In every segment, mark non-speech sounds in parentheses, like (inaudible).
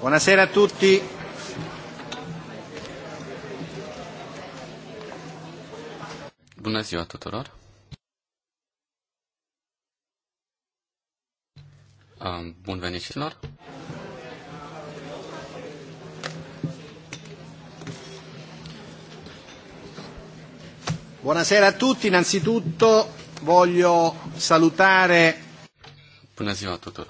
Buonasera a tutti. Bună ziua tuturor. Bun venit și lor. Buonasera a tutti, innanzitutto voglio salutare Buonasera, a tutti.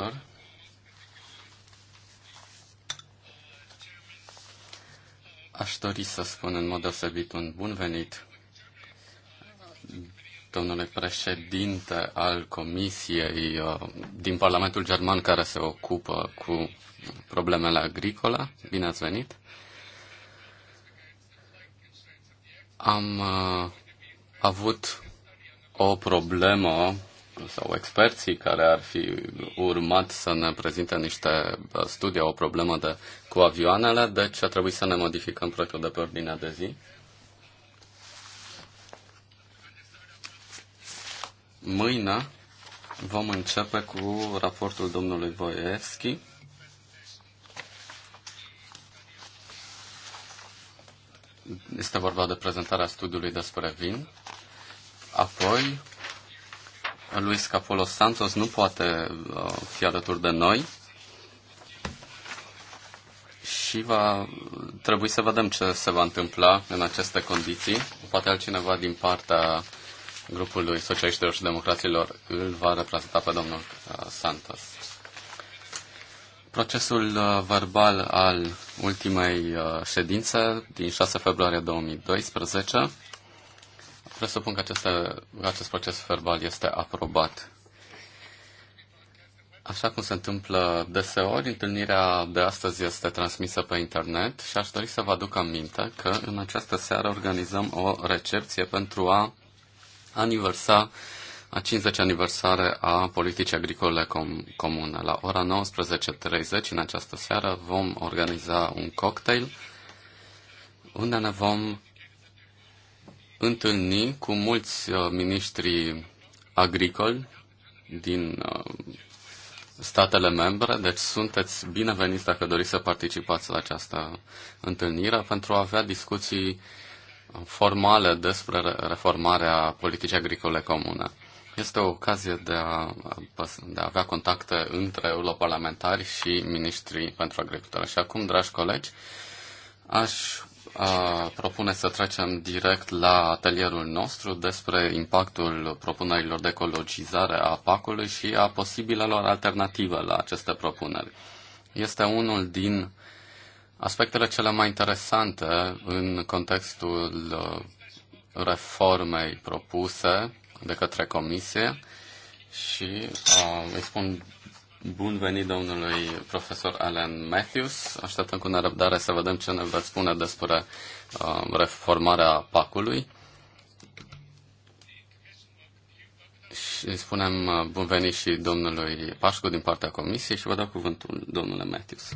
Aș dori să spun în mod deosebit un bun venit domnule președinte al Comisiei uh, din Parlamentul German care se ocupă cu problemele agricole. Bine ați venit! Am uh, avut o problemă sau experții care ar fi urmat să ne prezinte niște uh, studii, o problemă de, cu avioanele, deci a trebuit să ne modificăm proiectul de pe ordinea de zi. Mâine vom începe cu raportul domnului Voievski. Este vorba de prezentarea studiului despre vin. Apoi Luis Capolos Santos nu poate uh, fi alături de noi și va trebui să vedem ce se va întâmpla în aceste condiții. Poate altcineva din partea grupului socialiștilor și democraților îl va reprezenta pe domnul uh, Santos. Procesul uh, verbal al ultimei ședințe din 6 februarie 2012 Presupun că aceste, acest proces verbal este aprobat. Așa cum se întâmplă deseori, întâlnirea de astăzi este transmisă pe internet și aș dori să vă aduc aminte că în această seară organizăm o recepție pentru a aniversa a 50 aniversare a politicii agricole com- comune. La ora 19.30 în această seară vom organiza un cocktail unde ne vom întâlni cu mulți uh, miniștri agricoli din uh, statele membre, deci sunteți bineveniți dacă doriți să participați la această întâlnire pentru a avea discuții formale despre reformarea politicii agricole comune. Este o ocazie de a, de a avea contacte între europarlamentari și ministrii pentru agricultură. Și acum, dragi colegi, aș propune să trecem direct la atelierul nostru despre impactul propunerilor de ecologizare a pacului și a posibilelor alternative la aceste propuneri. Este unul din aspectele cele mai interesante în contextul uh, reformei propuse de către Comisie și uh, îi spun Bun venit domnului profesor Alan Matthews. Așteptăm cu nerăbdare să vedem ce ne veți spune despre uh, reformarea pacului. Și spunem uh, bun venit și domnului Pașcu din partea comisiei și vă dau cuvântul domnule Matthews.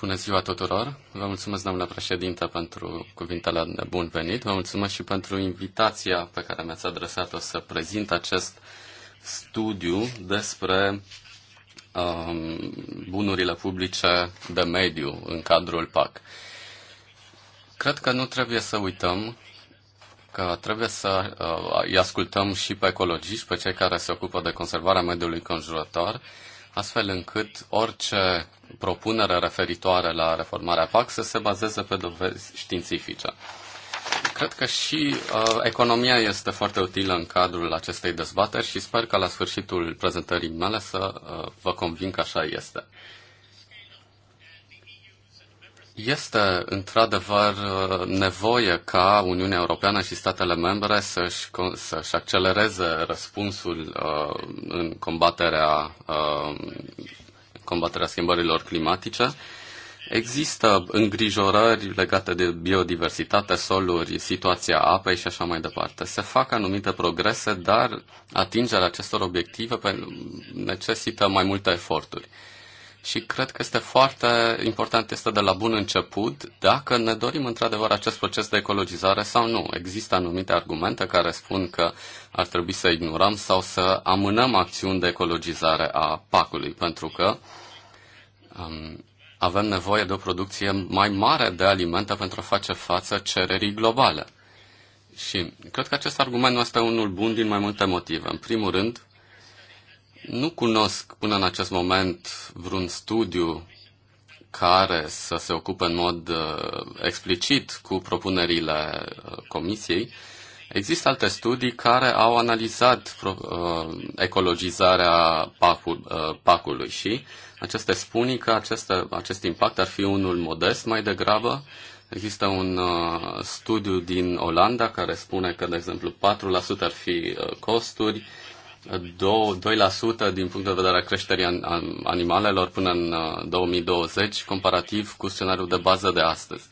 Bună ziua tuturor! Vă mulțumesc, doamna președintă, pentru cuvintele de bun venit. Vă mulțumesc și pentru invitația pe care mi-ați adresat-o să prezint acest studiu despre um, bunurile publice de mediu în cadrul PAC. Cred că nu trebuie să uităm că trebuie să uh, îi ascultăm și pe ecologiști, pe cei care se ocupă de conservarea mediului conjurător, astfel încât orice propunere referitoare la reformarea PAC să se bazeze pe dovezi științifice. Cred că și uh, economia este foarte utilă în cadrul acestei dezbateri și sper că la sfârșitul prezentării mele să uh, vă convin că așa este. Este într-adevăr uh, nevoie ca Uniunea Europeană și statele membre să-și, să-și accelereze răspunsul uh, în combaterea uh, combaterea schimbărilor climatice. Există îngrijorări legate de biodiversitate, soluri, situația apei și așa mai departe. Se fac anumite progrese, dar atingerea acestor obiective necesită mai multe eforturi și cred că este foarte important, este de la bun început, dacă ne dorim într-adevăr acest proces de ecologizare sau nu. Există anumite argumente care spun că ar trebui să ignorăm sau să amânăm acțiuni de ecologizare a pacului, pentru că um, avem nevoie de o producție mai mare de alimente pentru a face față cererii globale. Și cred că acest argument nu este unul bun din mai multe motive. În primul rând, nu cunosc până în acest moment vreun studiu care să se ocupe în mod uh, explicit cu propunerile uh, comisiei. Există alte studii care au analizat uh, ecologizarea pacului și aceste spun că aceste, acest impact ar fi unul modest mai degrabă. Există un studiu din Olanda care spune că, de exemplu, 4% ar fi costuri, 2% din punct de vedere a creșterii animalelor până în 2020, uh, comparativ cu scenariul de bază de astăzi.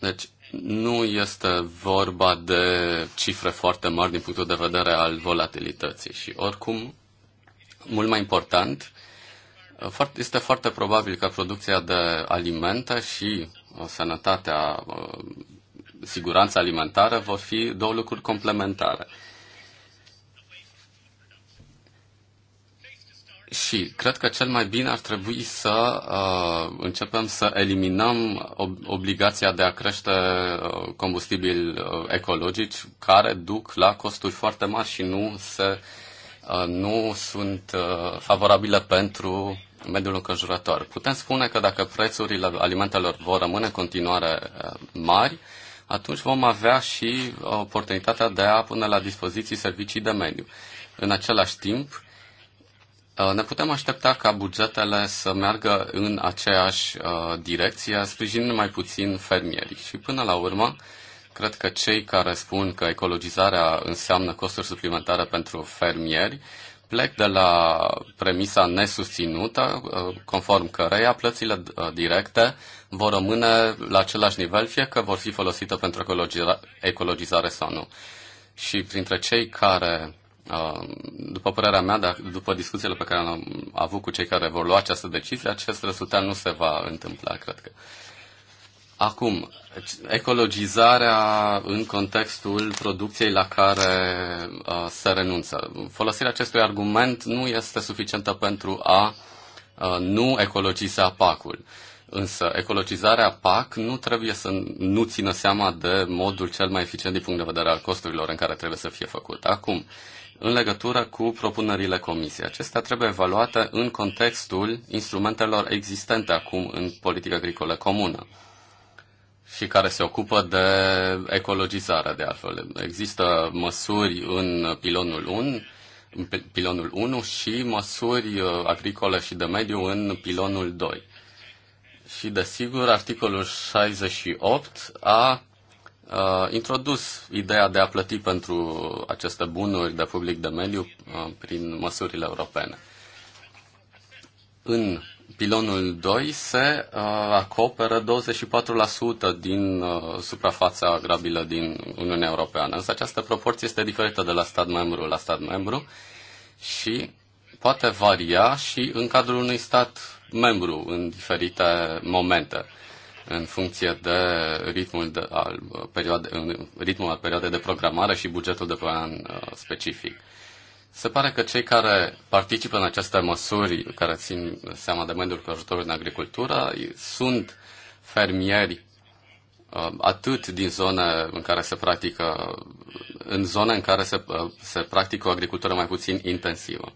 Deci, nu este vorba de cifre foarte mari din punctul de vedere al volatilității și oricum, mult mai important, uh, este foarte probabil că producția de alimente și uh, sănătatea, siguranța alimentară vor fi două lucruri complementare. Și cred că cel mai bine ar trebui să uh, începem să eliminăm ob- obligația de a crește uh, combustibili uh, ecologici care duc la costuri foarte mari și nu, se, uh, nu sunt uh, favorabile pentru mediul înconjurător. Putem spune că dacă prețurile alimentelor vor rămâne în continuare uh, mari, atunci vom avea și oportunitatea de a pune la dispoziție servicii de mediu. În același timp, Uh, ne putem aștepta ca bugetele să meargă în aceeași uh, direcție, sprijinind mai puțin fermierii. Și până la urmă, cred că cei care spun că ecologizarea înseamnă costuri suplimentare pentru fermieri, plec de la premisa nesusținută, uh, conform căreia plățile directe vor rămâne la același nivel, fie că vor fi folosite pentru ecologizare sau nu. Și printre cei care Uh, după părerea mea, dar după discuțiile pe care am avut cu cei care vor lua această decizie, acest rezultat nu se va întâmpla, cred că. Acum, ecologizarea în contextul producției la care uh, se renunță. Folosirea acestui argument nu este suficientă pentru a uh, nu ecologiza pacul. Însă ecologizarea PAC nu trebuie să nu țină seama de modul cel mai eficient din punct de vedere al costurilor în care trebuie să fie făcut. Acum, uh, în legătură cu propunerile comisiei. Acestea trebuie evaluate în contextul instrumentelor existente acum în politica agricolă comună și care se ocupă de ecologizare, de altfel. Există măsuri în pilonul 1, în pilonul 1 și măsuri uh, agricole și de mediu în pilonul 2. Și, desigur, articolul 68 a uh, introdus ideea de a plăti pentru aceste bunuri de public de mediu uh, prin măsurile europene. În pilonul 2 se uh, acoperă 24% din uh, suprafața agrabilă din Uniunea Europeană, însă această proporție este diferită de la stat membru la stat membru și poate varia și în cadrul unui stat membru în diferite momente în funcție de ritmul, de, al, perioade, ritmul al perioadei de programare și bugetul de plan uh, specific. Se pare că cei care participă în aceste măsuri care țin seama de mediul cu ajutorul în agricultură sunt fermieri uh, atât din zone în care se practică, în zone în care se, uh, se practică o agricultură mai puțin intensivă.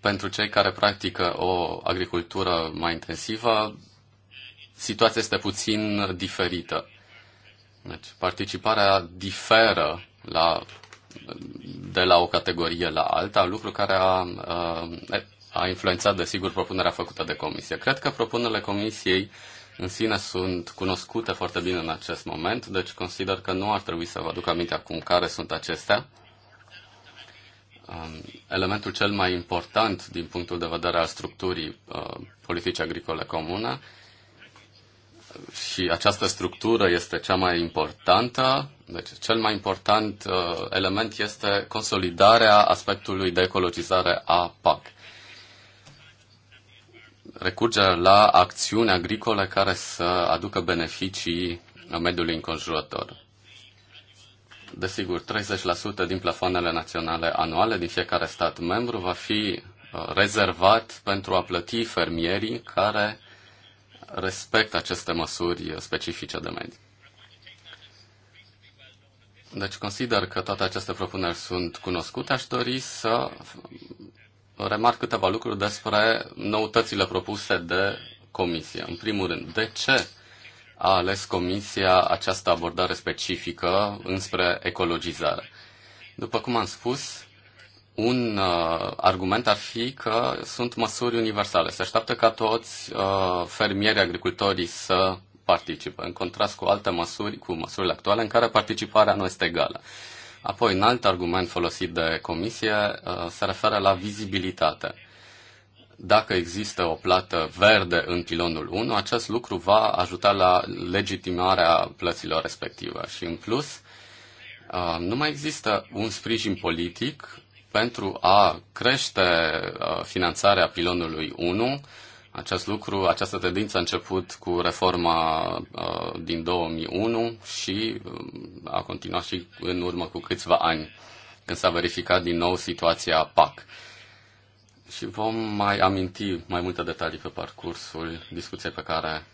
Pentru cei care practică o agricultură mai intensivă, situația este puțin diferită. Deci, participarea diferă la, de la o categorie la alta, lucru care a, a influențat, desigur, propunerea făcută de comisie. Cred că propunerile comisiei în sine sunt cunoscute foarte bine în acest moment, deci consider că nu ar trebui să vă aduc aminte acum care sunt acestea. Um, elementul cel mai important din punctul de vedere al structurii uh, politicii agricole comune și această structură este cea mai importantă. Deci, cel mai important uh, element este consolidarea aspectului de ecologizare a PAC. Recurgerea la acțiuni agricole care să aducă beneficii mediului înconjurător. Desigur, 30% din plafoanele naționale anuale din fiecare stat membru va fi uh, rezervat pentru a plăti fermierii care respectă aceste măsuri specifice de mediu. Deci consider că toate aceste propuneri sunt cunoscute. Aș dori să remarc câteva lucruri despre noutățile propuse de comisie. În primul rând, de ce a ales comisia această abordare specifică înspre ecologizare? După cum am spus, un uh, argument ar fi că sunt măsuri universale. Se așteaptă ca toți uh, fermierii, agricultorii să participe, în contrast cu alte măsuri, cu măsurile actuale, în care participarea nu este egală. Apoi, un alt argument folosit de comisie uh, se referă la vizibilitate. Dacă există o plată verde în pilonul 1, acest lucru va ajuta la legitimarea plăților respective. Și în plus, uh, nu mai există un sprijin politic pentru a crește uh, finanțarea pilonului 1. Acest lucru, această tendință a început cu reforma uh, din 2001 și uh, a continuat și în urmă cu câțiva ani, când s-a verificat din nou situația PAC. Și vom mai aminti mai multe detalii pe parcursul discuției pe care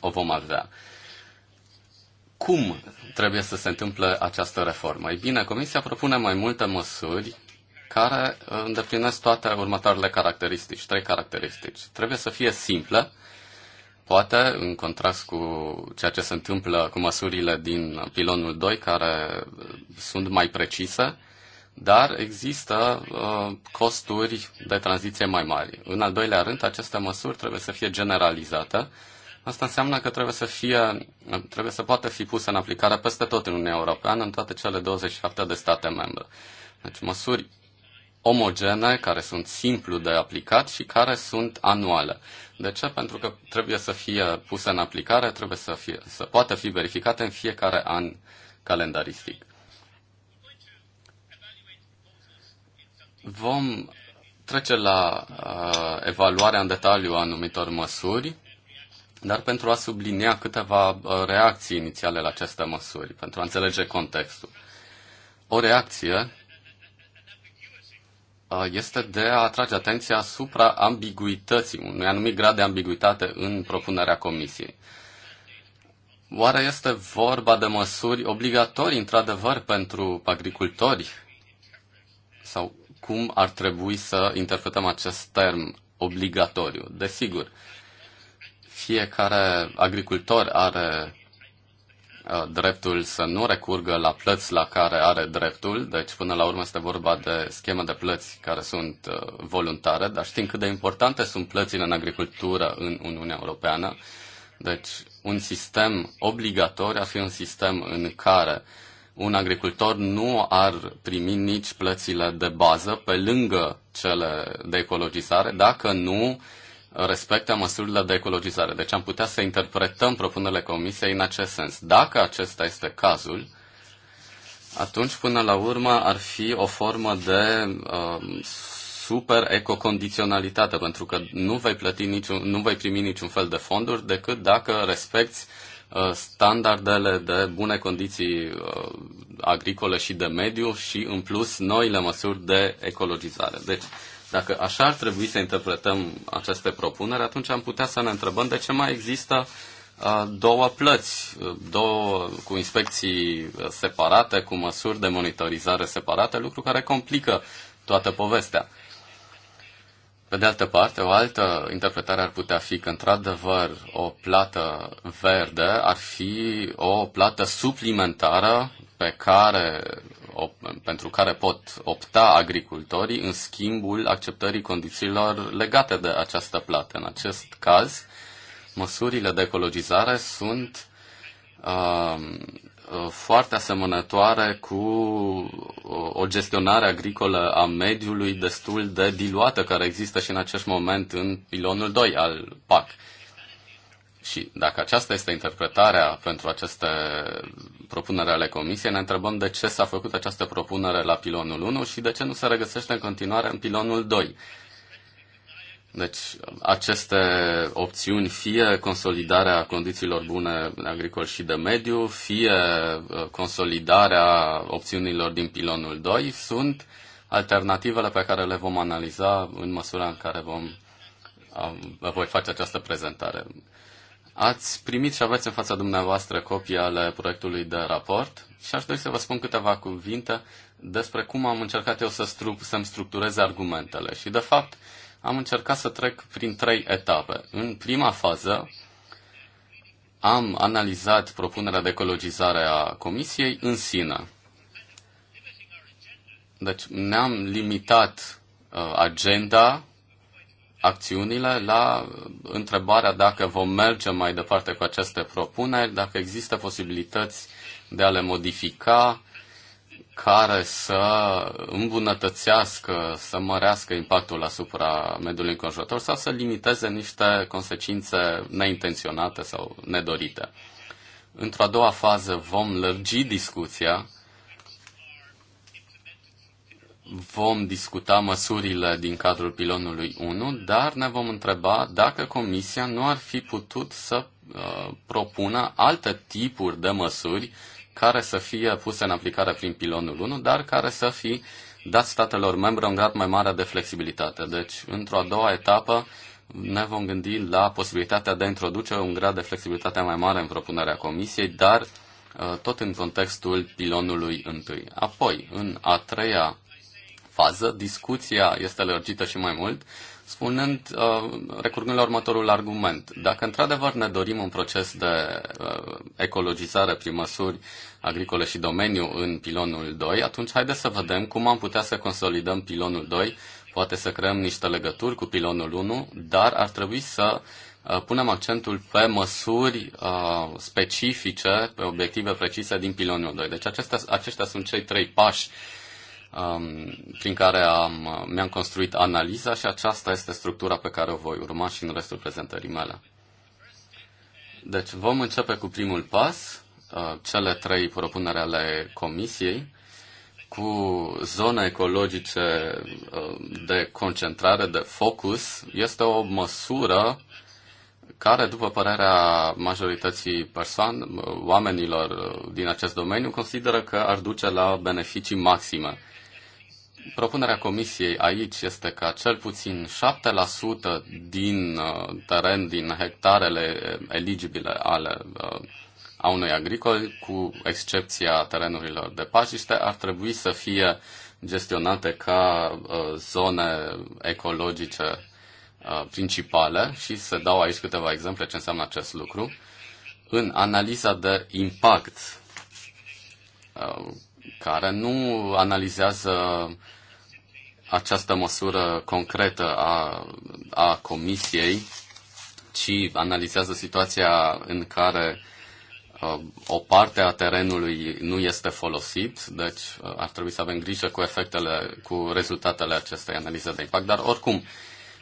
o vom avea cum trebuie să se întâmple această reformă? Ei bine, Comisia propune mai multe măsuri care uh, îndeplinesc toate următoarele caracteristici, trei caracteristici. Trebuie să fie simplă, poate în contrast cu ceea ce se întâmplă cu măsurile din pilonul 2, care uh, sunt mai precise, dar există uh, costuri de tranziție mai mari. În al doilea rând, aceste măsuri trebuie să fie generalizate Asta înseamnă că trebuie să, fie, trebuie să poată fi pusă în aplicare peste tot în Uniunea Europeană, în toate cele 27 de state membre. Deci măsuri omogene, care sunt simplu de aplicat și care sunt anuale. De ce? Pentru că trebuie să fie puse în aplicare, trebuie să, fie, să poată fi verificate în fiecare an calendaristic. Vom trece la uh, evaluarea în detaliu a anumitor măsuri dar pentru a sublinia câteva uh, reacții inițiale la aceste măsuri, pentru a înțelege contextul. O reacție uh, este de a atrage atenția asupra ambiguității, unui anumit grad de ambiguitate în propunerea comisiei. Oare este vorba de măsuri obligatorii, într-adevăr, pentru agricultori? Sau cum ar trebui să interpretăm acest term obligatoriu? Desigur, uh, fiecare agricultor are uh, dreptul să nu recurgă la plăți la care are dreptul, deci până la urmă este vorba de schemă de plăți care sunt uh, voluntare, dar știm cât de importante sunt plățile în agricultură în Uniunea Europeană. Deci un sistem obligatoriu ar fi un sistem în care un agricultor nu ar primi nici plățile de bază pe lângă cele de ecologizare dacă nu uh, respecte măsurile de ecologizare. Deci am putea să interpretăm propunerile Comisiei în acest sens. Dacă acesta este cazul, atunci, până la urmă, ar fi o formă de uh, super ecocondiționalitate, pentru că nu vei, plăti niciun, nu vei primi niciun fel de fonduri decât dacă respecti uh, standardele de bune condiții uh, agricole și de mediu și, în plus, noile măsuri de ecologizare. Deci, uh, dacă așa ar trebui să interpretăm aceste propuneri, atunci am putea să ne întrebăm de ce mai există două plăți, două cu inspecții separate, cu măsuri de monitorizare separate, lucru care complică toată povestea. Pe de altă parte, o altă interpretare ar putea fi că, într-adevăr, o plată verde ar fi o plată suplimentară pe care pentru care pot opta agricultorii în schimbul acceptării condițiilor legate de această plată. În acest caz, măsurile de ecologizare sunt um, uh, foarte asemănătoare cu uh, o gestionare agricolă a mediului destul de diluată care există și în acest moment în pilonul 2 al PAC. Și dacă aceasta este interpretarea pentru aceste propunere ale Comisiei, ne întrebăm de ce s-a făcut această propunere la pilonul 1 și de ce nu se regăsește în continuare în pilonul 2. Deci, aceste opțiuni, fie consolidarea condițiilor bune agricol și de mediu, fie uh, consolidarea opțiunilor din pilonul 2, sunt alternativele pe care le vom analiza în măsura în care vom, uh, voi face această prezentare. Ați primit și aveți în fața dumneavoastră copii ale proiectului de raport și aș dori să vă spun câteva cuvinte despre cum am încercat eu să stru- să-mi structurez argumentele. Și, de fapt, am încercat să trec prin trei etape. În prima fază, am analizat propunerea de ecologizare a Comisiei în sine. Deci ne-am limitat uh, agenda acțiunile la întrebarea dacă vom merge mai departe cu aceste propuneri, dacă există posibilități de a le modifica, care să îmbunătățească, să mărească impactul asupra mediului înconjurător sau să limiteze niște consecințe neintenționate sau nedorite. Într-o a doua fază vom lărgi discuția vom discuta măsurile din cadrul pilonului 1, dar ne vom întreba dacă Comisia nu ar fi putut să uh, propună alte tipuri de măsuri care să fie puse în aplicare prin pilonul 1, dar care să fi dat statelor membre un grad mai mare de flexibilitate. Deci, într-o a doua etapă, ne vom gândi la posibilitatea de a introduce un grad de flexibilitate mai mare în propunerea Comisiei, dar uh, tot în contextul pilonului întâi. Apoi, în a treia fază, discuția este lărgită și mai mult, spunând, uh, recurgând la următorul argument. Dacă într-adevăr ne dorim un proces de uh, ecologizare prin măsuri agricole și domeniu în pilonul 2, atunci haideți să vedem cum am putea să consolidăm pilonul 2, poate să creăm niște legături cu pilonul 1, dar ar trebui să uh, punem accentul pe măsuri uh, specifice, pe obiective precise din pilonul 2. Deci acestea, aceștia sunt cei trei pași uh, um, prin care am, mi-am construit analiza și aceasta este structura pe care o voi urma și în restul prezentării mele. Deci vom începe cu primul pas, uh, cele trei propuneri ale comisiei, cu zone ecologice uh, de concentrare, de focus, este o măsură care, după părerea majorității persoan, uh, oamenilor uh, din acest domeniu, consideră că ar duce la beneficii maxime propunerea comisiei aici este ca cel puțin 7% din uh, teren, din hectarele eligibile ale uh, a unui agricol, cu excepția terenurilor de pajiște, ar trebui să fie gestionate ca uh, zone ecologice principale și să dau aici câteva exemple ce înseamnă acest lucru. În analiza de impact care nu analizează această măsură concretă a, a Comisiei, ci analizează situația în care ă, o parte a terenului nu este folosit, deci ă, ar trebui să avem grijă cu efectele, cu rezultatele acestei analize de impact, dar oricum, uh,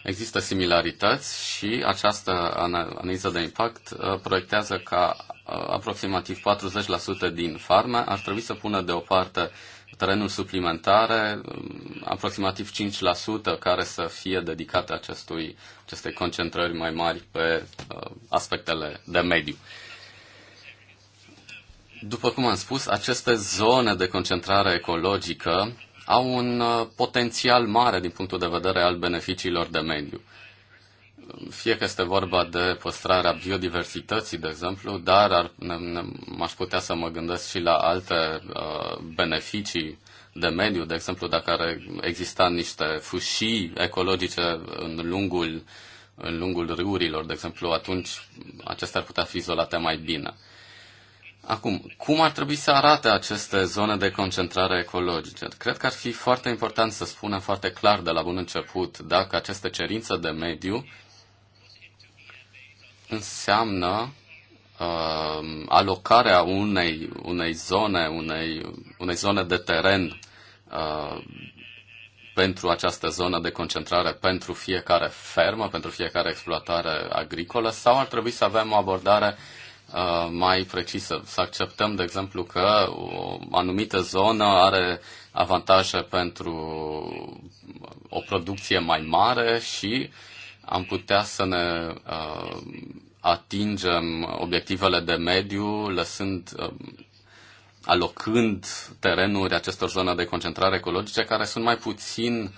Există similarități și această analiză de impact uh, proiectează ca uh, aproximativ 40% din farme ar trebui să pună deoparte terenul suplimentare, um, aproximativ 5% care să fie dedicate acestui, acestei concentrări mai mari pe uh, aspectele de mediu. După cum am spus, aceste zone de concentrare ecologică au un uh, potențial mare din punctul de vedere al beneficiilor de mediu. Fie că este vorba de păstrarea biodiversității, de exemplu, dar ar, ne, ne, aș putea să mă gândesc și la alte uh, beneficii de mediu, de exemplu, dacă ar exista niște fâșii ecologice în lungul, în lungul râurilor, de exemplu, atunci acestea ar putea fi izolate mai bine. Acum, cum ar trebui să arate aceste zone de concentrare ecologice? Cred că ar fi foarte important să spunem foarte clar de la bun început dacă aceste cerințe de mediu înseamnă uh, alocarea unei, unei zone, unei, unei zone de teren uh, pentru această zonă de concentrare pentru fiecare fermă, pentru fiecare exploatare agricolă sau ar trebui să avem o abordare uh, Uh, mai precisă. Să acceptăm, de exemplu, că o anumită zonă are avantaje pentru o producție mai mare și am putea să ne uh, atingem obiectivele de mediu lăsând uh, alocând terenuri acestor zone de concentrare ecologice care sunt mai puțin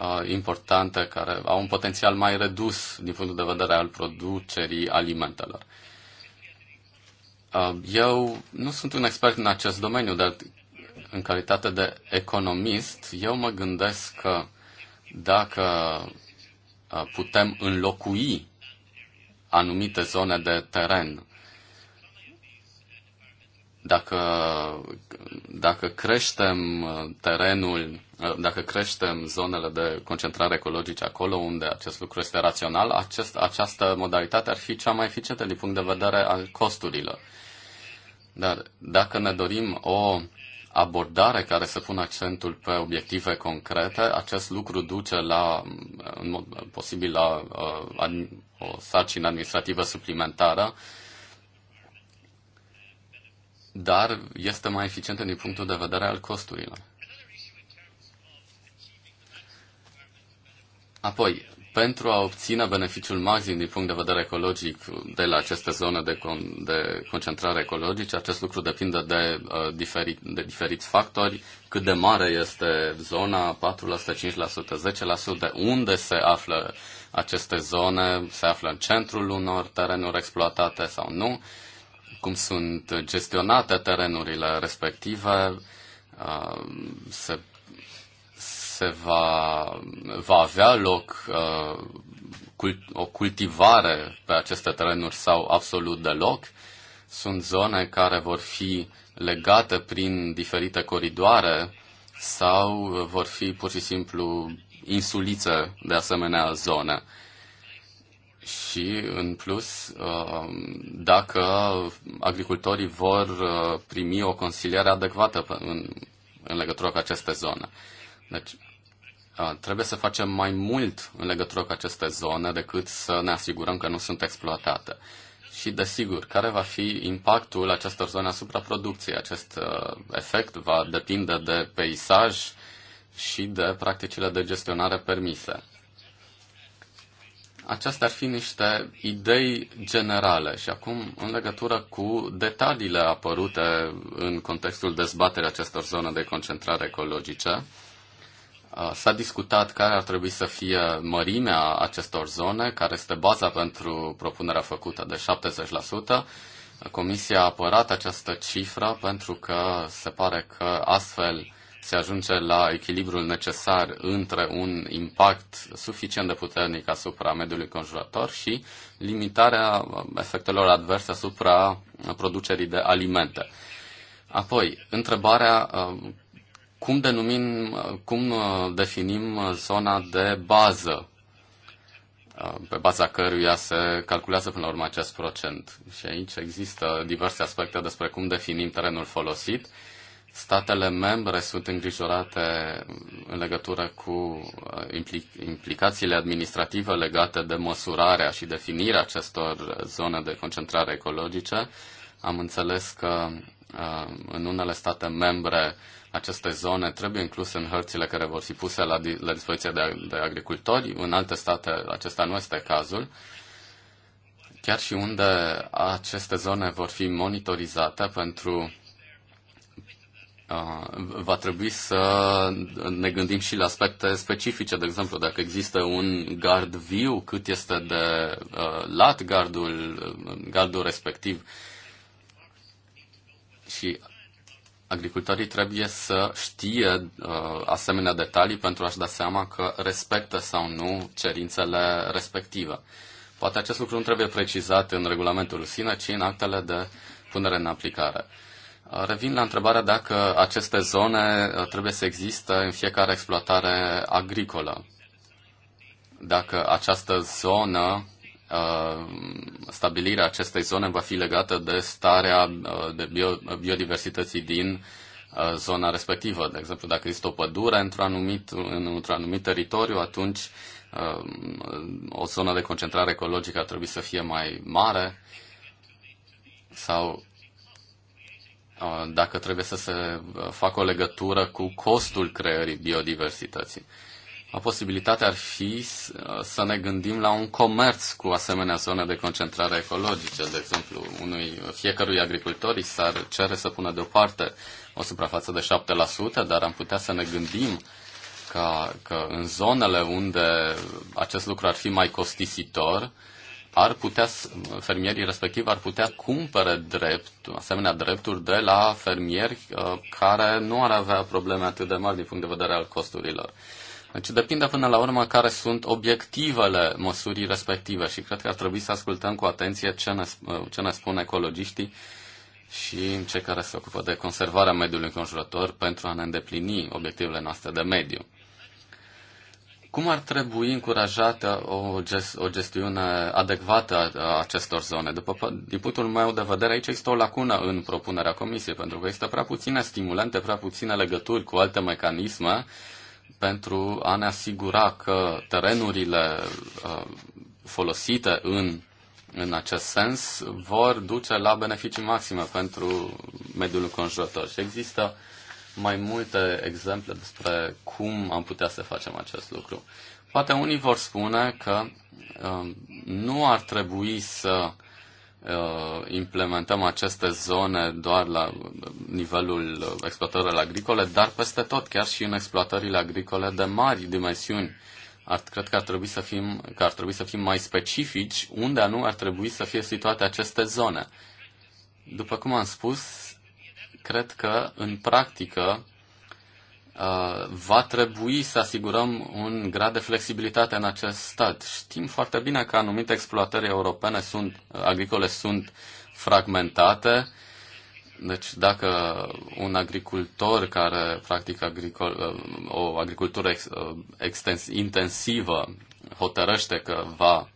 uh, importante, care au un potențial mai redus din punctul de vedere al producerii alimentelor. Uh, Um, eu nu sunt un expert în acest domeniu, dar în calitate de economist, eu mă gândesc că dacă uh, putem înlocui anumite zone de teren dacă, dacă creștem uh, terenul, uh, dacă creștem zonele de concentrare ecologice acolo unde acest lucru este rațional, acest, această modalitate ar fi cea mai eficientă din punct de vedere al costurilor. Dar dacă ne dorim o abordare care să pună accentul pe obiective concrete, acest lucru duce la, în mod posibil, la uh, o sarcină administrativă suplimentară, uh, dar este mai eficientă din punctul de vedere al costurilor. Apoi, pentru a obține beneficiul maxim din punct de vedere ecologic de la aceste zone de, con- de concentrare ecologice, acest lucru depinde de, uh, diferi- de diferiți factori, cât de mare este zona, 4%, 5%, 10%, unde se află aceste zone, se află în centrul unor terenuri exploatate sau nu. Uh, cum sunt gestionate terenurile respective, uh, se, se va, va avea loc uh, o cultivare pe aceste terenuri sau absolut deloc. Sunt zone care vor fi legate prin diferite coridoare sau vor fi pur și simplu insulițe de asemenea zone și, în plus, uh, dacă agricultorii vor uh, primi o consiliere adecvată în, în legătură cu aceste zone. Deci, uh, trebuie să facem mai mult în legătură cu aceste zone decât să ne asigurăm că nu sunt exploatate. Și, desigur, care va fi impactul acestor zone asupra producției? Acest efect va depinde de peisaj și de practicile de gestionare permise. Acestea ar fi niște idei generale și acum în legătură cu detaliile apărute în contextul dezbaterii acestor zone de concentrare ecologice. S-a discutat care ar trebui să fie mărimea acestor zone, care este baza pentru propunerea făcută de 70%. Comisia a apărat această cifră pentru că se pare că astfel se ajunge la echilibrul necesar între un impact suficient de puternic asupra mediului conjurător și limitarea efectelor adverse asupra producerii de alimente. Apoi, întrebarea uh, cum, denumim, uh, cum uh, definim zona de bază pe baza căruia se calculează până la urmă acest procent. Și aici există diverse aspecte despre cum definim terenul folosit Statele membre sunt îngrijorate în legătură cu uh, implicațiile administrative legate de măsurarea și definirea acestor zone de concentrare ecologice. Am înțeles că uh, în unele state membre aceste zone trebuie incluse în hărțile care vor fi puse la, di- la dispoziție de, de agricultori. În alte state acesta nu este cazul. Chiar și unde aceste zone vor fi monitorizate pentru Uh, va trebui să ne gândim și la aspecte specifice, de exemplu, dacă există un gard viu, cât este de uh, lat gardul, uh, gardul respectiv. Și agricultorii trebuie să știe uh, asemenea detalii pentru a-și da seama că respectă sau nu cerințele respective. Poate acest lucru nu trebuie precizat în regulamentul sine, ci în actele de punere în aplicare. Revin la întrebarea dacă aceste zone uh, trebuie să existe în fiecare exploatare agricolă. Dacă această zonă, uh, stabilirea acestei zone va fi legată de starea uh, de biodiversității din zona respectivă. De exemplu, dacă există o pădure într-un anumit, într anumit teritoriu, atunci o zonă de concentrare ecologică ar trebui să fie mai mare sau Uh, dacă trebuie să se uh, facă o legătură cu costul creării biodiversității. O uh, posibilitate ar fi să ne gândim la un comerț cu asemenea zone de concentrare ecologice. De exemplu, unui, fiecărui agricultor i s-ar cere să pună deoparte o suprafață de 7%, dar am putea să ne gândim ca, că în zonele unde acest lucru ar fi mai costisitor, uh, ar putea, fermierii respectiv ar putea cumpere drept, asemenea drepturi de la fermieri uh, care nu ar avea probleme atât de mari din punct de vedere al costurilor. Deci depinde până la urmă care sunt obiectivele măsurii respective și cred că ar trebui să ascultăm cu atenție ce ne, uh, ce ne spun ecologiștii și cei care se ocupă de conservarea mediului înconjurător pentru a ne îndeplini obiectivele noastre de mediu. Cum ar trebui încurajată o, gest, o gestiune adecvată a acestor zone? După, din punctul meu de vedere, aici există o lacună în propunerea Comisiei, pentru că există prea puține stimulente, prea puține legături cu alte mecanisme pentru a ne asigura că terenurile uh, folosite în, în acest sens vor duce la beneficii maxime pentru mediul înconjurător. Și există uh, mai multe exemple despre cum am putea să facem acest lucru. Poate unii vor spune că uh, nu ar trebui să uh, implementăm aceste zone doar la nivelul exploatărilor agricole, dar peste tot, chiar și în exploatările agricole de mari dimensiuni. Ar, cred că ar, trebui să fim, că ar trebui să fim mai specifici unde nu ar trebui să fie situate aceste zone. După cum am spus, cred că, în practică, uh, va trebui să asigurăm un grad de flexibilitate în acest stat. Știm foarte bine că anumite exploatări europene sunt, agricole sunt fragmentate, deci dacă un agricultor care practică agricol, uh, o agricultură ex, uh, extens, intensivă hotărăște că va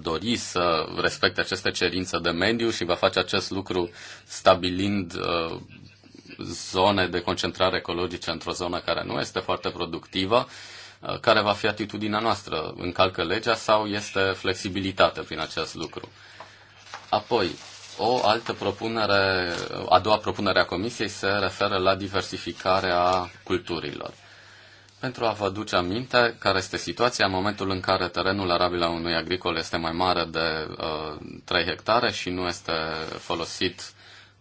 dori să respecte aceste cerințe de mediu și va face acest lucru stabilind uh, zone de concentrare ecologice într-o zonă care nu este foarte productivă, uh, care va fi atitudinea noastră? Încalcă legea sau este flexibilitate prin acest lucru? Apoi, o altă propunere, a doua propunere a Comisiei se referă la diversificarea culturilor. Pentru a vă duce aminte care este situația în momentul în care terenul arabil a unui agricol este mai mare de uh, 3 hectare și nu este folosit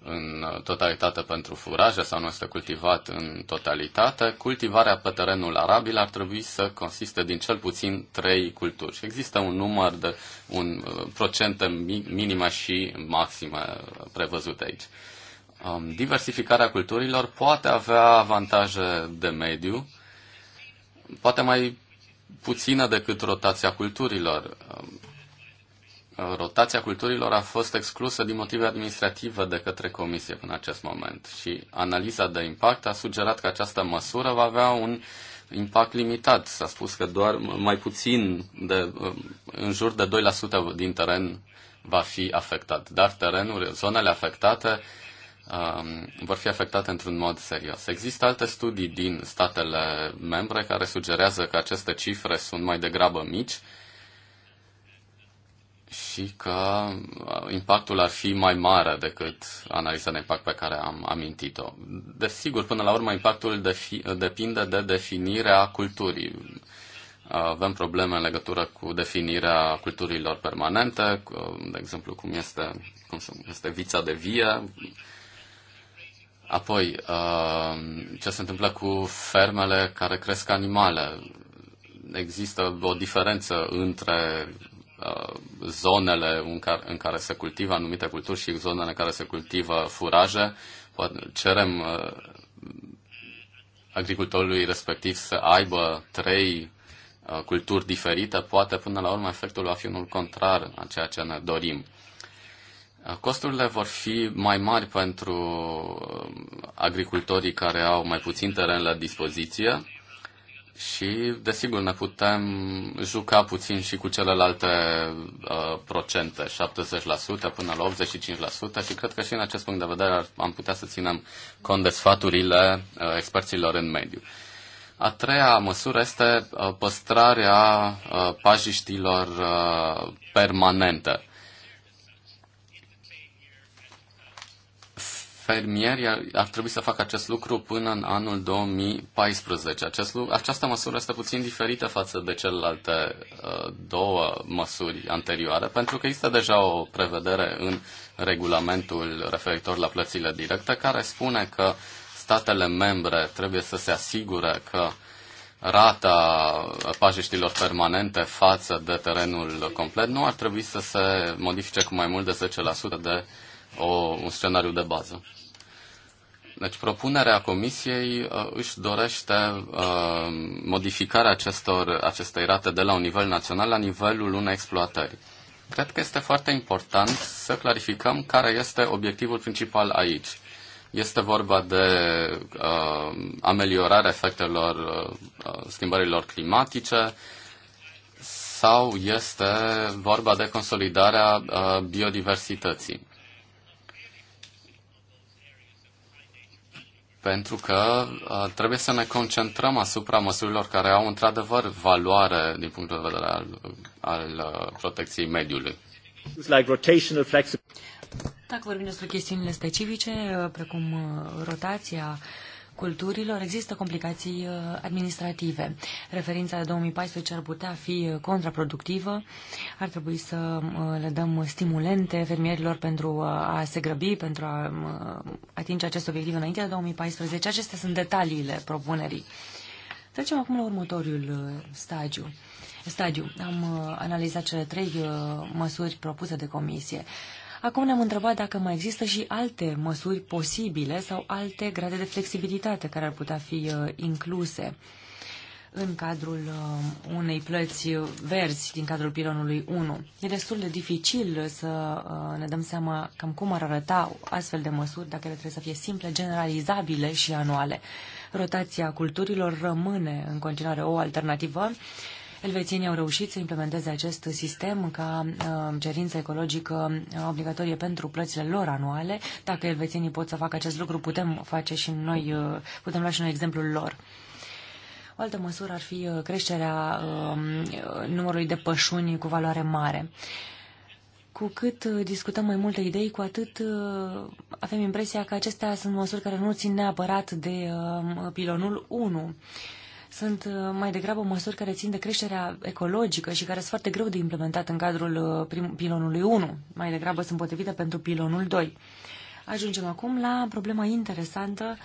în totalitate pentru furaje sau nu este cultivat în totalitate, cultivarea pe terenul arabil ar trebui să consiste din cel puțin trei culturi. Există un număr de un uh, procente minimă și maximă prevăzut aici. Um, diversificarea culturilor poate avea avantaje de mediu, poate mai puțină decât rotația culturilor. Ehm, rotația culturilor a fost exclusă din motive administrative de către Comisie până acest moment și analiza de impact a sugerat că această măsură va avea un impact limitat. S-a spus că doar mai puțin, de, ehm, în jur de 2% din teren va fi afectat, dar terenul, zonele afectate um, vor fi afectate într-un mod serios. Există alte studii din statele membre care sugerează că aceste cifre sunt mai degrabă mici și că uh, impactul ar fi mai mare decât analiza de impact pe care am amintit-o. Desigur, până la urmă, impactul defi- depinde de definirea culturii. Uh, avem probleme în legătură cu definirea culturilor permanente, de exemplu cum este, cum este vița de vie, Apoi, uh, ce se întâmplă cu fermele care cresc animale? Există o diferență între uh, zonele în care, se cultivă anumite culturi și zonele în care se cultivă furaje. Cerem uh, agricultorului respectiv să aibă trei culturi diferite, poate până la urmă efectul va fi unul contrar a ceea ce ne dorim. Costurile vor fi mai mari pentru uh, agricultorii care au mai puțin teren la dispoziție și, desigur, ne putem juca puțin și cu celelalte uh, procente, 70% până la 85% și cred că și în acest punct de vedere am putea să ținem cont de sfaturile uh, experților în mediu. A treia măsură este uh, păstrarea uh, pajiștilor permanente. fermierii ar, ar trebui să facă acest lucru până în anul 2014. Acest lucru, această măsură este puțin diferită față de celelalte uh, două măsuri anterioare, pentru că există deja o prevedere în regulamentul referitor la plățile directe care spune că statele membre trebuie să se asigure că rata pajiștilor permanente față de terenul complet nu ar trebui să se modifice cu mai mult de 10% de o, un scenariu de bază. Deci propunerea comisiei uh, își dorește uh, modificarea acestor, acestei rate de la un nivel național la nivelul unei exploatări. Cred că este foarte important să clarificăm care este obiectivul principal aici. Este vorba de uh, ameliorarea efectelor uh, uh schimbărilor climatice sau este vorba de consolidarea uh, biodiversității. pentru că uh, trebuie să ne concentrăm asupra măsurilor care au într-adevăr valoare din punctul de vedere al, al uh, protecției mediului. Dacă vorbim despre chestiunile specifice, uh, precum uh, rotația, culturilor există complicații uh, administrative. Referința de 2014 ar putea fi uh, contraproductivă. Ar trebui să uh, le dăm stimulente fermierilor pentru a se grăbi, pentru a atinge acest obiectiv înainte de 2014. Acestea sunt detaliile propunerii. Trecem acum la următorul stadiu. stadiu. Am analizat cele trei măsuri propuse de comisie. Acum ne-am întrebat dacă mai există și alte măsuri posibile sau alte grade de flexibilitate care ar putea fi uh, incluse în cadrul uh, unei plăți uh, verzi din cadrul pilonului 1. E destul de dificil să ne dăm seama cam cum ar arăta astfel de măsuri, dacă ele trebuie să fie simple, generalizabile și anuale. Rotația culturilor rămâne în continuare o alternativă Elvețienii au reușit să implementeze acest sistem ca uh, cerință ecologică uh, obligatorie pentru plățile lor anuale. Dacă elvețienii pot să facă acest lucru, putem face și noi, uh, putem lua și noi exemplul lor. O altă măsură ar fi creșterea um, numărului de pășuni cu valoare mare. Cu cât discutăm mai multe idei, cu atât avem impresia că acestea sunt măsuri care nu țin neapărat de um, pilonul 1 sunt uh, mai degrabă măsuri care țin de creșterea ecologică și care sunt foarte greu de implementat în cadrul uh, pilonului 1. Mai degrabă sunt potrivite pentru pilonul 2. Ajungem acum la problema interesantă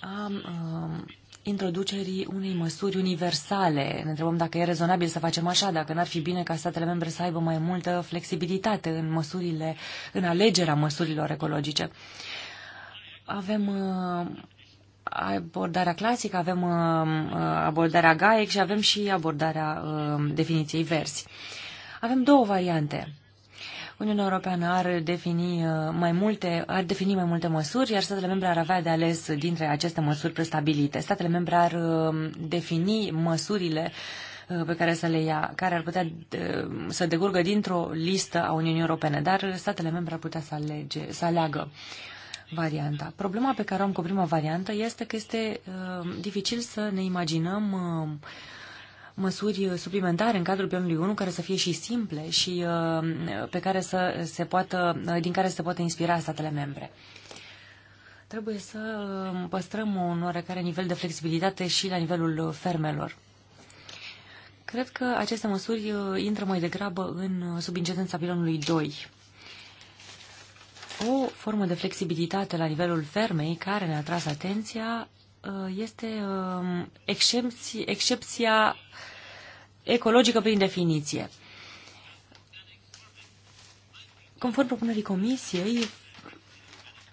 a um, introducerii unei măsuri universale. Ne întrebăm dacă e rezonabil să facem așa, dacă n-ar fi bine ca statele membre să aibă mai multă flexibilitate în măsurile, în alegerea măsurilor ecologice. Avem uh, abordarea clasică, avem uh, uh, abordarea GAEC și avem și abordarea uh, definiției versi. Avem două variante. Uniunea Europeană ar defini mai multe, ar defini mai multe măsuri, iar statele membre ar avea de ales dintre aceste măsuri prestabilite. Statele membre ar defini măsurile pe care să le ia, care ar putea să decurgă dintr-o listă a Uniunii Europene, dar statele membre ar putea să, alege, să aleagă. Uh, varianta. Problema pe care o am cu prima variantă este că este uh, dificil să ne imaginăm uh, măsuri suplimentare în cadrul planului 1 care să fie și simple și uh, pe care să se poată, uh, din care să se poată inspira statele membre. Trebuie să uh, păstrăm un oarecare nivel de flexibilitate și la nivelul fermelor. Cred că aceste măsuri uh, intră mai degrabă în, uh, sub pilonului 2 o formă de flexibilitate la nivelul fermei care ne-a tras atenția uh, este um, excepția, excepția ecologică prin definiție. Conform propunerii comisiei,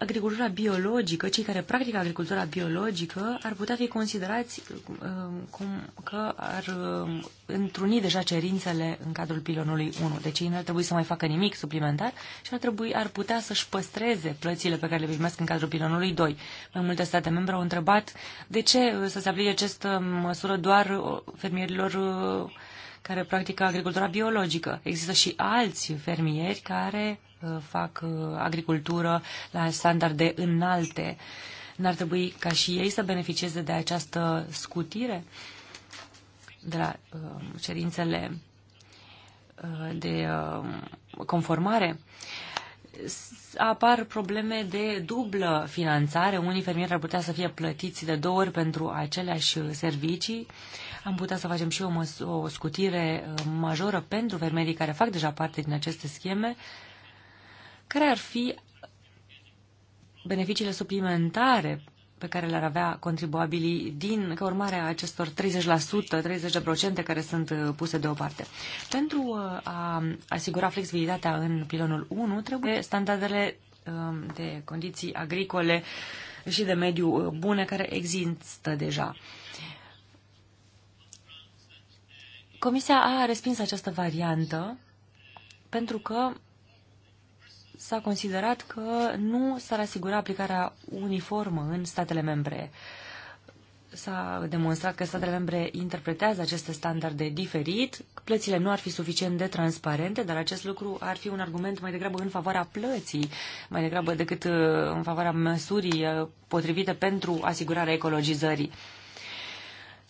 agricultura biologică, cei care practică agricultura biologică, ar putea fi considerați um, cum, că ar um, întruni deja cerințele în cadrul pilonului 1. Deci ei nu ar trebui să mai facă nimic suplimentar și ar, trebui, ar putea să-și păstreze plățile pe care le primesc în cadrul pilonului 2. Mai multe state membre au întrebat de ce uh, să se aplice această um, măsură doar uh, fermierilor uh, care practică agricultura biologică. Există și alți fermieri care Uh, fac uh, agricultură la standarde înalte, n-ar trebui ca și ei să beneficieze de această scutire de la uh, cerințele de conformare? apar probleme de dublă finanțare. Unii fermieri ar putea să fie plătiți de două ori pentru aceleași servicii. Am putea să facem și o, o scutire majoră pentru fermierii care fac deja parte din aceste scheme. Uh, care ar fi beneficiile suplimentare pe care le-ar avea contribuabilii din, ca urmare a acestor 30%, 30% care sunt uh, puse deoparte. Pentru uh, a asigura flexibilitatea în pilonul 1, trebuie standardele um, de condiții agricole și de mediu uh, bune care există deja. Comisia a respins această variantă pentru că s-a considerat că nu s-ar asigura aplicarea uniformă în statele membre. S-a demonstrat că statele membre interpretează aceste standarde diferit, plățile nu ar fi suficient de transparente, dar acest lucru ar fi un argument mai degrabă în favoarea plății, mai degrabă decât uh, în favoarea măsurii uh, potrivite pentru asigurarea ecologizării.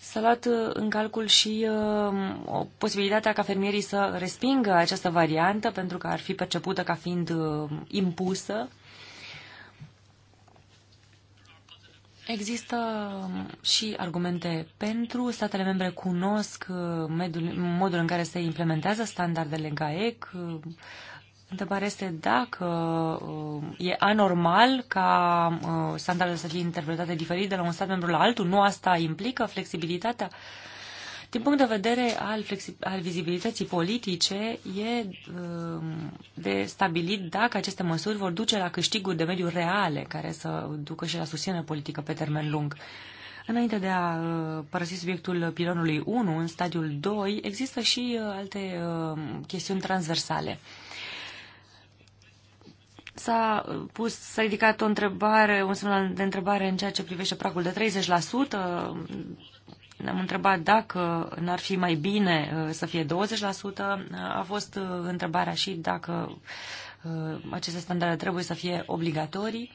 S-a luat uh, în calcul și uh, o posibilitatea ca fermierii să respingă această variantă pentru că ar fi percepută ca fiind uh, impusă. Există um, și argumente pentru. Statele membre cunosc uh, mediul, modul în care se implementează standardele GAEC, uh, Întrebarea este dacă uh, e anormal ca uh, standardele să fie interpretate diferit de la un stat membru la altul. Nu asta implică flexibilitatea? Din punct de vedere al, al vizibilității politice, e uh, de stabilit dacă aceste măsuri vor duce la câștiguri de mediu reale, care să ducă și la susținere politică pe termen lung. Înainte de a părăsi subiectul pilonului 1, în stadiul 2, există și alte chestiuni transversale. S-a uh, pus, s-a ridicat o întrebare, un semnal de întrebare în ceea ce privește pragul de 30%. Mm, ne-am întrebat dacă n-ar fi mai bine uh, să fie 20%. Uh, a fost întrebarea și dacă aceste standarde trebuie să fie obligatorii.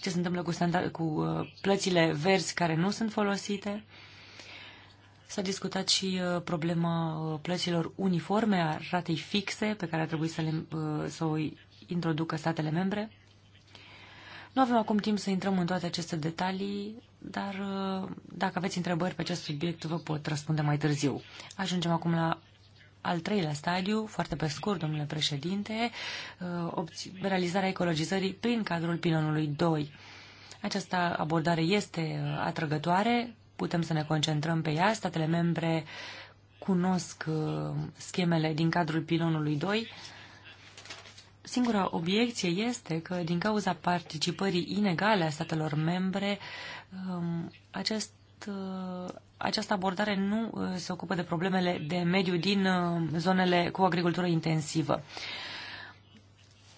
Ce se întâmplă cu, standard, cu plățile verzi care nu sunt folosite? S-a discutat și problema plăților uniforme, a ratei fixe pe care ar trebui să, le, să o introducă statele membre. Nu avem acum timp să intrăm în toate aceste detalii, dar uh, dacă aveți întrebări pe acest subiect, vă pot răspunde mai târziu. Ajungem acum la al treilea stadiu, foarte pe scurt, domnule președinte, uh, realizarea ecologizării prin cadrul pilonului 2. Această abordare este uh, atrăgătoare, putem să ne concentrăm pe ea, statele membre cunosc schemele din cadrul pilonului 2, Singura obiecție este că, din cauza participării inegale a statelor membre, um, acest, uh, această abordare nu uh, se ocupă de problemele de mediu din uh, zonele cu agricultură intensivă.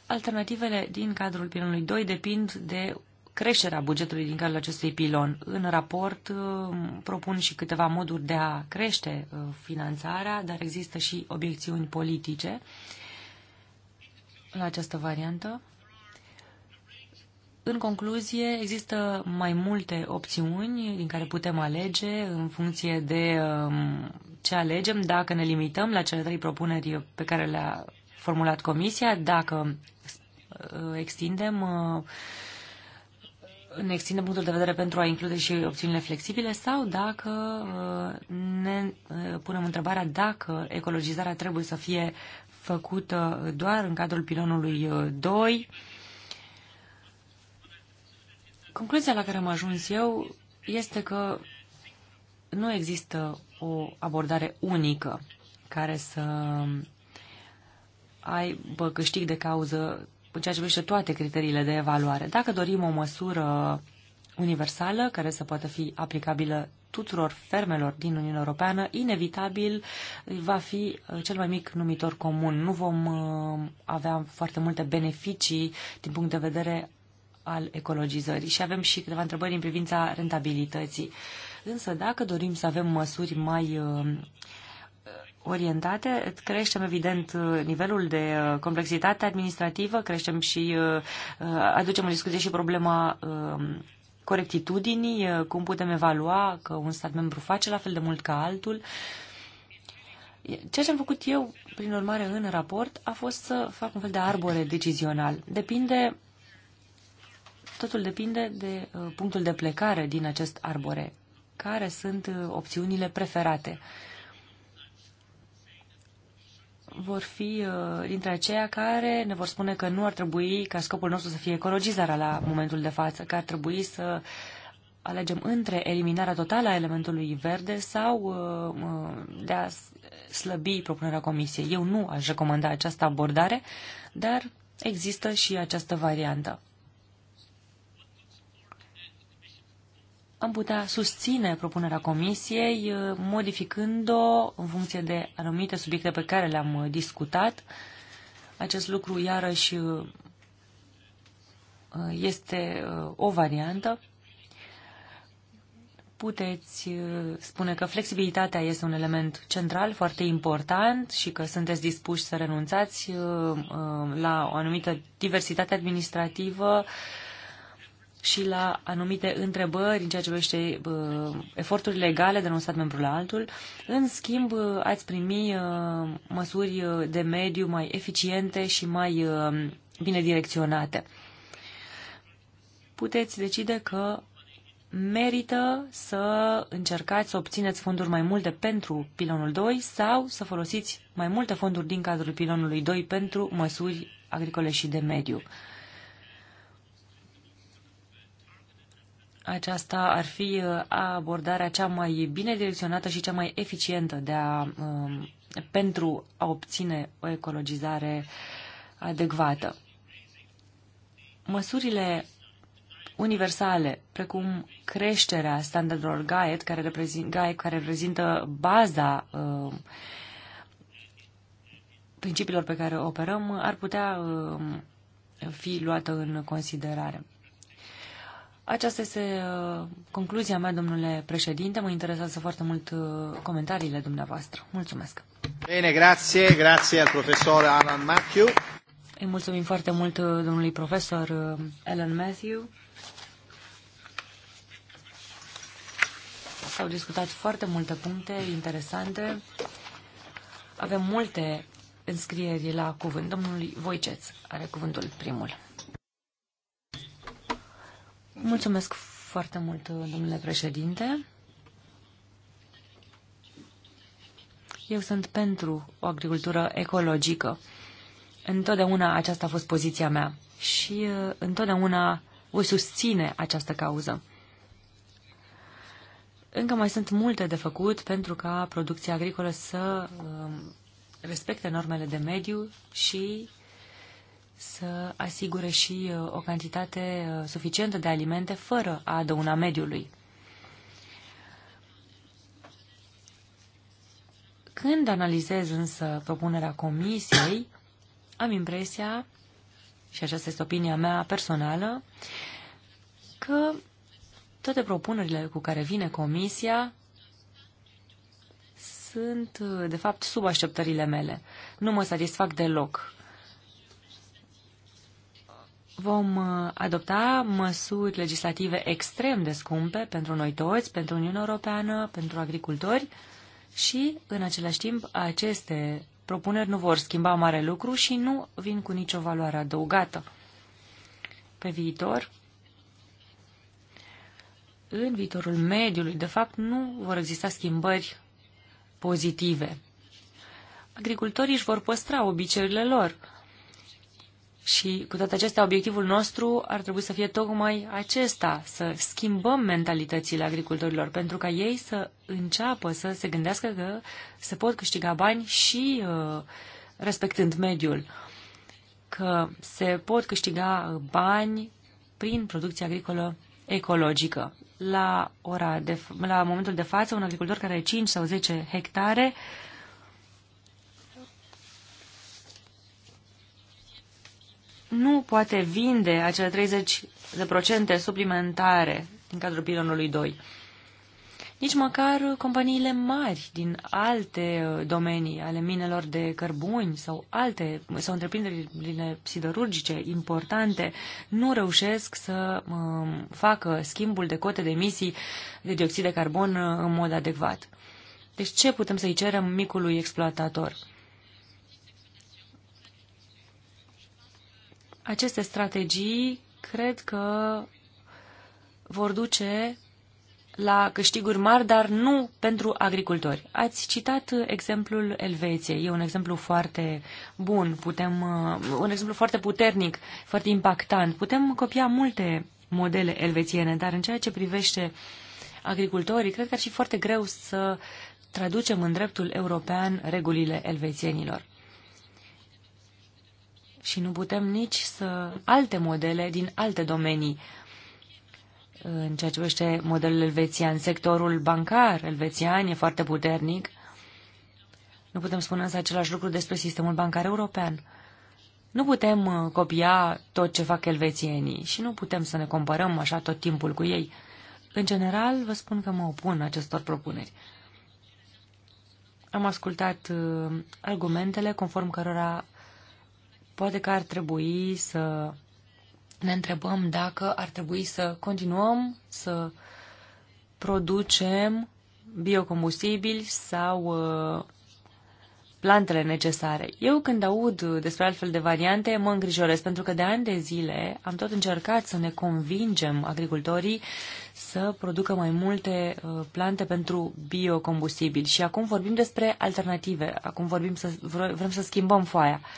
Alternativele din cadrul pilonului 2 depind de creșterea bugetului din cadrul acestui pilon. În raport propun și câteva moduri de a crește finanțarea, dar există și obiecțiuni politice la această variantă. În concluzie, există mai multe opțiuni din care putem alege în funcție de um, ce alegem, dacă ne limităm la cele trei propuneri pe care le-a formulat Comisia, dacă uh, extindem uh, ne extindem punctul de vedere pentru a include și opțiunile flexibile sau dacă uh, ne punem întrebarea dacă ecologizarea trebuie să fie făcută doar în cadrul pilonului 2. Uh, Concluzia la care am ajuns eu este că nu există o abordare unică care să aibă câștig de cauză în ceea ce privește toate criteriile de evaluare. Dacă dorim o măsură universală care să poată fi aplicabilă tuturor fermelor din Uniunea Europeană, inevitabil va fi uh, cel mai mic numitor comun. Nu vom uh, avea foarte multe beneficii din punct de vedere al ecologizării și avem și câteva întrebări în privința rentabilității. Însă, dacă dorim să avem măsuri mai uh, orientate, creștem evident nivelul de complexitate administrativă, creștem și aducem în discuție și problema corectitudinii, uh, cum putem evalua că un stat membru face la fel de mult ca altul. Ceea ce am făcut eu, prin urmare, în raport, a fost să fac un fel de arbore decizional. Depinde, totul depinde de uh, punctul de plecare din acest arbore. Care sunt uh, opțiunile preferate? Uh, vor fi uh, dintre aceia care ne vor spune că nu ar trebui ca scopul nostru să fie ecologizarea la momentul de față, că ar trebui să alegem între eliminarea totală a elementului verde sau uh, uh, de a slăbi propunerea comisiei. Eu nu aș recomanda această abordare, dar există și această variantă. am putea susține propunerea comisiei, uh, modificând-o în funcție de anumite subiecte pe care le-am uh, discutat. Acest lucru, iarăși, uh, este o variantă. Puteți spune că flexibilitatea este un element central, foarte important și că sunteți dispuși să renunțați la o anumită diversitate administrativă și la anumite întrebări în ceea ce privește uh, legale de la un stat membru la altul. În schimb, uh, ați primi uh, măsuri de mediu mai eficiente și mai uh, bine direcționate. Puteți decide că merită să încercați să obțineți fonduri mai multe pentru pilonul 2 sau să folosiți mai multe fonduri din cadrul pilonului 2 pentru măsuri agricole și de mediu. aceasta ar fi uh, abordarea cea mai bine direcționată și cea mai eficientă de a, um, pentru a obține o ecologizare adecvată. Măsurile universale, precum creșterea standardelor GAET, care reprezintă, GAET, care reprezintă baza um, principiilor pe care operăm, ar putea um, fi luată în considerare. Aceasta este uh, concluzia mea, domnule președinte. Mă interesează foarte mult uh, comentariile dumneavoastră. Mulțumesc. Bine, grație, grație al profesor Alan Matthew. Îi mulțumim foarte mult uh, domnului profesor Alan Matthew. S-au discutat foarte multe puncte interesante. Avem multe înscrieri la cuvânt. Domnul Voiceț are cuvântul primul. Mulțumesc foarte mult, domnule președinte. Eu sunt pentru o agricultură ecologică. Întotdeauna aceasta a fost poziția mea și uh, întotdeauna voi susține această cauză. Încă mai sunt multe de făcut pentru ca producția agricolă să um, respecte normele de mediu și să asigure și uh, o cantitate uh, suficientă de alimente fără a adăuna mediului. Când analizez însă propunerea comisiei, am impresia, și aceasta este opinia mea personală, că toate propunerile cu care vine comisia sunt, uh, de fapt, sub așteptările mele. Nu mă satisfac deloc vom uh, adopta măsuri legislative extrem de scumpe pentru noi toți, pentru Uniunea Europeană, pentru agricultori și, în același timp, aceste propuneri nu vor schimba mare lucru și nu vin cu nicio valoare adăugată. Pe viitor, în viitorul mediului, de fapt, nu vor exista schimbări pozitive. Agricultorii își vor păstra obiceiurile lor, și cu toate acestea, obiectivul nostru ar trebui să fie tocmai acesta, să schimbăm mentalitățile agricultorilor, pentru ca ei să înceapă să se gândească că se pot câștiga bani și uh, respectând mediul, că se pot câștiga uh, bani prin producție agricolă ecologică. La, ora de, la momentul de față, un agricultor care are 5 sau 10 hectare uh, nu poate vinde acele 30% suplimentare din cadrul pilonului 2. Nici măcar companiile mari din alte uh, domenii ale minelor de cărbuni sau alte sau întreprinderile siderurgice importante nu reușesc să um, facă schimbul de cote de emisii de dioxid de carbon uh, în mod adecvat. Deci ce putem să-i cerem micului exploatator? Aceste strategii cred că vor duce la câștiguri mari, dar nu pentru agricultori. Ați citat exemplul Elveției. E un exemplu foarte bun, putem, uh, un exemplu foarte puternic, foarte impactant. Putem copia multe modele elvețiene, dar în ceea ce privește agricultorii, cred că ar fi foarte greu să traducem în dreptul european regulile elvețienilor și nu putem nici să alte modele din alte domenii în ceea ce privește modelul elvețian. Sectorul bancar elvețian e foarte puternic. Nu putem spune însă același lucru despre sistemul bancar european. Nu putem uh, copia tot ce fac elvețienii și nu putem să ne comparăm așa tot timpul cu ei. În general, vă spun că mă opun acestor propuneri. Am ascultat uh, argumentele conform cărora Poate că ar trebui să ne întrebăm dacă ar trebui să continuăm să producem biocombustibili sau uh, plantele necesare. Eu când aud despre altfel de variante, mă îngrijorez, pentru că de ani de zile am tot încercat să ne convingem agricultorii să producă mai multe uh, plante pentru biocombustibili. Și acum vorbim despre alternative, acum vorbim să, vrem să schimbăm foaia. Uh,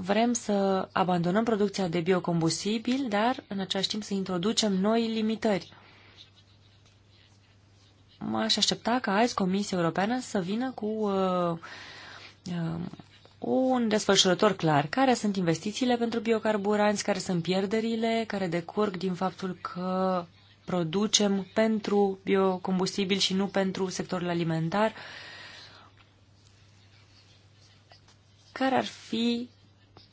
vrem să abandonăm producția de biocombustibil, dar în același timp să introducem noi limitări. M-aș aștepta ca azi Comisia Europeană să vină cu uh, uh, un desfășurător clar. Care sunt investițiile pentru biocarburanți, care sunt pierderile care decurg din faptul că producem pentru biocombustibil și nu pentru sectorul alimentar? Care ar fi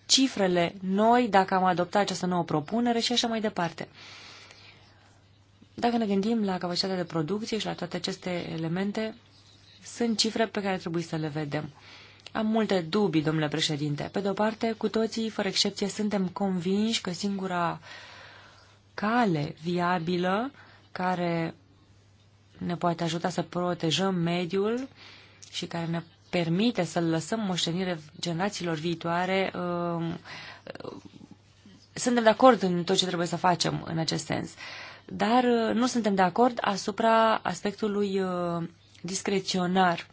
cifrele noi dacă am adoptat această nouă propunere și așa mai departe. Dacă ne gândim la capacitatea de producție și la toate aceste elemente, sunt cifre pe care trebuie să le vedem. Am multe dubii, domnule președinte. Pe de o parte, cu toții, fără excepție, suntem convinși că singura cale viabilă care ne poate ajuta să protejăm mediul și care ne permite să lăsăm moștenire generațiilor viitoare, um, suntem de acord în tot ce trebuie să facem în acest sens, dar uh, nu suntem de acord asupra aspectului uh, discreționar,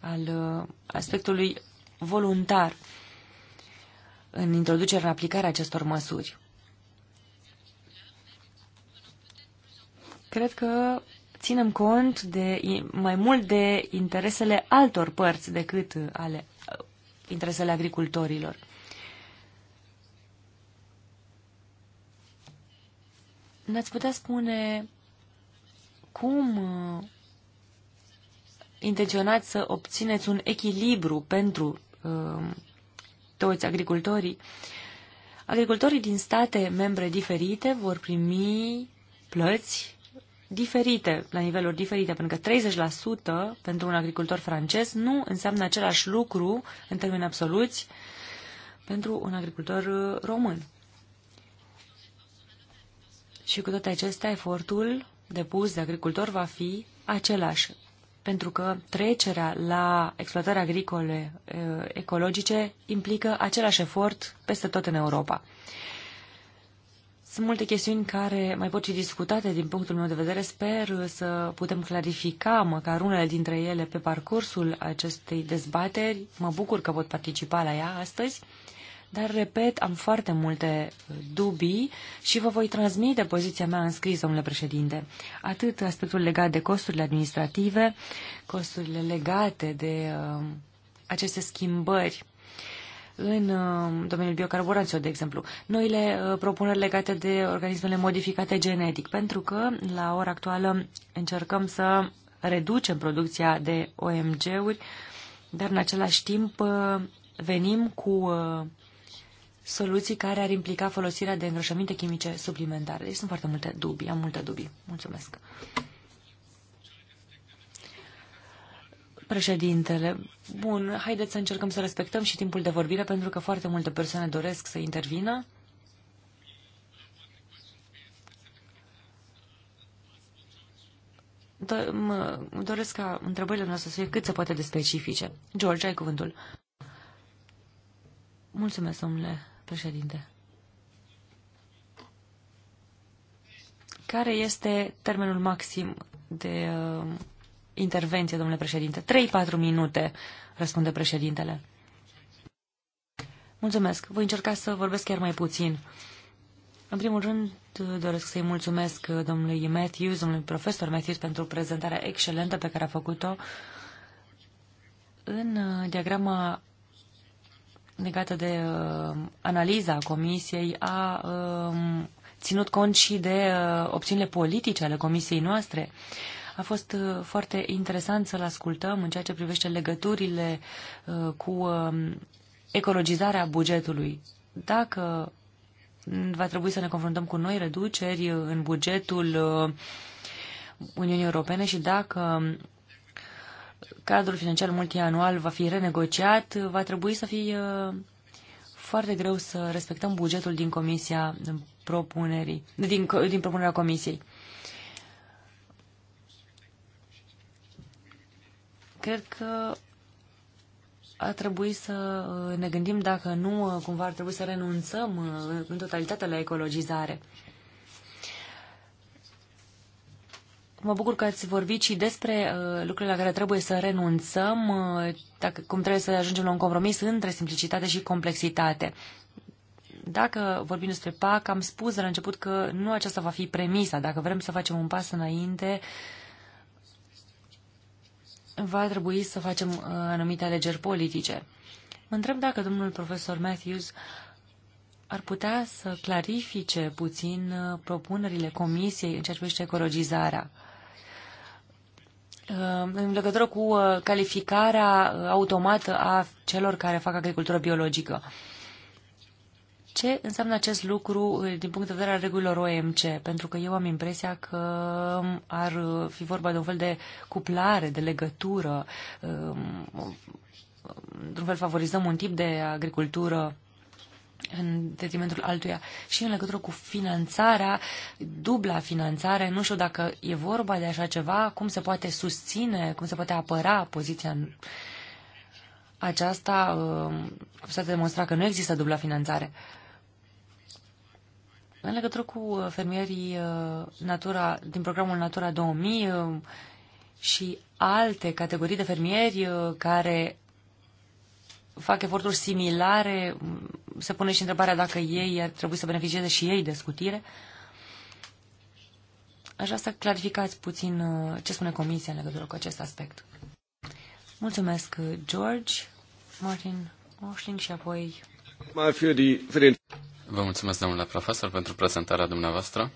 al uh, aspectului voluntar în introducerea în aplicarea acestor măsuri. Cred că ținem cont de, mai mult de interesele altor părți decât uh, ale uh, interesele agricultorilor. Ne-ați putea spune cum uh, intenționați să obțineți un echilibru pentru uh, toți agricultorii. Agricultorii din state membre diferite vor primi plăți diferite, la niveluri diferite, pentru că 30% pentru un agricultor francez nu înseamnă același lucru în termeni absoluți pentru un agricultor uh, român. Și cu toate acestea, efortul depus de agricultor va fi același, pentru că trecerea la exploatări agricole uh, ecologice implică același efort peste tot în Europa. Sunt multe chestiuni care mai pot fi discutate din punctul meu de vedere. Sper să putem clarifica măcar unele dintre ele pe parcursul acestei dezbateri. Mă bucur că pot participa la ea astăzi, dar, repet, am foarte multe dubii și vă voi transmite poziția mea în scris, domnule președinte. Atât aspectul legat de costurile administrative, costurile legate de uh, aceste schimbări în uh, domeniul biocarburanților, de exemplu, noile uh, propuneri legate de organismele modificate genetic, pentru că la ora actuală încercăm să reducem producția de OMG-uri, dar în același timp uh, venim cu soluții care ar implica folosirea de îngrășăminte chimice suplimentare. Deci sunt foarte multe dubii, am multe dubii. Mulțumesc. Președintele, bun, haideți să încercăm să respectăm și timpul de vorbire, pentru că foarte multe persoane doresc să intervină. Do- mă, doresc ca întrebările noastre să fie cât se poate de specifice. George, ai cuvântul. Mulțumesc, domnule președinte. Care este termenul maxim de uh, intervenție, domnule președinte. 3-4 minute, răspunde președintele. Mulțumesc. Voi încerca să vorbesc chiar mai puțin. În primul rând, doresc să-i mulțumesc domnului Matthews, domnului profesor Matthews, pentru prezentarea excelentă pe care a făcut-o. În uh, diagrama legată de uh, analiza comisiei a uh, ținut cont și de uh, opțiunile politice ale comisiei noastre. Uh, a fost uh, foarte interesant să-l ascultăm în ceea ce privește legăturile uh, cu um, ecologizarea bugetului. Dacă va trebui să ne confruntăm cu noi reduceri uh, în bugetul Uniunii Europene și dacă um, cadrul financiar multianual va fi renegociat, va trebui să fie foarte greu să respectăm bugetul din comisia propunerii, din, din propunerea comisiei. Cred că ar trebui să ne gândim dacă nu, cumva ar trebui să renunțăm uh, în totalitate la ecologizare. Mă bucur că ați vorbit și despre uh, lucrurile la care trebuie să renunțăm, uh, dacă, cum trebuie să ajungem la un compromis între simplicitate și complexitate. Dacă vorbim despre PAC, am spus de la început că nu aceasta va fi premisa. Dacă vrem să facem un pas înainte, uh, va trebui să facem uh, anumite alegeri politice. Mă întreb dacă domnul profesor Matthews ar putea să clarifice puțin uh, propunerile comisiei în ceea ce privește ecologizarea. Uh, în legătură cu calificarea automată a celor care fac agricultură biologică ce înseamnă acest lucru eh, din punct de vedere al regulilor OMC, pentru că eu am impresia că mm, ar eh, fi vorba de un fel de cuplare, de legătură, eh, într-un fel favorizăm un tip de agricultură în detrimentul altuia și în legătură cu finanțarea, dubla finanțare, nu știu dacă e vorba de așa ceva, cum se poate susține, cum se poate apăra poziția aceasta, s-a demonstra că nu există dubla finanțare. În legătură cu uh, fermierii uh, Natura, din programul Natura 2000 uh, și alte categorii de fermieri care fac eforturi similare, mm, se pune și întrebarea dacă ei ar trebui să beneficieze și ei de scutire. Aș vrea să clarificați puțin ce spune Comisia în legătură cu acest aspect. Mulțumesc, George, Martin Oșling și apoi... Vă mulțumesc, domnule profesor, pentru prezentarea dumneavoastră.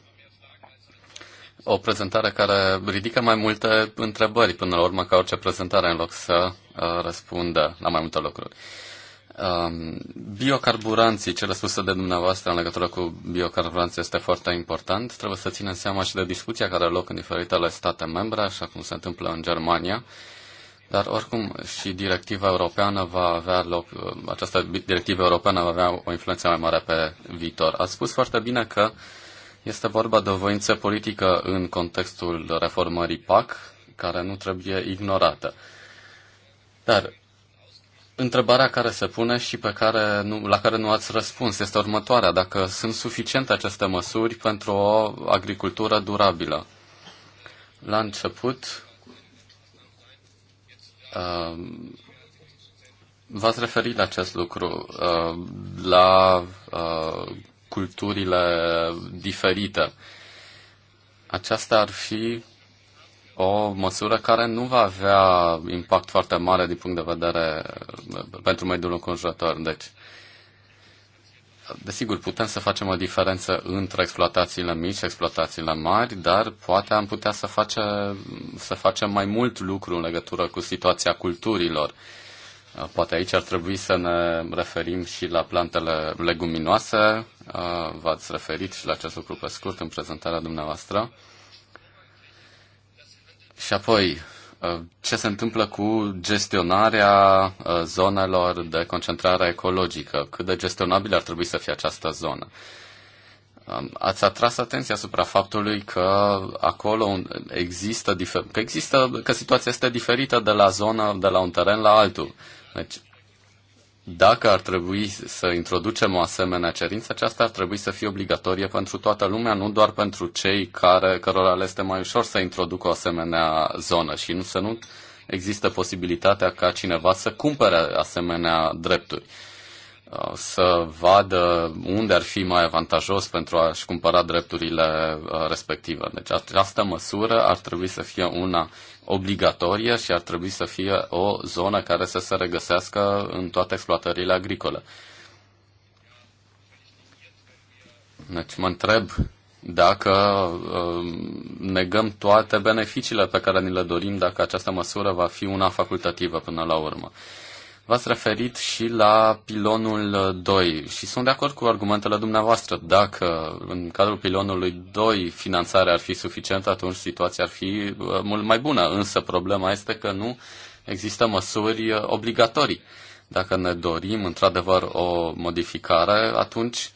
O prezentare care ridică mai multe întrebări, până la urmă, ca orice prezentare, în loc să uh, răspundă la mai multe lucruri. Um, biocarburanții, cele spuse de dumneavoastră în legătură cu biocarburanții este foarte important. Trebuie să ținem seama și de discuția care are loc în diferitele state membre, așa cum se întâmplă în Germania. Uh, dar oricum și directiva europeană va avea loc, această directivă europeană va avea o influență mai mare pe viitor. Ați spus foarte bine că este vorba de o voință politică în contextul reformării PAC, care nu trebuie ignorată. Dar întrebarea care se pune și pe care nu, la care nu ați răspuns este următoarea. Dacă sunt suficiente aceste măsuri pentru o agricultură durabilă? La început, Um, V-ați referit la acest lucru, uh, la uh, culturile diferite. Aceasta ar fi o măsură care nu va avea impact foarte mare din punct de vedere uh, pentru mediul înconjurător. Deci, Desigur, putem să facem o diferență între exploatațiile mici și exploatațiile mari, dar poate am putea să, face, să facem mai mult lucru în legătură cu situația culturilor. Poate aici ar trebui să ne referim și la plantele leguminoase. V-ați referit și la acest lucru pe scurt în prezentarea dumneavoastră. Și apoi, Uh, ce se întâmplă cu gestionarea uh, zonelor de concentrare ecologică, cât de gestionabilă ar trebui să fie această zonă. Um, ați atras atenția asupra faptului că acolo există, că există, că situația este diferită de la zonă, de la un teren la altul. Deci, dacă ar trebui să introducem o asemenea cerință, aceasta ar trebui să fie obligatorie pentru toată lumea, nu doar pentru cei care, cărora le este mai ușor să introducă o asemenea zonă și nu să nu există posibilitatea ca cineva să cumpere asemenea drepturi uh, să vadă unde ar fi mai avantajos pentru a-și cumpăra drepturile uh, respective. Deci această măsură ar trebui să fie una obligatorie și ar trebui să fie o zonă care să se regăsească în toate exploatările agricole. Deci mă întreb dacă um, negăm toate beneficiile pe care ni le dorim, dacă această măsură va fi una facultativă până la urmă. V-ați referit și la pilonul 2 și sunt de acord cu argumentele dumneavoastră. Dacă în cadrul pilonului 2 finanțarea ar fi suficientă, atunci situația ar fi uh, mult mai bună. Însă problema este că nu există măsuri uh, obligatorii. Dacă ne dorim într-adevăr o modificare, atunci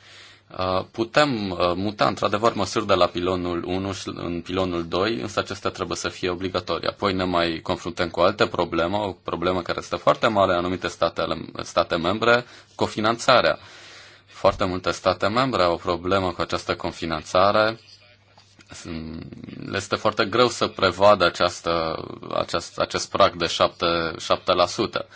Uh, putem uh, muta într-adevăr măsuri de la pilonul 1 în pilonul 2, însă acestea trebuie să fie obligatorii. Apoi ne mai confruntăm cu alte probleme, o problemă care este foarte mare în anumite state, state membre, cofinanțarea. Foarte multe state membre au o problemă cu această cofinanțare. Le este foarte greu să prevadă această, acest, acest prag de 7%. 7%.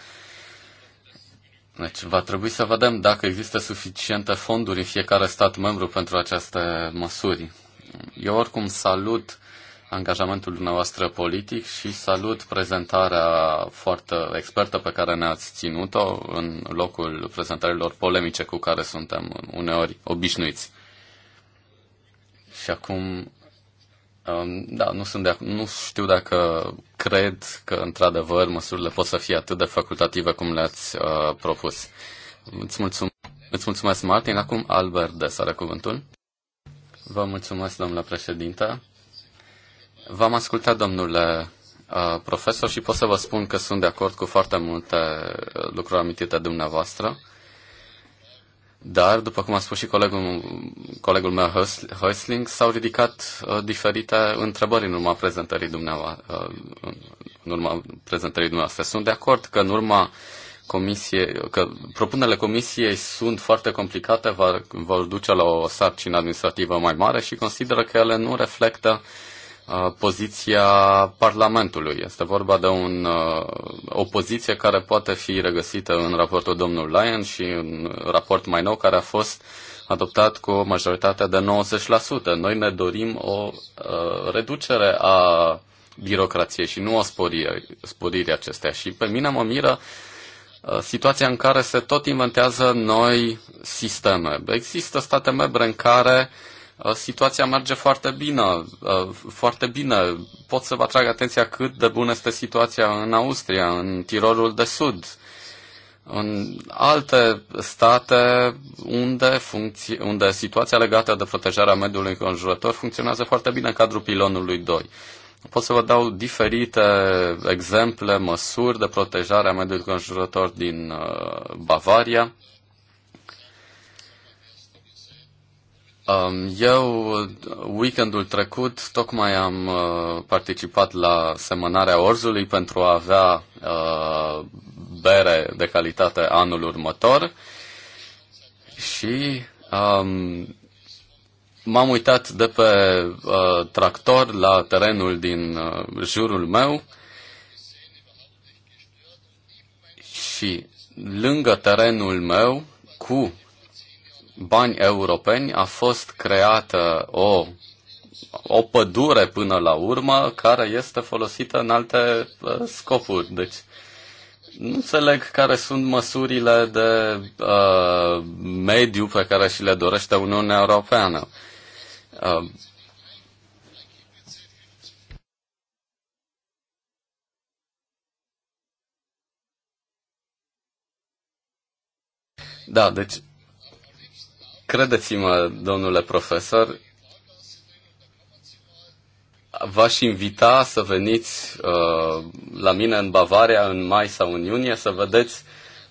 Deci va trebui să vedem dacă există suficiente fonduri în fiecare stat membru pentru aceste măsuri. Eu oricum salut angajamentul dumneavoastră politic și salut prezentarea foarte expertă pe care ne-ați ținut-o în locul prezentărilor polemice cu care suntem uneori obișnuiți. Și acum da, nu, sunt de, nu știu dacă cred că, într-adevăr, măsurile pot să fie atât de facultative cum le-ați uh, propus. Îți, mulțum- îți mulțumesc, Martin. Acum Albert de are cuvântul. Vă mulțumesc, domnule președinte. V-am ascultat, domnule uh, profesor, și pot să vă spun că sunt de acord cu foarte multe uh, lucruri amintite dumneavoastră. Dar, după cum a spus și colegul, colegul meu Hösling, s-au ridicat uh, diferite întrebări în urma prezentării dumneavoastră. Uh, în urma prezentării dumneavoastră. Sunt de acord că în urma comisie, că propunerile comisiei sunt foarte complicate, vor duce la o sarcină administrativă mai mare și consideră că ele nu reflectă uh, Uh, poziția Parlamentului. Este vorba de un, uh, o poziție care poate fi regăsită în raportul domnului Lyon și în raport mai nou care a fost adoptat cu o majoritate de 90%. Noi ne dorim o uh, reducere a birocrației și nu o sporire, sporire acestea. Și pe mine mă miră uh, situația în care se tot inventează noi sisteme. Există state membre în care uh, Uh, situația merge foarte bine, uh, foarte bine. Pot să vă atrag atenția cât de bună este situația în Austria, în Tirolul de Sud, în alte state unde, funcție, unde situația legată de protejarea mediului înconjurător funcționează foarte bine în cadrul pilonului 2. Pot să vă dau diferite exemple, măsuri de protejare a mediului înconjurător din uh, Bavaria, Um, eu, weekendul trecut, tocmai am uh, participat la semănarea orzului pentru a avea uh, bere de calitate anul următor și um, m-am uitat de pe uh, tractor la terenul din uh, jurul meu și lângă terenul meu, cu bani europeni a fost creată o, o pădure până la urmă care este folosită în alte uh, scopuri. Deci nu înțeleg care sunt măsurile de uh, mediu pe care și le dorește Uniunea Europeană. Uh, Da, deci Credeți-mă, domnule profesor, v-aș invita să veniți uh, la mine în Bavaria în mai sau în iunie să vedeți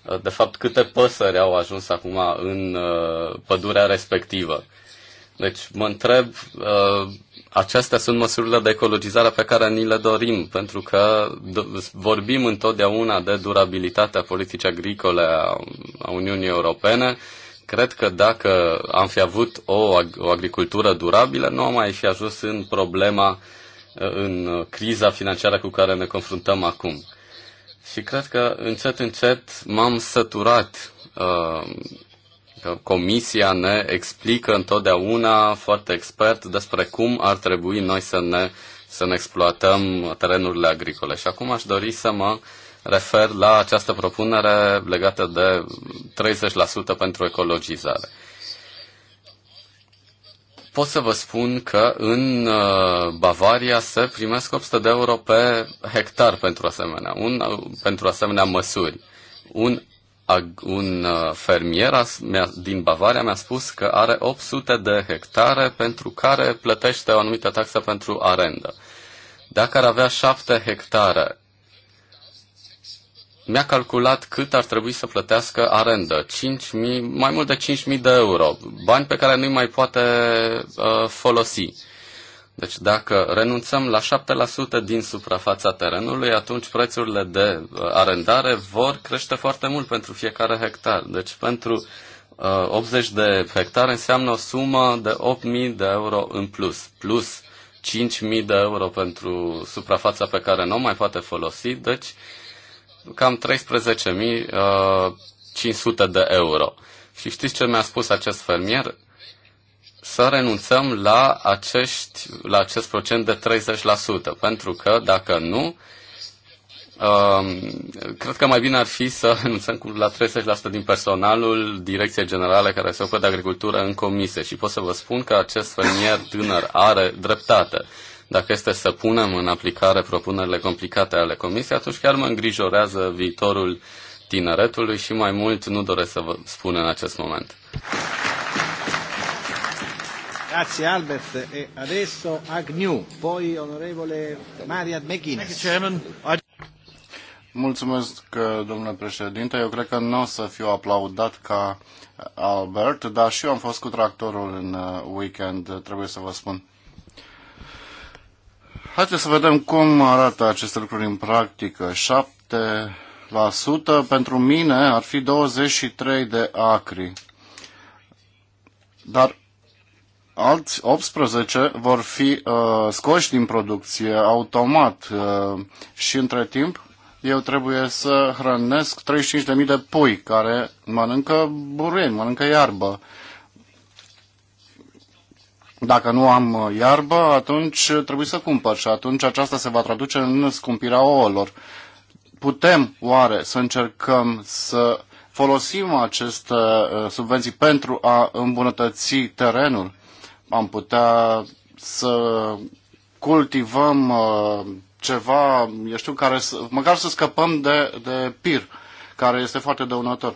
uh, de fapt câte păsări au ajuns acum în uh, pădurea respectivă. Deci mă întreb, uh, acestea sunt măsurile de ecologizare pe care ni le dorim, pentru că vorbim întotdeauna de durabilitatea politicii agricole a, a Uniunii Europene, uh, Cred că dacă am fi avut o, o agricultură durabilă, nu am mai fi ajuns în problema, uh, în uh, criza financiară cu care ne confruntăm acum. Și cred că încet, încet m-am săturat uh, comisia ne explică întotdeauna foarte expert despre cum ar trebui noi să ne, să ne exploatăm terenurile agricole. Și acum aș dori să mă uh, refer la această propunere legată de 30% pentru ecologizare. Pot să vă spun că în uh, Bavaria se primesc 800 de euro pe hectar pentru asemenea, un, uh, pentru asemenea măsuri. Un, un uh, fermier din Bavaria mi-a spus că are 800 de hectare pentru care plătește o anumită taxă pentru arendă. Dacă ar avea 7 hectare mi-a calculat cât ar trebui să plătească arendă, 5.000, mai mult de 5.000 de euro, bani pe care nu-i mai poate uh, folosi. Deci dacă renunțăm la 7% din suprafața terenului, atunci prețurile de uh, arendare vor crește foarte mult pentru fiecare hectar. Deci pentru uh, 80 de hectare înseamnă o sumă de 8.000 de euro în plus, plus 5.000 de euro pentru suprafața pe care nu o mai poate folosi, deci uh, cam 13.500 uh, de euro. Și știți ce mi-a spus acest fermier? Să renunțăm la, acești, la acest procent de 30%, pentru că dacă nu, um, cred că mai bine ar fi să (laughs) renunțăm la 30% din personalul Direcției Generale care se ocupă de agricultură în comise. Și pot să vă spun că acest fermier tânăr are dreptate. Dacă este să punem în aplicare propunerile complicate ale Comisiei, atunci chiar mă îngrijorează viitorul tineretului și mai mult nu doresc să vă spun în acest moment. Grazie Albert. E adesso Agnew, poi onorevole Maria McGuinness. Mulțumesc, domnule președinte. Eu cred că nu o să fiu aplaudat ca Albert, dar și eu am fost cu tractorul în uh, weekend, trebuie să vă spun. Haideți să vedem cum arată aceste lucruri în practică. 7% pentru mine ar fi 23 de acri. Dar alți 18 vor fi uh, scoși din producție automat uh, și între timp eu trebuie să hrănesc 35.000 de pui care mănâncă buruieni, mănâncă iarbă. Uh, dacă nu am uh, iarbă, atunci uh, trebuie să cumpăr și atunci aceasta se va traduce în scumpirea ouălor. Putem oare să încercăm să folosim aceste uh, subvenții pentru a îmbunătăți terenul? Am putea să cultivăm ceva, eu știu, care să, măcar să scăpăm de, de pir, care este foarte dăunător.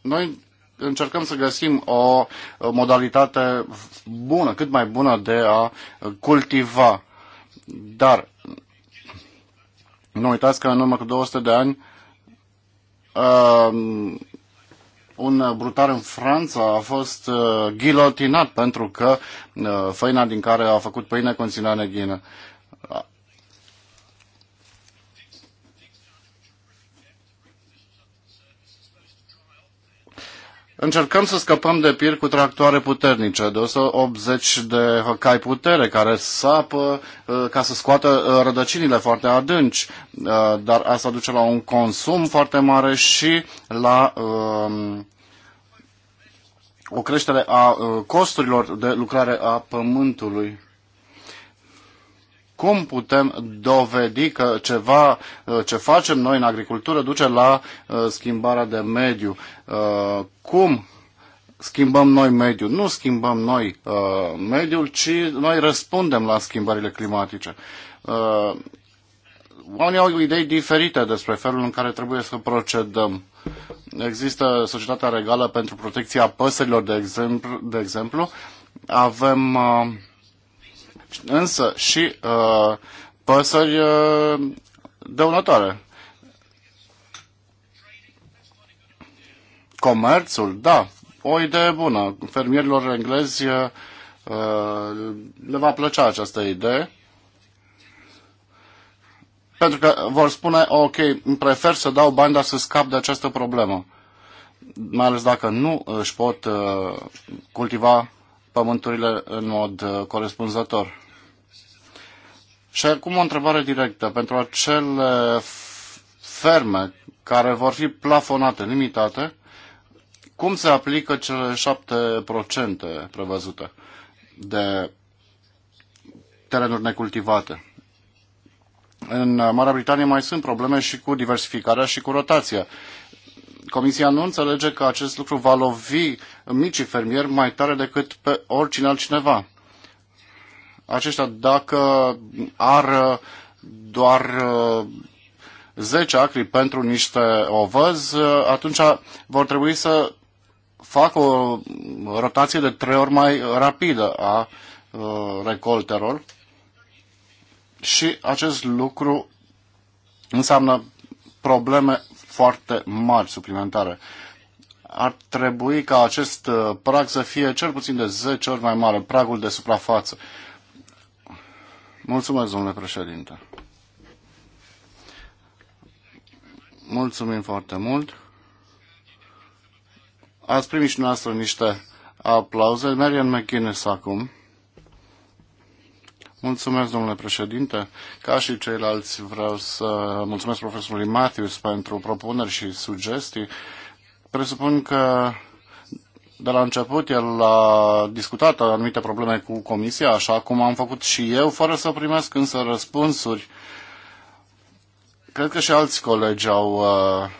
Noi încercăm să găsim o modalitate bună, cât mai bună de a cultiva. Dar nu uitați că în urmă cu 200 de ani um, un brutar în Franța a fost uh, ghilotinat pentru că uh, făina din care a făcut pâine conținea neghină. Uh, Încercăm să scăpăm de pir cu tractoare puternice, de 180 de cai putere care sapă uh, ca să scoată uh, rădăcinile foarte adânci, uh, dar asta duce la un consum foarte mare și la um, o creștere a costurilor de lucrare a pământului cum putem dovedi că ceva uh, ce facem noi în agricultură duce la uh, schimbarea de mediu. Uh, cum schimbăm noi mediul? Nu schimbăm noi mediul, ci noi răspundem la schimbările climatice. Oamenii au idei diferite despre felul în care trebuie să procedăm. Există Societatea Regală pentru Protecția Păsărilor, de exemplu. De exemplu. Avem uh, însă și uh, păsări uh, dăunătoare. Comerțul, da, o idee bună. Fermierilor englezi uh, le va plăcea această idee. Pentru că vor spune, ok, prefer să dau bani, dar să scap de această problemă. Mai ales dacă nu își pot uh, cultiva pământurile în mod uh, corespunzător. Și acum o întrebare directă. Pentru acele ferme care vor fi plafonate, limitate, cum se aplică cele 7% prevăzute de terenuri necultivate? În Marea Britanie mai sunt probleme și cu diversificarea și cu rotația. Comisia nu înțelege că acest lucru va lovi micii fermieri mai tare decât pe oricine altcineva. Aceștia, dacă ar uh, doar 10 uh, acri pentru niște ovăzi, uh, atunci vor trebui să facă o rotație de trei ori mai rapidă a recoltelor și acest lucru înseamnă probleme foarte mari suplimentare ar trebui ca acest uh, prag să fie cel puțin de 10 ori mai mare, pragul de suprafață. Mulțumesc, domnule președinte. Mulțumim foarte mult. Ați primit și noastră niște aplauze. Marian McGuinness acum. Mulțumesc, domnule președinte. Ca și ceilalți, vreau să mulțumesc profesorului Matthews pentru propuneri și sugestii. Presupun că de la început el a discutat anumite probleme cu comisia, așa cum am făcut și eu, fără să primesc însă răspunsuri. Cred că și alți colegi au uh,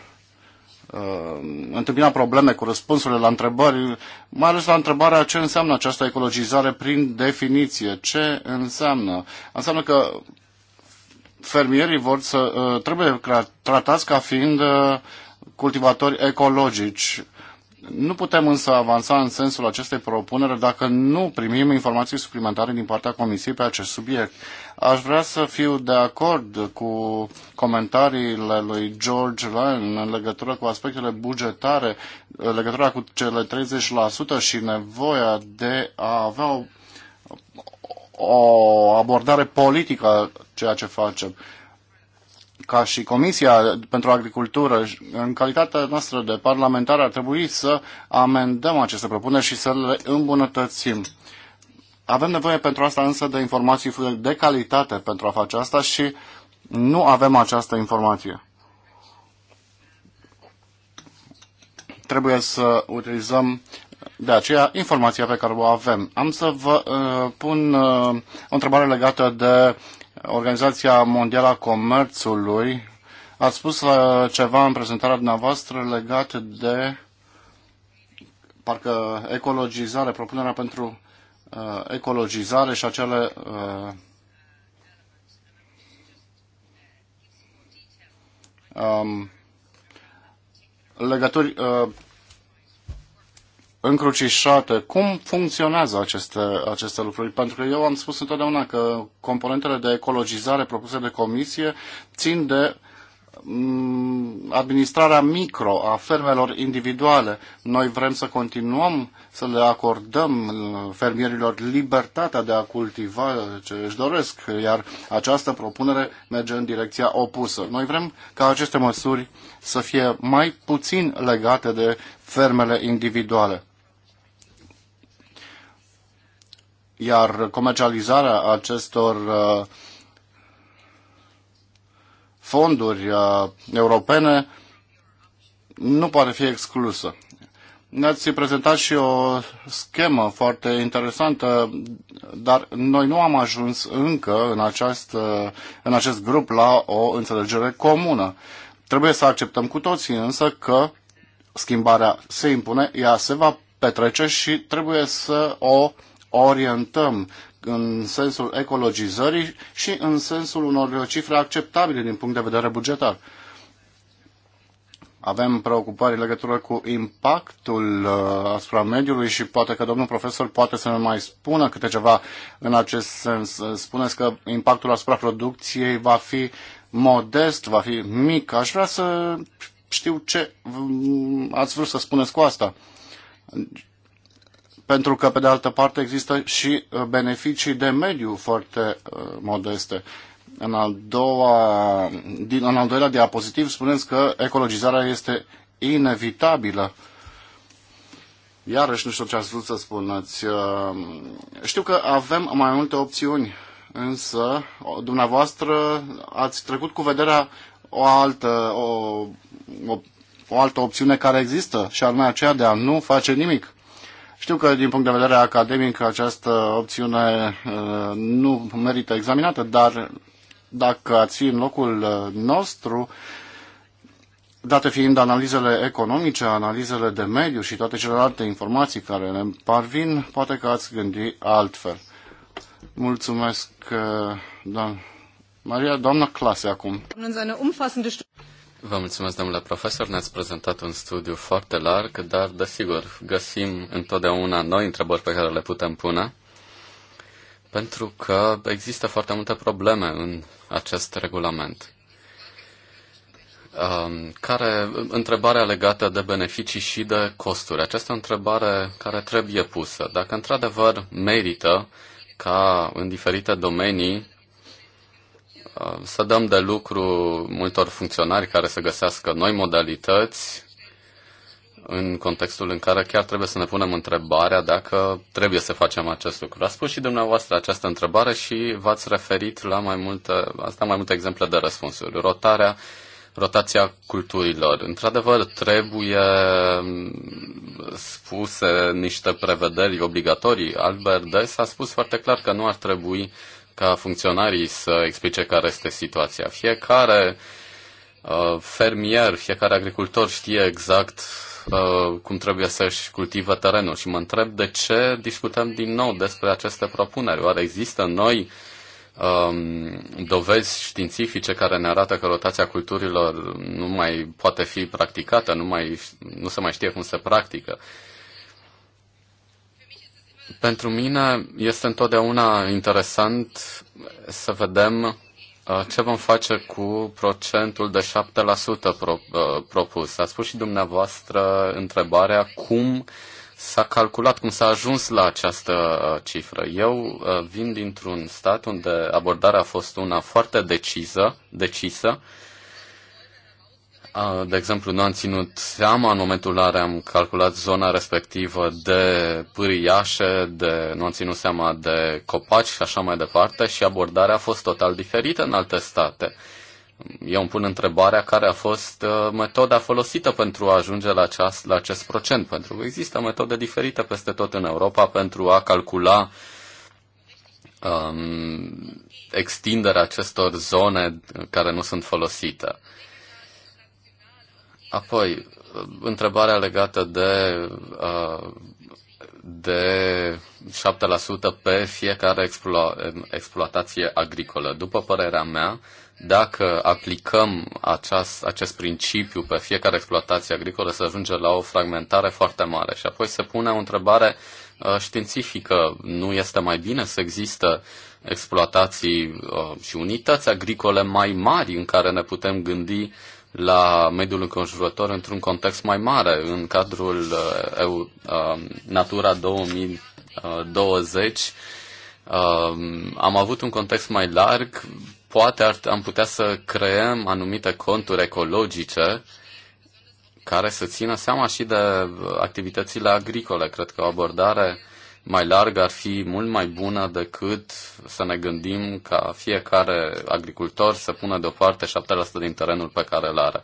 uh, întâmpinat probleme cu răspunsurile la întrebări, mai ales la întrebarea ce înseamnă această ecologizare prin definiție. Ce înseamnă? Înseamnă că fermierii vor să uh, trebuie tratați ca fiind uh, cultivatori ecologici. Nu putem însă avansa în sensul acestei propuneri dacă nu primim informații suplimentare din partea Comisiei pe acest subiect. Aș vrea să fiu de acord cu comentariile lui George Lane în legătură cu aspectele bugetare, în legătura cu cele 30% și nevoia de a avea o, o abordare politică ceea ce facem ca și Comisia pentru Agricultură, în calitatea noastră de parlamentar, ar trebui să amendăm aceste propuneri și să le îmbunătățim. Avem nevoie pentru asta însă de informații de calitate pentru a face asta și nu avem această informație. Trebuie să utilizăm de aceea informația pe care o avem. Am să vă uh, pun uh, o întrebare legată de Organizația Mondială a Comerțului. Ați spus ceva în prezentarea dumneavoastră legat de parcă ecologizare, propunerea pentru uh, ecologizare și acele uh, um, legături uh, încrucișate. Cum funcționează aceste, aceste lucruri? Pentru că eu am spus întotdeauna că componentele de ecologizare propuse de comisie țin de mm, administrarea micro a fermelor individuale. Noi vrem să continuăm să le acordăm mm, fermierilor libertatea de a cultiva ce își doresc, iar această propunere merge în direcția opusă. Noi vrem ca aceste măsuri să fie mai puțin legate de fermele individuale. iar comercializarea acestor uh, fonduri uh, europene nu poate fi exclusă. Ne-ați prezentat și o schemă foarte interesantă, dar noi nu am ajuns încă în acest, în acest grup la o înțelegere comună. Trebuie să acceptăm cu toții însă că schimbarea se impune, ea se va petrece și trebuie să o uh, orientăm în sensul ecologizării și în sensul unor cifre acceptabile din punct de vedere bugetar. Avem preocupări în legătură cu impactul uh, asupra mediului și poate că domnul profesor poate să ne mai spună câte ceva în acest sens. Uh, spuneți că impactul asupra producției va fi modest, va fi mic. Aș vrea să știu ce ați vrut să spuneți cu asta pentru că, pe de altă parte, există și uh, beneficii de mediu foarte uh, modeste. În al, doua, din, în al doilea diapozitiv spuneți că ecologizarea este inevitabilă. Iarăși nu știu ce ați vrut să spuneți. Uh, știu că avem mai multe opțiuni, însă dumneavoastră ați trecut cu vederea o altă, o, o, o altă opțiune care există și anume aceea de a nu face nimic. Știu că din punct de vedere academic această opțiune nu merită examinată, dar dacă ați fi în locul nostru, date fiind analizele economice, analizele de mediu și toate celelalte informații care ne parvin, poate că ați gândi altfel. Mulțumesc, doamna Maria, doamna Clase, acum. Vă mulțumesc, domnule profesor, ne-ați prezentat un studiu foarte larg, dar, desigur, găsim întotdeauna noi întrebări pe care le putem pune, pentru că există foarte multe probleme în acest regulament. Um, care, întrebarea legată de beneficii și de costuri. Această întrebare care trebuie pusă. Dacă într-adevăr merită ca în diferite domenii Uh, să dăm de lucru multor funcționari care să găsească noi modalități în contextul în care chiar trebuie să ne punem întrebarea dacă trebuie să facem acest lucru. A spus și dumneavoastră această întrebare și v-ați referit la mai multe, ați dat mai multe exemple de răspunsuri. Rotarea, rotația culturilor. Într-adevăr, trebuie spuse niște prevederi obligatorii. Albert Dess a spus foarte clar că nu ar trebui ca funcționarii să explice care este situația. Fiecare uh, fermier, fiecare agricultor știe exact uh, cum trebuie să-și cultive terenul și mă întreb de ce discutăm din nou despre aceste propuneri. Oare există noi um, dovezi științifice care ne arată că rotația culturilor nu mai poate fi practicată, nu, mai, nu se mai știe cum se practică? Uh, pentru mine este întotdeauna interesant să vedem uh, ce vom face cu procentul de 7% uh, propus. A spus și dumneavoastră întrebarea cum s-a calculat, cum s-a ajuns la această uh, cifră. Eu vin dintr-un stat unde abordarea a fost una foarte decisă, decisă de exemplu, nu am ținut seama în momentul în care am calculat zona respectivă de pâriașe, de, nu am ținut seama de copaci și așa mai departe și abordarea a fost total diferită în alte state. Eu îmi pun întrebarea care a fost uh, metoda folosită pentru a ajunge la, aceast, la acest procent, pentru că există metode diferite peste tot în Europa pentru a calcula um, extinderea acestor zone care nu sunt folosite. Apoi, întrebarea legată de, uh, de 7% pe fiecare explo- exploatație agricolă. După părerea mea, dacă aplicăm aceast, acest principiu pe fiecare exploatație agricolă, se ajunge la o fragmentare foarte mare. Și apoi se pune o întrebare uh, științifică. Nu este mai bine să există exploatații uh, și unități agricole mai mari în care ne putem gândi la mediul înconjurător într-un context mai mare, în cadrul uh, EU, um, Natura 2020. Uh, um, am avut un context mai larg, poate ar, am putea să creăm anumite conturi ecologice care să țină seama și de activitățile agricole. Cred că o abordare uh, mai largă ar fi mult mai bună decât să ne gândim ca fiecare agricultor să pună deoparte 7% din terenul pe care îl are.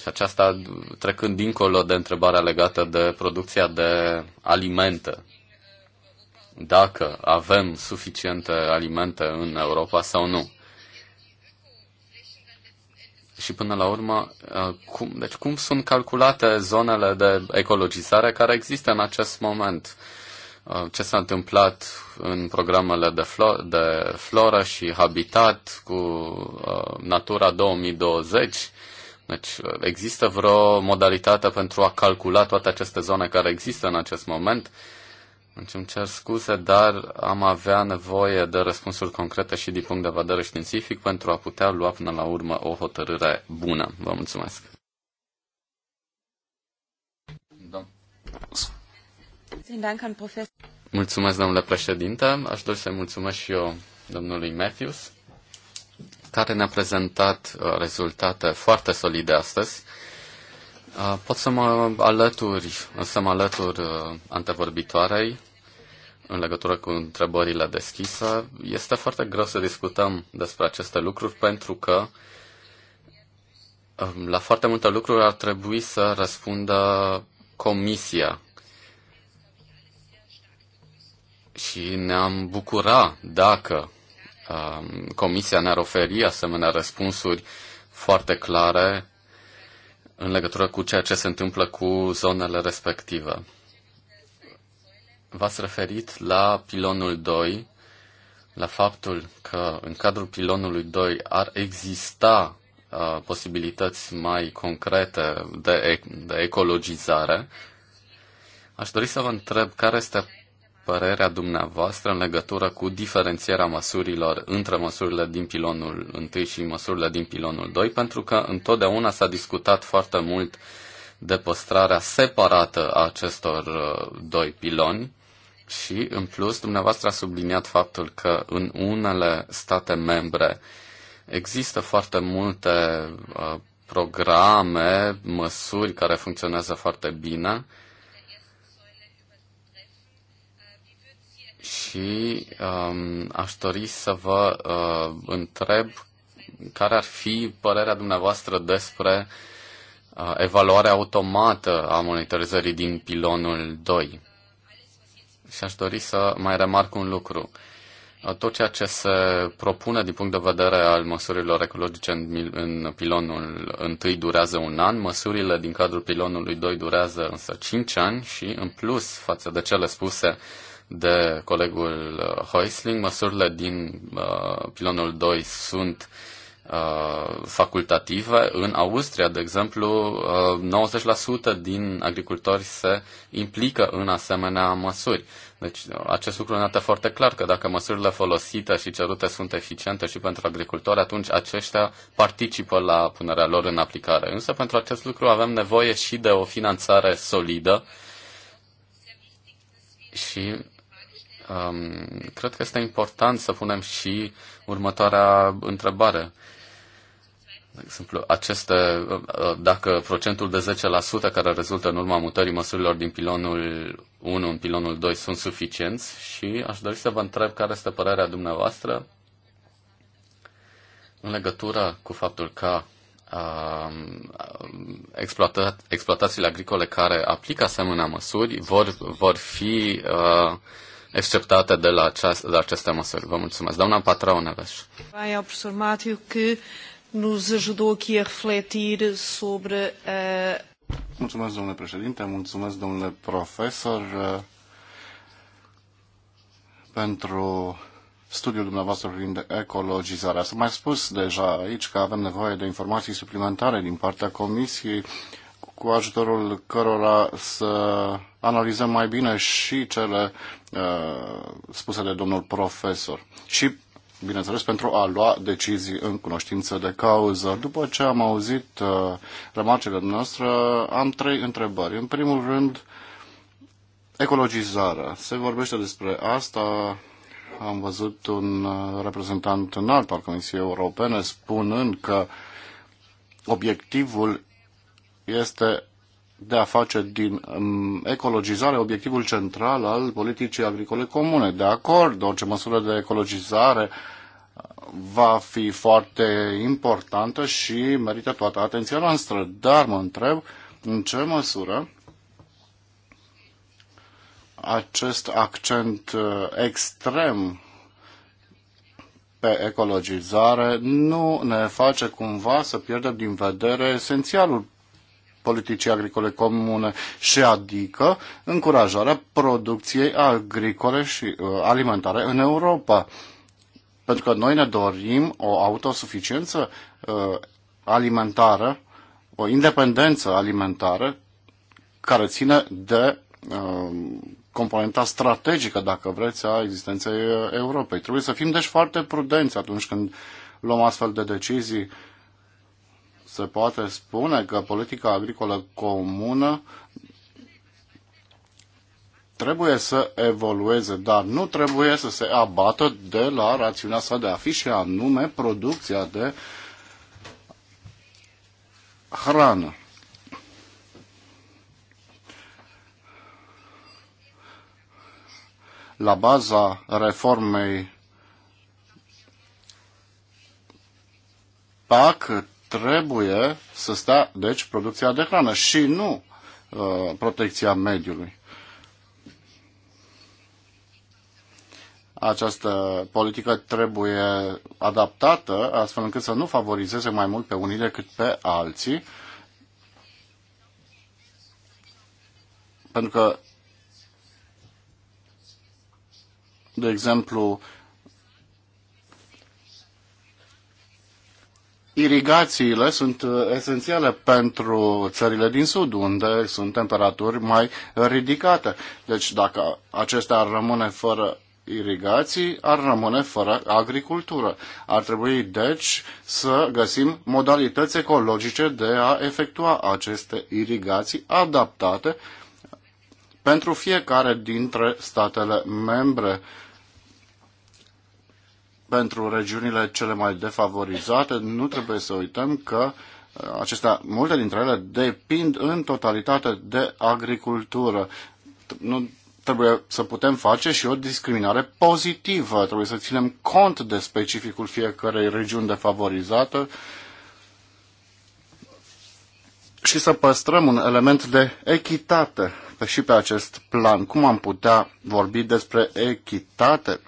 Și aceasta trecând dincolo de întrebarea legată de producția de alimente. Dacă avem suficiente alimente în Europa sau nu și până la urmă, uh, cum, deci cum sunt calculate zonele de ecologizare care există în acest moment? Uh, ce s-a întâmplat în programele de, flo- de floră și habitat cu uh, Natura 2020? Deci există vreo modalitate pentru a calcula toate aceste zone care există în acest moment? Deci îmi cer scuze, dar am avea nevoie de răspunsuri concrete și din punct de vedere științific pentru a putea lua până la urmă o hotărâre bună. Vă mulțumesc. Da. Mulțumesc, domnule președinte. Aș dori să-i mulțumesc și eu domnului Matthews, care ne-a prezentat uh, rezultate foarte solide astăzi. Pot să mă alături, să mă alătur antevorbitoarei în legătură cu întrebările deschise. Este foarte greu să discutăm despre aceste lucruri pentru că la foarte multe lucruri ar trebui să răspundă comisia. Și ne-am bucura dacă comisia ne-ar oferi asemenea răspunsuri foarte clare în legătură cu ceea ce se întâmplă cu zonele respective. V-ați referit la pilonul 2, la faptul că în cadrul pilonului 2 ar exista uh, posibilități mai concrete de, de ecologizare. Aș dori să vă întreb care este părerea dumneavoastră în legătură cu diferențierea măsurilor între măsurile din pilonul 1 și măsurile din pilonul 2, pentru că întotdeauna s-a discutat foarte mult de păstrarea separată a acestor uh, doi piloni și, în plus, dumneavoastră a subliniat faptul că în unele state membre există foarte multe uh, programe, măsuri care funcționează foarte bine, și um, aș dori să vă uh, întreb care ar fi părerea dumneavoastră despre uh, evaluarea automată a monitorizării din pilonul 2. Și aș dori să mai remarc un lucru. Uh, tot ceea ce se propune din punct de vedere al măsurilor ecologice în, în pilonul 1 durează un an, măsurile din cadrul pilonului 2 durează însă 5 ani și în plus față de cele spuse uh, de colegul Heusling, uh, măsurile din uh, pilonul 2 sunt uh, facultative. În Austria, de exemplu, uh, 90% din agricultori se implică în asemenea măsuri. Deci uh, acest lucru ne arată foarte clar că dacă măsurile folosite și cerute sunt eficiente și pentru agricultori, atunci aceștia participă la punerea lor în aplicare. Însă pentru acest lucru avem nevoie și de o finanțare solidă și um, cred că este important să punem și următoarea întrebare. De exemplu, aceste, uh, dacă procentul de 10% care rezultă în urma mutării măsurilor din pilonul 1 în pilonul 2 sunt suficienți și aș dori să vă întreb care este părerea dumneavoastră în legătură cu faptul că um, exploatațiile agricole care aplică asemenea măsuri vor, vor fi uh, exceptate de la, aceast, de la aceste măsuri. Vă mulțumesc. Doamna Patra Oneveș. Bem, ao professor Mátio, que nos a refletir sobre... Uh... Mulțumesc, domnule președinte, mulțumesc, domnule profesor, eh, pentru studiul dumneavoastră privind ecologizarea. S-a mai spus deja aici că avem nevoie de informații suplimentare din partea Comisiei, cu ajutorul cărora să analizăm mai bine și cele uh, spuse de domnul profesor. Și, bineînțeles, pentru a lua decizii în cunoștință de cauză. După ce am auzit uh, remarcele noastre, am trei întrebări. În primul rând, ecologizarea. Se vorbește despre asta. Am văzut un uh, reprezentant înalt al Comisiei Europene spunând că obiectivul este de a face din um, ecologizare obiectivul central al politicii agricole comune. De acord, orice măsură de ecologizare uh, va fi foarte importantă și merită toată atenția noastră. Dar mă întreb în ce măsură acest accent uh, extrem pe ecologizare nu ne face cumva să pierdem din vedere esențialul politicii agricole comune și adică încurajarea producției agricole și uh, alimentare în Europa. Pentru că noi ne dorim o autosuficiență uh, alimentară, o independență alimentară care ține de uh, componenta strategică, dacă vreți, a existenței Europei. Trebuie să fim, deci, foarte prudenți atunci când luăm astfel de decizii se poate spune că politica agricolă comună trebuie să evolueze, dar nu trebuie să se abată de la rațiunea sa de a fi și anume producția de hrană. La baza reformei PAC trebuie să stea, deci, producția de hrană și nu uh, protecția mediului. Această politică trebuie adaptată astfel încât să nu favorizeze mai mult pe unii decât pe alții, pentru că, de exemplu, irigațiile sunt uh, esențiale pentru țările din sud, unde sunt temperaturi mai ridicate. Deci dacă acestea ar rămâne fără irigații, ar rămâne fără agricultură. Ar trebui, deci, să găsim modalități ecologice de a efectua aceste irigații adaptate pentru fiecare dintre statele membre pentru regiunile cele mai defavorizate, nu trebuie să uităm că uh, acestea, multe dintre ele depind în totalitate de agricultură. Nu trebuie să putem face și o discriminare pozitivă. Trebuie să ținem cont de specificul fiecarei regiuni defavorizate și să păstrăm un element de echitate și pe acest plan. Cum am putea vorbi despre echitate?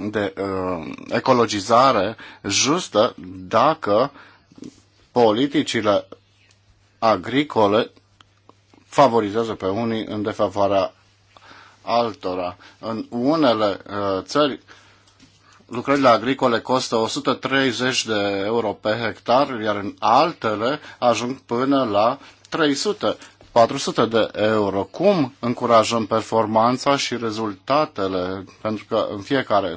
de uh, ecologizare justă dacă politicile agricole favorizează pe unii în defavoarea altora. În unele uh, țări lucrările agricole costă 130 de euro pe hectar, iar în altele ajung până la 300 400 de euro. Cum încurajăm performanța și rezultatele? Pentru că în fiecare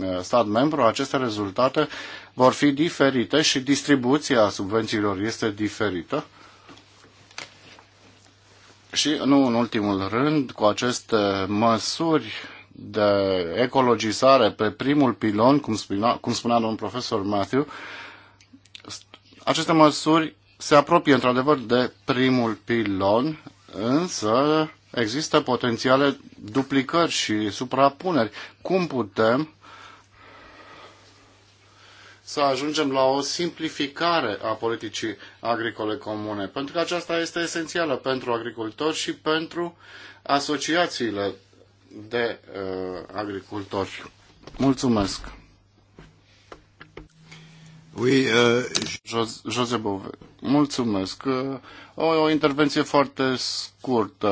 eh, stat membru aceste rezultate vor fi diferite și distribuția subvențiilor este diferită. Și nu în ultimul rând, cu aceste măsuri de ecologizare pe primul pilon, cum spunea, cum spunea domnul profesor Matthew, aceste măsuri se apropie într-adevăr de primul pilon, însă există potențiale duplicări și suprapuneri. Cum putem să ajungem la o simplificare a politicii agricole comune? Pentru că aceasta este esențială pentru agricultori și pentru asociațiile de uh, agricultori. Mulțumesc! Oui, uh... Jose Bove, mulțumesc. Uh, o, o intervenție foarte scurtă.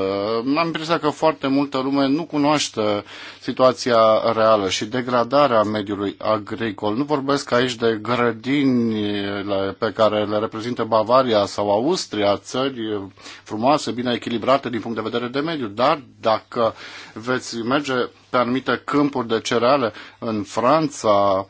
Am impresia că foarte multă lume nu cunoaște situația reală și degradarea mediului agricol. Nu vorbesc aici de grădini pe care le reprezintă Bavaria sau Austria, țări frumoase, bine echilibrate din punct de vedere de mediu, dar dacă veți merge pe anumite câmpuri de cereale în Franța,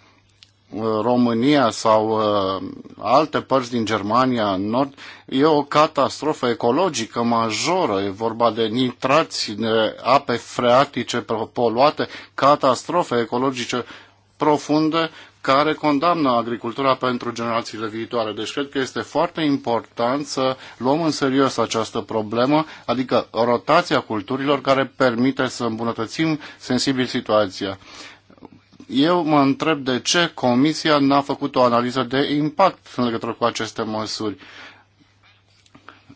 Uh, România sau uh, alte părți din Germania în nord, e o catastrofă ecologică majoră. E vorba de nitrați, de ape freatice poluate, catastrofe ecologice profunde care condamnă agricultura pentru generațiile viitoare. Deci cred că este foarte important să luăm în serios această problemă, adică rotația culturilor care permite să îmbunătățim sensibil situația eu mă întreb de ce Comisia n-a făcut o analiză de impact în legătură cu aceste măsuri.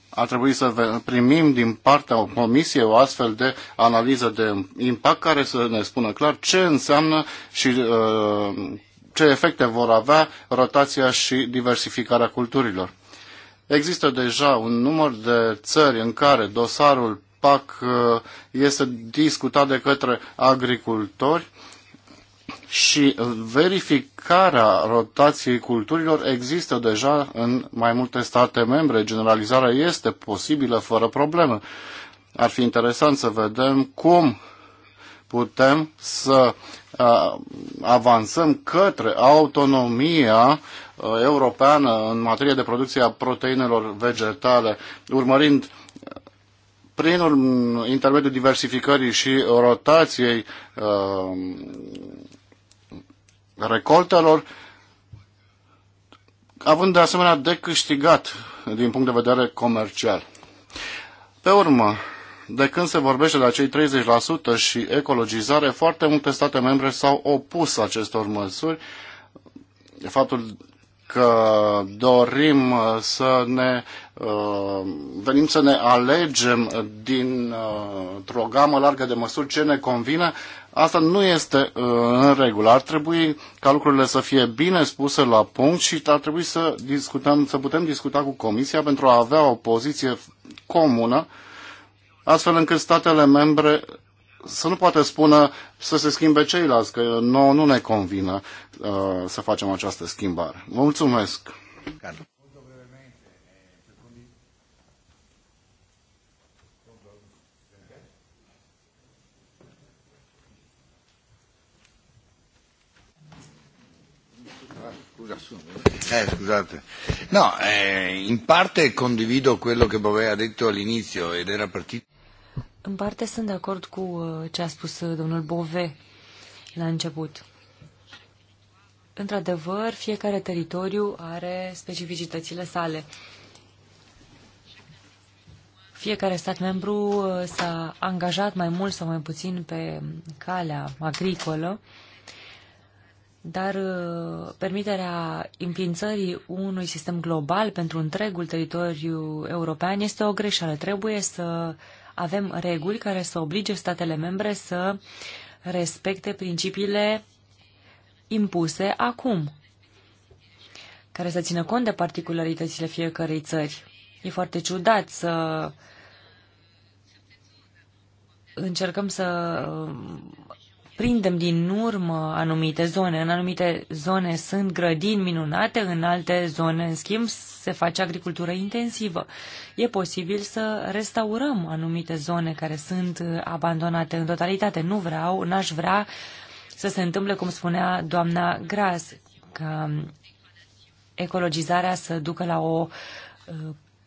Ar trebui să primim din partea Comisiei o astfel de analiză de impact care să ne spună clar ce înseamnă și uh, ce efecte vor avea rotația și diversificarea culturilor. Există deja un număr de țări în care dosarul PAC uh, este discutat de către agricultori și verificarea rotației culturilor există deja în mai multe state membre. Generalizarea este posibilă fără probleme. Ar fi interesant să vedem cum putem să avansăm către autonomia europeană în materie de producție a proteinelor vegetale, urmărind prin intermediul diversificării și rotației recoltelor, având de asemenea de câștigat din punct de vedere comercial. Pe urmă, de când se vorbește de acei 30% și ecologizare, foarte multe state membre s-au opus acestor măsuri. Faptul că dorim uh, să ne uh, venim să ne alegem dintr-o uh, gamă largă de măsuri ce ne convine, Asta nu este uh, în regulă. Ar trebui ca lucrurile să fie bine spuse la punct și ar trebui să, discutăm, să putem discuta cu Comisia pentru a avea o poziție comună, astfel încât statele membre să nu poate spune să se schimbe ceilalți, că nouă nu ne convine uh, să facem această schimbare. mulțumesc! Carlo. Eh, scusate. No, eh, in parte condivido quello che Bove ha detto all'inizio ed era partito. În parte sunt de acord cu uh, ce a spus uh, domnul Bove la început. Într-adevăr, fiecare teritoriu are specificitățile sale. Fiecare stat membru uh, s-a angajat mai mult sau mai puțin pe calea agricolă dar uh, permiterea înființării unui sistem global pentru întregul teritoriu european este o greșeală. Trebuie să avem reguli care să oblige statele membre să respecte principiile impuse acum, care să țină cont de particularitățile fiecărei țări. E foarte ciudat să încercăm să prindem din urmă anumite zone. În anumite zone sunt grădini minunate, în alte zone, în schimb, se face agricultură intensivă. E posibil să restaurăm anumite zone care sunt abandonate în totalitate. Nu vreau, n-aș vrea să se întâmple, cum spunea doamna Gras, că ecologizarea să ducă la o uh,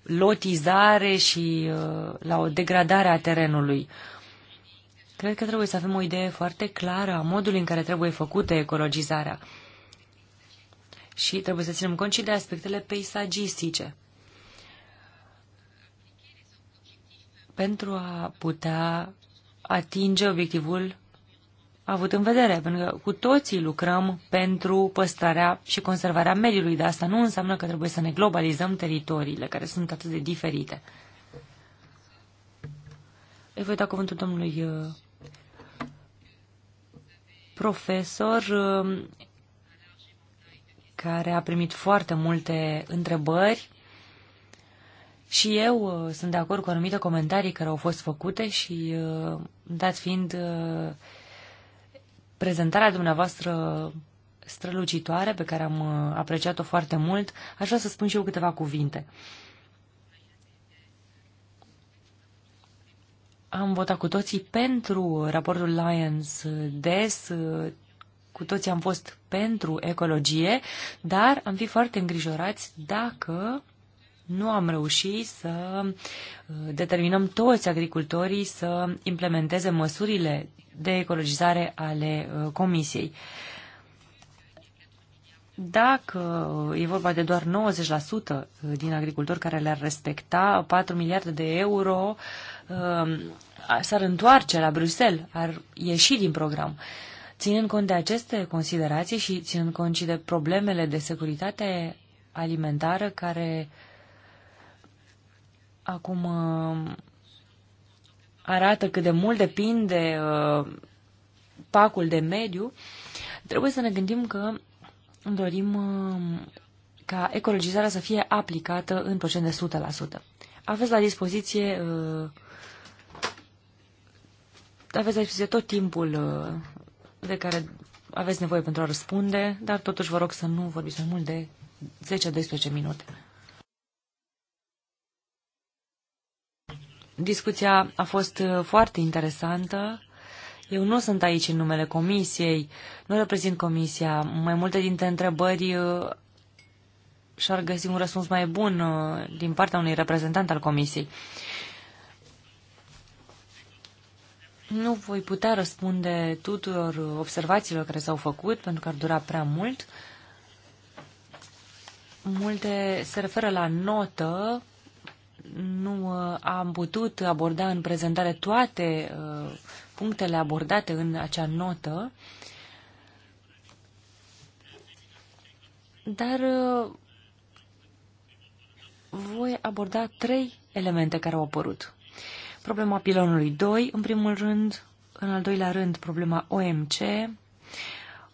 lotizare și uh, la o degradare a terenului. Cred că trebuie să avem o idee foarte clară a modului în care trebuie făcută ecologizarea. Și trebuie să ținem cont și de aspectele peisagistice. Pentru a putea atinge obiectivul avut în vedere, pentru că cu toții lucrăm pentru păstrarea și conservarea mediului, dar asta nu înseamnă că trebuie să ne globalizăm teritoriile care sunt atât de diferite. Îi voi da cuvântul domnului uh, profesor um, care a primit foarte multe întrebări și eu uh, sunt de acord cu anumite comentarii care au fost făcute și uh, dat fiind uh, prezentarea dumneavoastră strălucitoare, pe care am apreciat-o foarte mult, aș vrea să spun și eu câteva cuvinte. Am votat cu toții pentru raportul Lions des, cu toții am fost pentru ecologie, dar am fi foarte îngrijorați dacă nu am reușit să uh, determinăm toți agricultorii să implementeze măsurile de ecologizare ale uh, Comisiei. Dacă e vorba de doar 90% uh, din agricultori care le-ar respecta, 4 miliarde de euro uh, Um, s-ar întoarce la Bruxelles, ar ieși din program. Ținând cont de aceste considerații și ținând cont și de problemele de securitate alimentară care acum um, arată cât de mult depinde uh, pacul de mediu, trebuie să ne gândim că dorim um, ca ecologizarea să fie aplicată în procent de 100%. Aveți la dispoziție uh, aveți la tot timpul uh, de care aveți nevoie pentru a răspunde, dar totuși vă rog să nu vorbiți mai mult de 10-12 minute. Discuția a fost uh, foarte interesantă. Eu nu sunt aici în numele comisiei, nu reprezint comisia. Mai multe dintre întrebări uh, și-ar găsi un răspuns mai bun din partea unui reprezentant al comisiei. Nu voi putea răspunde tuturor observațiilor care s-au făcut, pentru că ar dura prea mult. Multe se referă la notă. Nu uh, am putut aborda în prezentare toate uh, punctele abordate în acea notă, dar uh, voi aborda trei elemente care au apărut. Problema pilonului 2, în primul rând, în al doilea rând, problema OMC,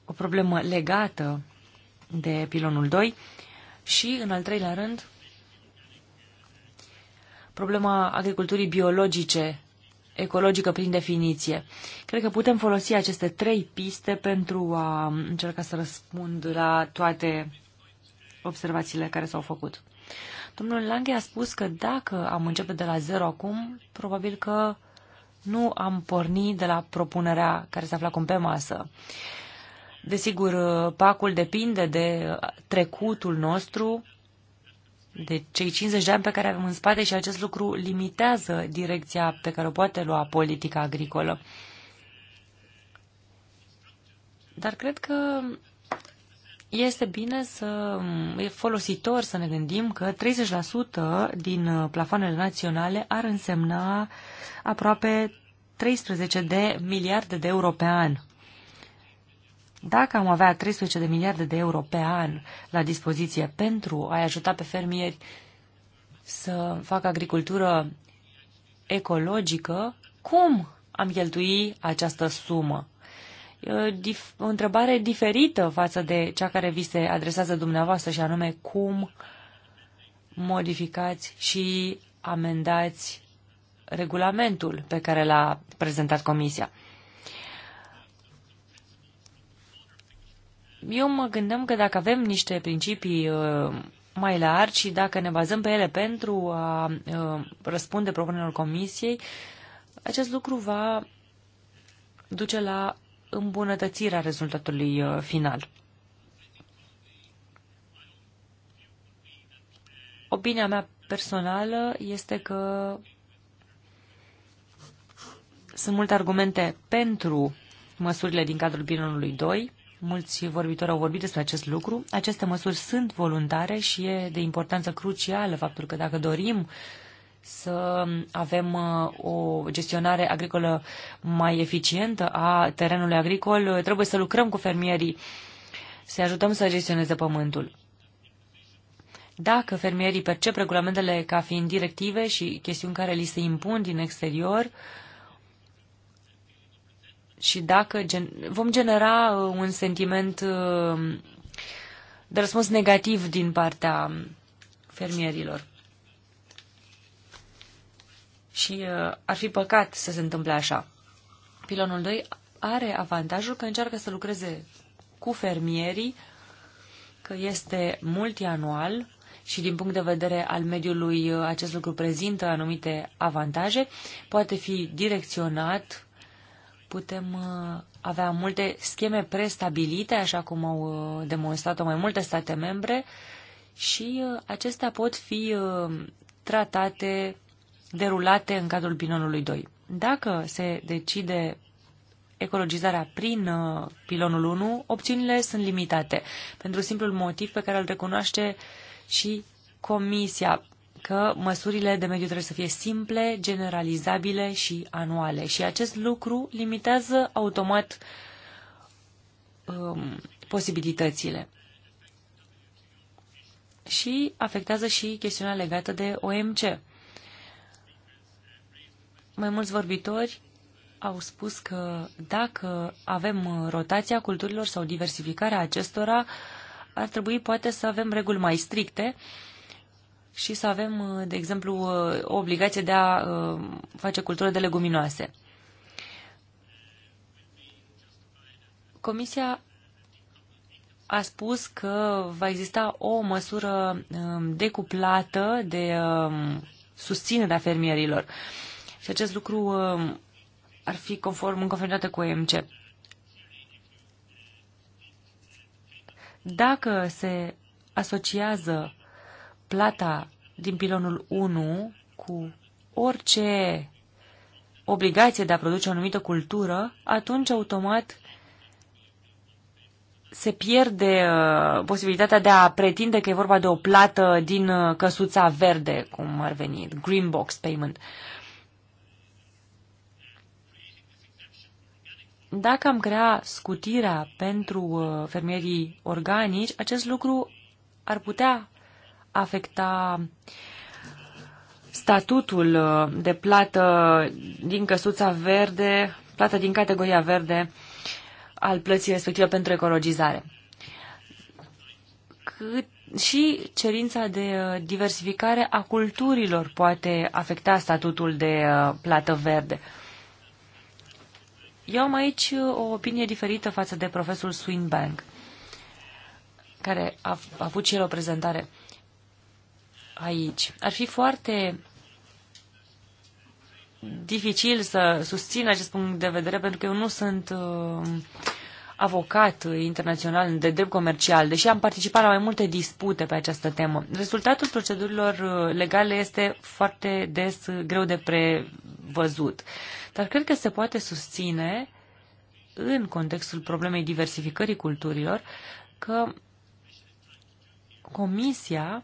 o problemă legată de pilonul 2 și, în al treilea rând, problema agriculturii biologice, ecologică prin definiție. Cred că putem folosi aceste trei piste pentru a încerca să răspund la toate observațiile care s-au făcut. Domnul Lange a spus că dacă am începe de la zero acum, probabil că nu am porni de la propunerea care se afla acum pe masă. Desigur, pacul depinde de trecutul nostru, de cei 50 de ani pe care avem în spate și acest lucru limitează direcția pe care o poate lua politica agricolă. Dar cred că este bine să e folositor să ne gândim că 30% din uh, plafoanele naționale ar însemna aproape 13 de miliarde de euro pe an. Dacă am avea 13 de miliarde de euro pe an la dispoziție pentru a-i ajuta pe fermieri să facă agricultură ecologică, cum am cheltui această sumă? o întrebare diferită față de cea care vi se adresează dumneavoastră și anume cum modificați și amendați regulamentul pe care l-a prezentat Comisia. Eu mă gândeam că dacă avem niște principii mai largi și dacă ne bazăm pe ele pentru a răspunde propunerilor Comisiei, acest lucru va duce la îmbunătățire a rezultatului uh, final. Opinia mea personală este că sunt multe argumente pentru măsurile din cadrul pilonului 2. Mulți vorbitori au vorbit despre acest lucru. Aceste măsuri sunt voluntare și e de importanță crucială faptul că dacă dorim uh, să avem uh, o gestionare agricolă mai eficientă a terenului agricol, trebuie să lucrăm cu fermierii, să ajutăm să gestioneze pământul. Dacă fermierii percep regulamentele ca fiind directive și chestiuni care li se impun din exterior, și dacă gen vom genera uh, un sentiment uh, de răspuns negativ din partea fermierilor și uh, ar fi păcat să se întâmple așa. Pilonul 2 are avantajul că încearcă să lucreze cu fermierii, că este multianual și din punct de vedere al mediului uh, acest lucru prezintă anumite avantaje, poate fi direcționat, putem uh, avea multe scheme prestabilite, așa cum au demonstrat-o mai multe state membre, și acestea pot fi tratate derulate în cadrul pilonului 2. Dacă se decide ecologizarea prin uh, pilonul 1, opțiunile sunt limitate, pentru simplul motiv pe care îl recunoaște și Comisia, că măsurile de mediu trebuie să fie simple, generalizabile și anuale. Și acest lucru limitează automat um, posibilitățile. Și afectează și chestiunea legată de OMC. Mai mulți vorbitori au spus că dacă avem rotația culturilor sau diversificarea acestora, ar trebui poate să avem reguli mai stricte și să avem, de exemplu, o obligație de a uh, face cultură de leguminoase. Comisia a spus că va exista o măsură um, decuplată de um, susținerea fermierilor. Și acest lucru um, ar fi conform în conformitate cu EMC, Dacă se asociază plata din pilonul 1 cu orice obligație de a produce o anumită cultură, atunci automat se pierde uh, posibilitatea de a pretinde că e vorba de o plată din uh, căsuța verde, cum ar veni, green box payment. Uh, Dacă am crea scutirea pentru uh, fermierii organici, acest lucru ar putea afecta statutul uh, de plată din căsuța verde, plată din categoria verde al plății respective pentru ecologizare. Cât și cerința de uh, diversificare a culturilor poate afecta statutul de plată verde. Eu am aici uh, o opinie diferită față de profesorul Swinbank, care a, a avut și el o prezentare aici. Ar fi foarte dificil să susțin acest punct de vedere, pentru că eu nu sunt uh, avocat internațional de drept comercial, deși am participat la mai multe dispute pe această temă. Rezultatul procedurilor uh, legale este foarte des uh, greu de prevăzut, dar cred că se poate susține în contextul problemei diversificării culturilor că Comisia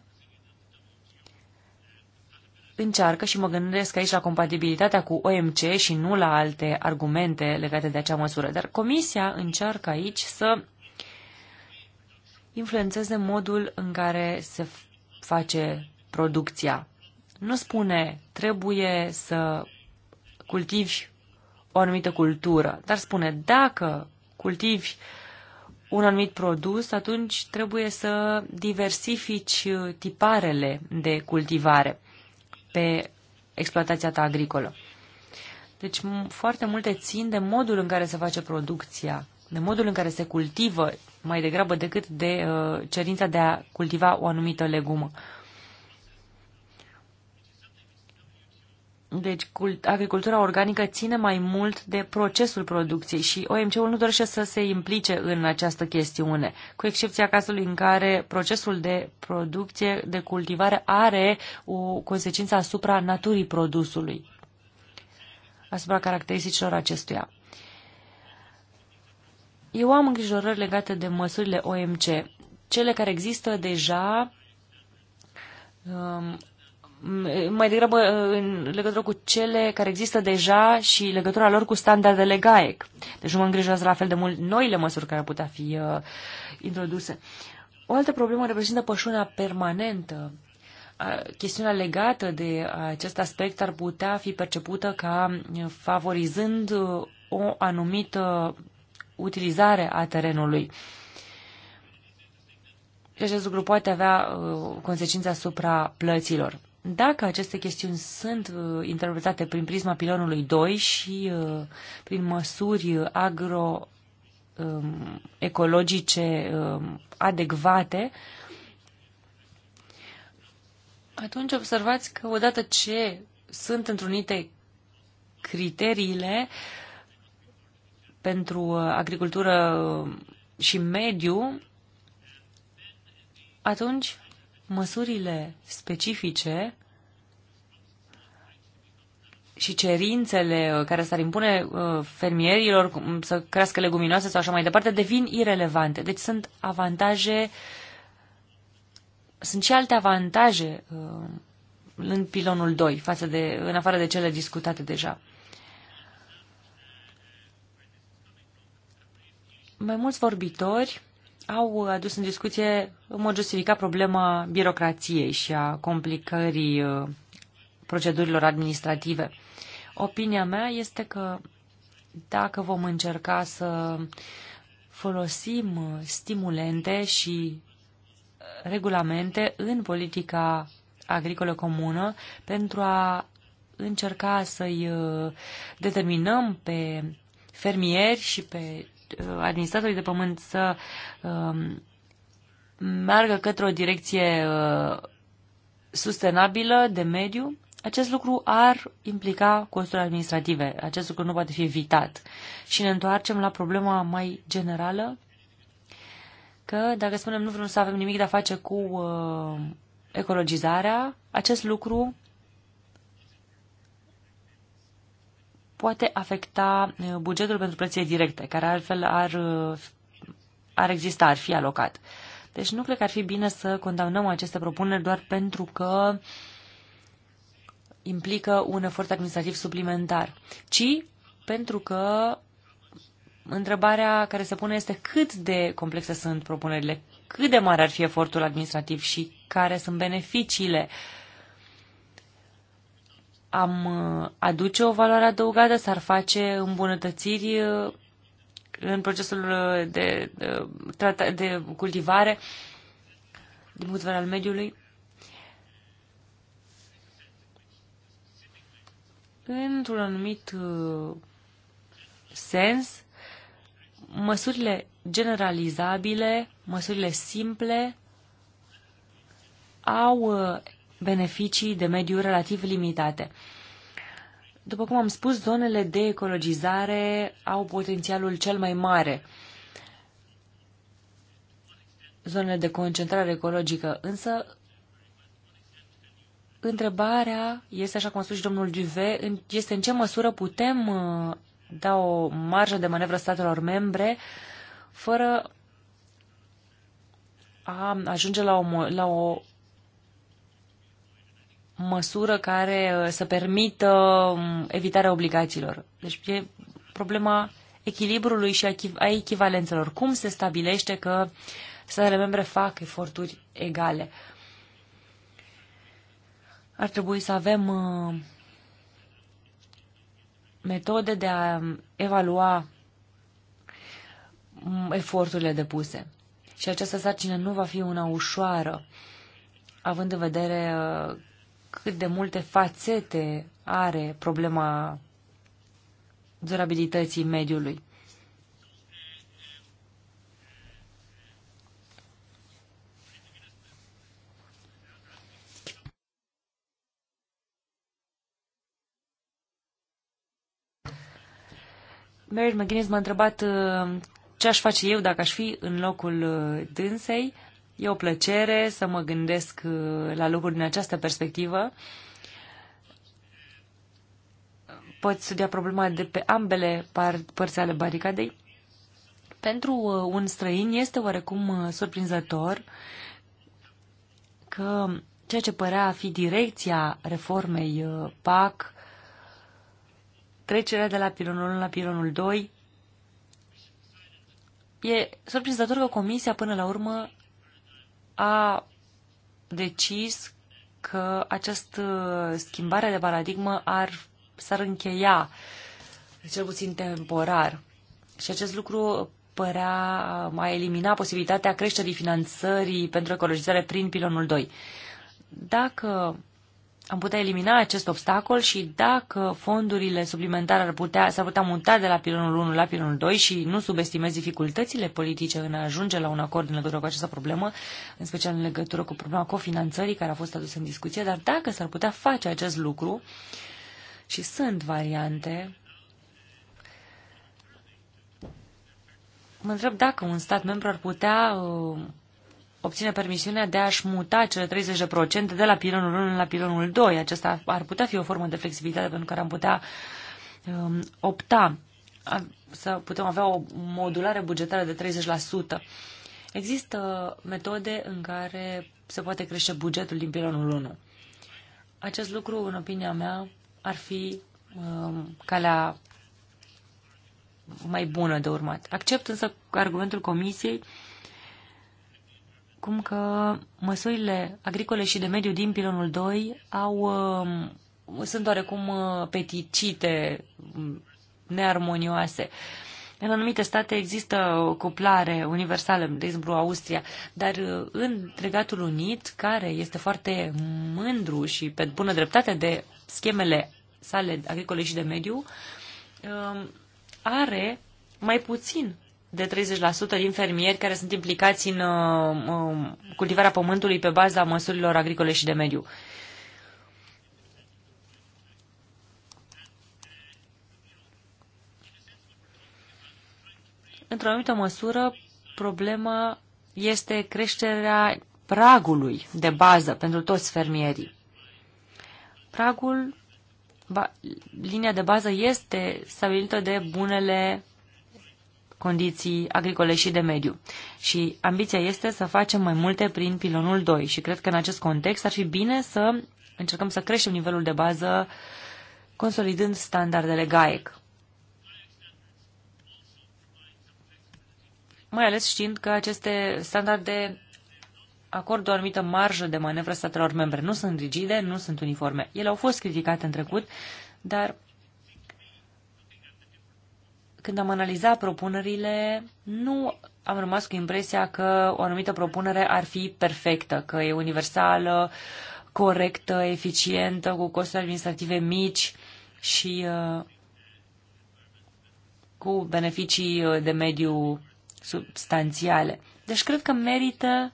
încearcă și mă gândesc aici la compatibilitatea cu OMC și nu la alte argumente legate de acea măsură. Dar Comisia încearcă aici să influențeze modul în care se face producția. Nu spune trebuie să cultivi o anumită cultură, dar spune dacă cultivi un anumit produs, atunci trebuie să diversifici tiparele de cultivare pe exploatația ta agricolă. Deci foarte multe țin de modul în care se face producția, de modul în care se cultivă, mai degrabă decât de uh, cerința de a cultiva o anumită legumă. Uh, Deci, agricultura organică ține mai mult de procesul producției și OMC-ul nu dorește să se implice în această chestiune, cu excepția cazului în care procesul de producție, de cultivare, are o consecință asupra naturii produsului, asupra caracteristicilor acestuia. Eu am îngrijorări legate de măsurile OMC. Cele care există deja um, mai degrabă uh, în legătură cu cele care există deja și legătura lor cu standardele GAEC. Deci nu mă îngrijează la fel de mult noile măsuri care ar putea fi uh, introduse. O altă problemă reprezintă pășunea permanentă. chestiunea legată de acest aspect ar putea fi percepută ca favorizând uh, o anumită utilizare a terenului. Și acest lucru poate avea uh, consecințe asupra plăților. Dacă aceste chestiuni sunt uh, interpretate prin prisma pilonului 2 și uh, prin măsuri agro um, ecologice um, adecvate, atunci observați că odată ce sunt întrunite criteriile pentru uh, agricultură um, și mediu, atunci măsurile specifice și cerințele uh, care s-ar impune uh, fermierilor să crească leguminoase sau așa mai departe devin irelevante. Deci sunt avantaje, sunt și alte avantaje uh, în pilonul 2, față de, în afară de cele discutate deja. Mai mulți vorbitori au adus în discuție, în mod justificat, problema birocrației și a complicării uh, procedurilor administrative. Opinia mea este că dacă vom încerca să folosim uh, stimulente și uh, regulamente în politica agricolă comună pentru a încerca să-i determinăm pe fermieri și pe administratorii de pământ să um, meargă către o direcție uh, sustenabilă de mediu, acest lucru ar implica costuri administrative. Acest lucru nu poate fi evitat. Și ne întoarcem la problema mai generală, că dacă spunem nu vrem să avem nimic de a face cu uh, ecologizarea, acest lucru poate afecta uh, bugetul pentru plățile directe, care altfel ar, uh, ar exista, ar fi alocat. Deci nu cred că ar fi bine să condamnăm aceste propuneri doar pentru că implică un efort administrativ suplimentar, ci pentru că întrebarea care se pune este cât de complexe sunt propunerile, cât de mare ar fi efortul administrativ și care sunt beneficiile uh, am uh, aduce o valoare adăugată, s-ar face îmbunătățiri uh, în procesul uh, de, de, de cultivare din punct de vedere al mediului. Într-un anumit sens, măsurile generalizabile, măsurile simple, au beneficii de mediu relativ limitate. După cum am spus, zonele de ecologizare au potențialul cel mai mare. Zonele de concentrare ecologică, însă întrebarea este, așa cum a spus și domnul Duve, este în ce măsură putem uh, da o marjă de manevră statelor membre fără a ajunge la o, la o măsură care uh, să permită um, evitarea obligațiilor. Deci e problema echilibrului și a echivalențelor. Cum se stabilește că statele membre fac eforturi egale? Ar trebui să avem uh, metode de a um, evalua um, eforturile depuse. Și această sarcină nu va fi una ușoară, având în vedere uh, cât de multe fațete are problema durabilității mediului. Mary McGuinness m-a întrebat uh, ce aș face eu dacă aș fi în locul uh, dânsei. E o plăcere să mă gândesc uh, la lucruri din această perspectivă. Pot studia problema de pe ambele par- părți ale baricadei. Pentru uh, un străin este oarecum uh, surprinzător că ceea ce părea a fi direcția reformei PAC, trecerea de la pilonul 1 la pilonul 2, e surprinzător că Comisia până la urmă a decis că această schimbare de paradigmă ar, s-ar încheia, cel puțin temporar. Și acest lucru părea mai elimina posibilitatea creșterii finanțării pentru ecologizare prin pilonul 2. Dacă am putea elimina acest obstacol și dacă fondurile suplimentare ar putea, s-ar putea muta de la pilonul 1 la pilonul 2 și nu subestimez dificultățile politice în a ajunge la un acord în legătură cu această problemă, în special în legătură cu problema cofinanțării care a fost adusă în discuție, dar dacă s-ar putea face acest lucru, și sunt variante, mă întreb dacă un stat membru ar putea uh, obține permisiunea de a-și muta cele 30% de la pilonul 1 la pilonul 2. Aceasta ar putea fi o formă de flexibilitate pentru care am putea um, opta a, să putem avea o modulare bugetară de 30%. Există metode în care se poate crește bugetul din pilonul 1. Acest lucru, în opinia mea, ar fi um, calea mai bună de urmat. Accept însă argumentul Comisiei acum că măsurile agricole și de mediu din pilonul 2 au, um, sunt oarecum uh, peticite, um, nearmonioase. În anumite state există o cuplare universală, de exemplu Austria, dar uh, în Regatul Unit, care este foarte mândru și pe bună dreptate de schemele sale agricole și de mediu, um, are mai puțin de 30% din fermieri care sunt implicați în uh, um, cultivarea pământului pe baza măsurilor agricole și de mediu. Într-o anumită măsură, problema este creșterea pragului de bază pentru toți fermierii. Pragul, ba, linia de bază este stabilită de bunele condiții agricole și de mediu. Și ambiția este să facem mai multe prin pilonul 2 și cred că în acest context ar fi bine să încercăm să creștem nivelul de bază consolidând standardele GAEC. Mai ales știind că aceste standarde acordă o anumită marjă de manevră statelor membre. Nu sunt rigide, nu sunt uniforme. Ele au fost criticate în trecut, dar când am analizat propunerile, nu am rămas cu impresia că o anumită propunere ar fi perfectă, că e universală, corectă, eficientă, cu costuri administrative mici și uh, cu beneficii uh, de mediu substanțiale. Deci cred că merită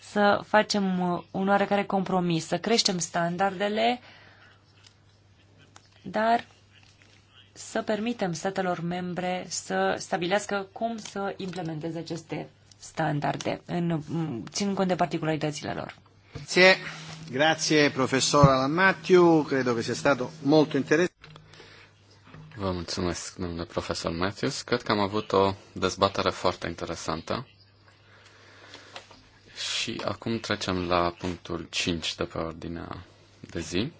să facem uh, un oarecare compromis, să creștem standardele, dar să permitem statelor membre să stabilească cum să implementeze aceste standarde, în, ținând cont de particularitățile lor. Grazie, grazie profesor Alan Matthew, Vă mulțumesc, domnule profesor Matthews. Cred că am avut o dezbatere foarte interesantă. Și acum trecem la punctul 5 de pe ordinea de zi.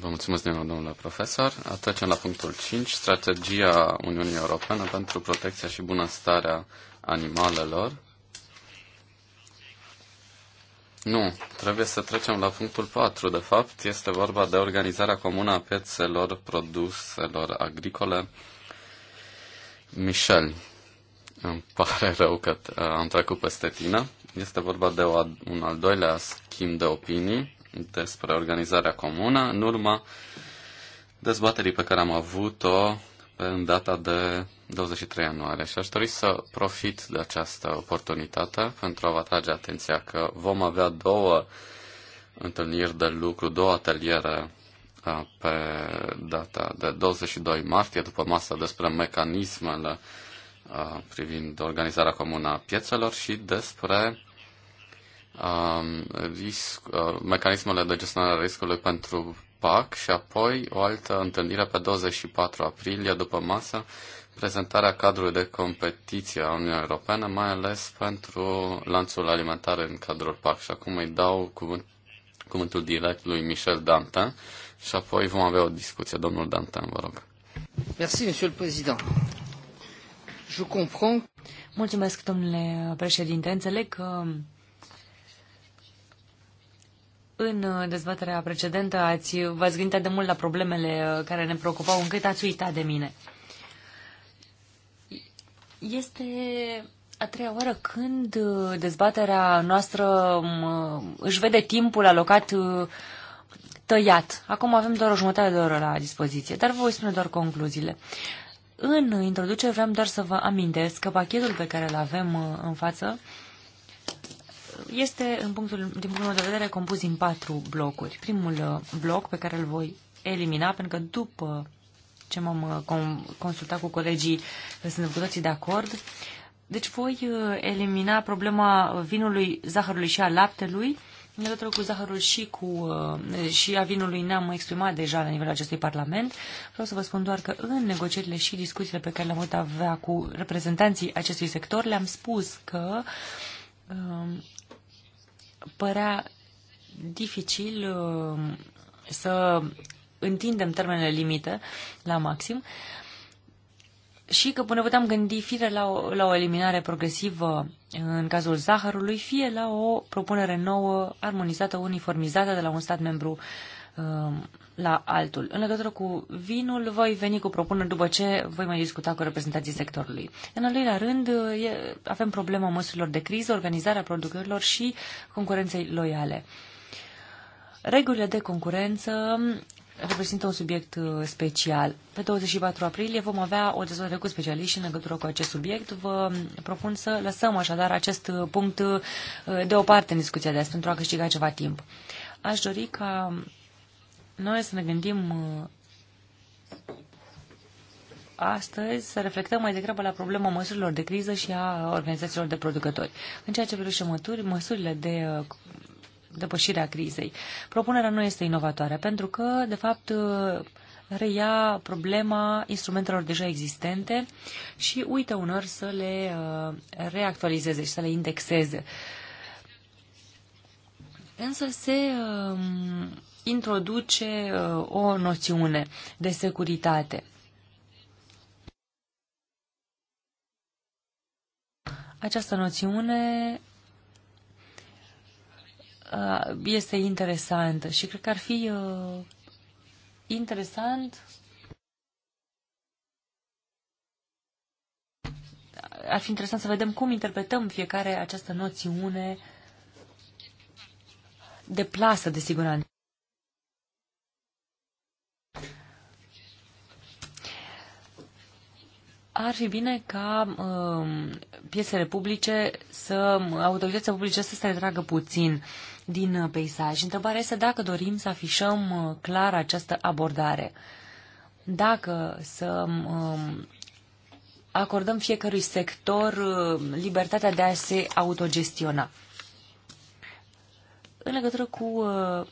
Vă mulțumesc, domnule profesor. Trecem la punctul 5, strategia Uniunii Europene pentru protecția și bunăstarea animalelor. Nu, trebuie să trecem la punctul 4. De fapt, este vorba de organizarea comună a piețelor produselor agricole. Michel, îmi (laughs) pare rău că uh, am trecut peste tine. Este vorba de o, un al doilea schimb de opinii despre organizarea comună în urma dezbaterii pe care am avut-o în data de 23 ianuarie și aș dori să profit de această oportunitate pentru a vă atrage atenția că vom avea două întâlniri de lucru, două ateliere pe data de 22 martie, după masa despre mecanismele privind organizarea comună a piețelor și despre Um, risc, uh, mecanismele de gestionare a riscului pentru PAC și apoi o altă întâlnire pe 24 aprilie după masă, prezentarea cadrului de competiție a Uniunii Europene, mai ales pentru lanțul alimentar în cadrul PAC. Și acum îi dau cuvânt, cuvântul direct lui Michel Dante și apoi vom avea o discuție. Domnul Dante, vă rog. Merci, Monsieur le Président. Je comprends. Mulțumesc, domnule președinte. Înțeleg că în uh, dezbaterea precedentă ați, v-ați gândit de mult la problemele uh, care ne preocupau încât ați uitat de mine. Este a treia oară când uh, dezbaterea noastră um, își vede timpul alocat tăiat. Acum avem doar o jumătate de oră la dispoziție, dar vă voi spune doar concluziile. În introducere vreau doar să vă amintesc că pachetul pe care îl avem în față este, în punctul, din punctul meu de vedere, compus din patru blocuri. Primul uh, bloc pe care îl voi elimina, pentru că după ce m-am uh, consultat cu colegii, uh, sunt cu toții de acord. Deci voi elimina problema vinului, zahărului și a laptelui. În legătură cu zahărul și, cu, și a vinului ne-am exprimat deja la nivelul acestui Parlament. Vreau să vă spun doar că în negocierile și discuțiile pe care le-am avut avea cu reprezentanții acestui sector, le-am spus că um, părea dificil uh, să întindem termenele limită la maxim și că până puteam gândi fie la o, la o eliminare progresivă în cazul zahărului, fie la o propunere nouă, armonizată, uniformizată de la un stat membru uh, Um, la altul. În legătură cu vinul, voi veni cu propuneri după ce voi mai discuta cu reprezentanții sectorului. În al doilea rând, uh, e, avem problema măsurilor de criză, organizarea producătorilor și concurenței loiale. Regulile de concurență um, reprezintă un subiect uh, special. Pe 24 aprilie vom avea o dezbatere cu specialiști în legătură cu acest subiect. Vă um, propun să lăsăm așadar acest uh, punct deoparte în discuția de azi pentru a câștiga ceva timp. Aș dori ca noi să ne gândim uh, astăzi să reflectăm mai degrabă la problema măsurilor de criză și a organizațiilor de producători. În ceea ce privește mături, măsurile de uh, depășire a crizei. Propunerea nu este inovatoare, pentru că, de fapt, uh, reia problema instrumentelor deja existente și uită unor să le reactualizeze și să le indexeze. Însă se um, introduce uh, o noțiune de securitate. Această noțiune uh, este interesantă și cred că ar fi uh, interesant ar fi interesant să vedem cum interpretăm fiecare această noțiune de plasă de siguranță. ar fi bine ca uh, piesele publice, să autoritățile publice să se retragă puțin din uh, peisaj. Întrebarea este dacă dorim să afișăm uh, clar această abordare. Dacă să uh, acordăm fiecărui sector uh, libertatea de a se autogestiona. În legătură cu uh,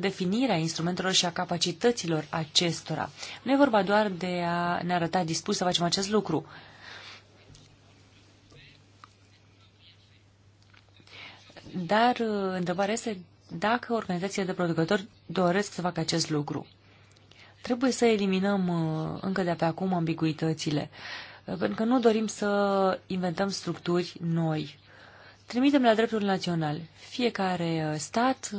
definirea instrumentelor și a capacităților acestora. Nu e vorba doar de a ne arăta dispus să facem acest lucru. Dar uh, întrebarea este dacă organizațiile de producători doresc să facă acest lucru. Trebuie să eliminăm uh, încă de pe acum ambiguitățile, uh, pentru că nu dorim să inventăm structuri noi. Trimitem la dreptul național. Fiecare stat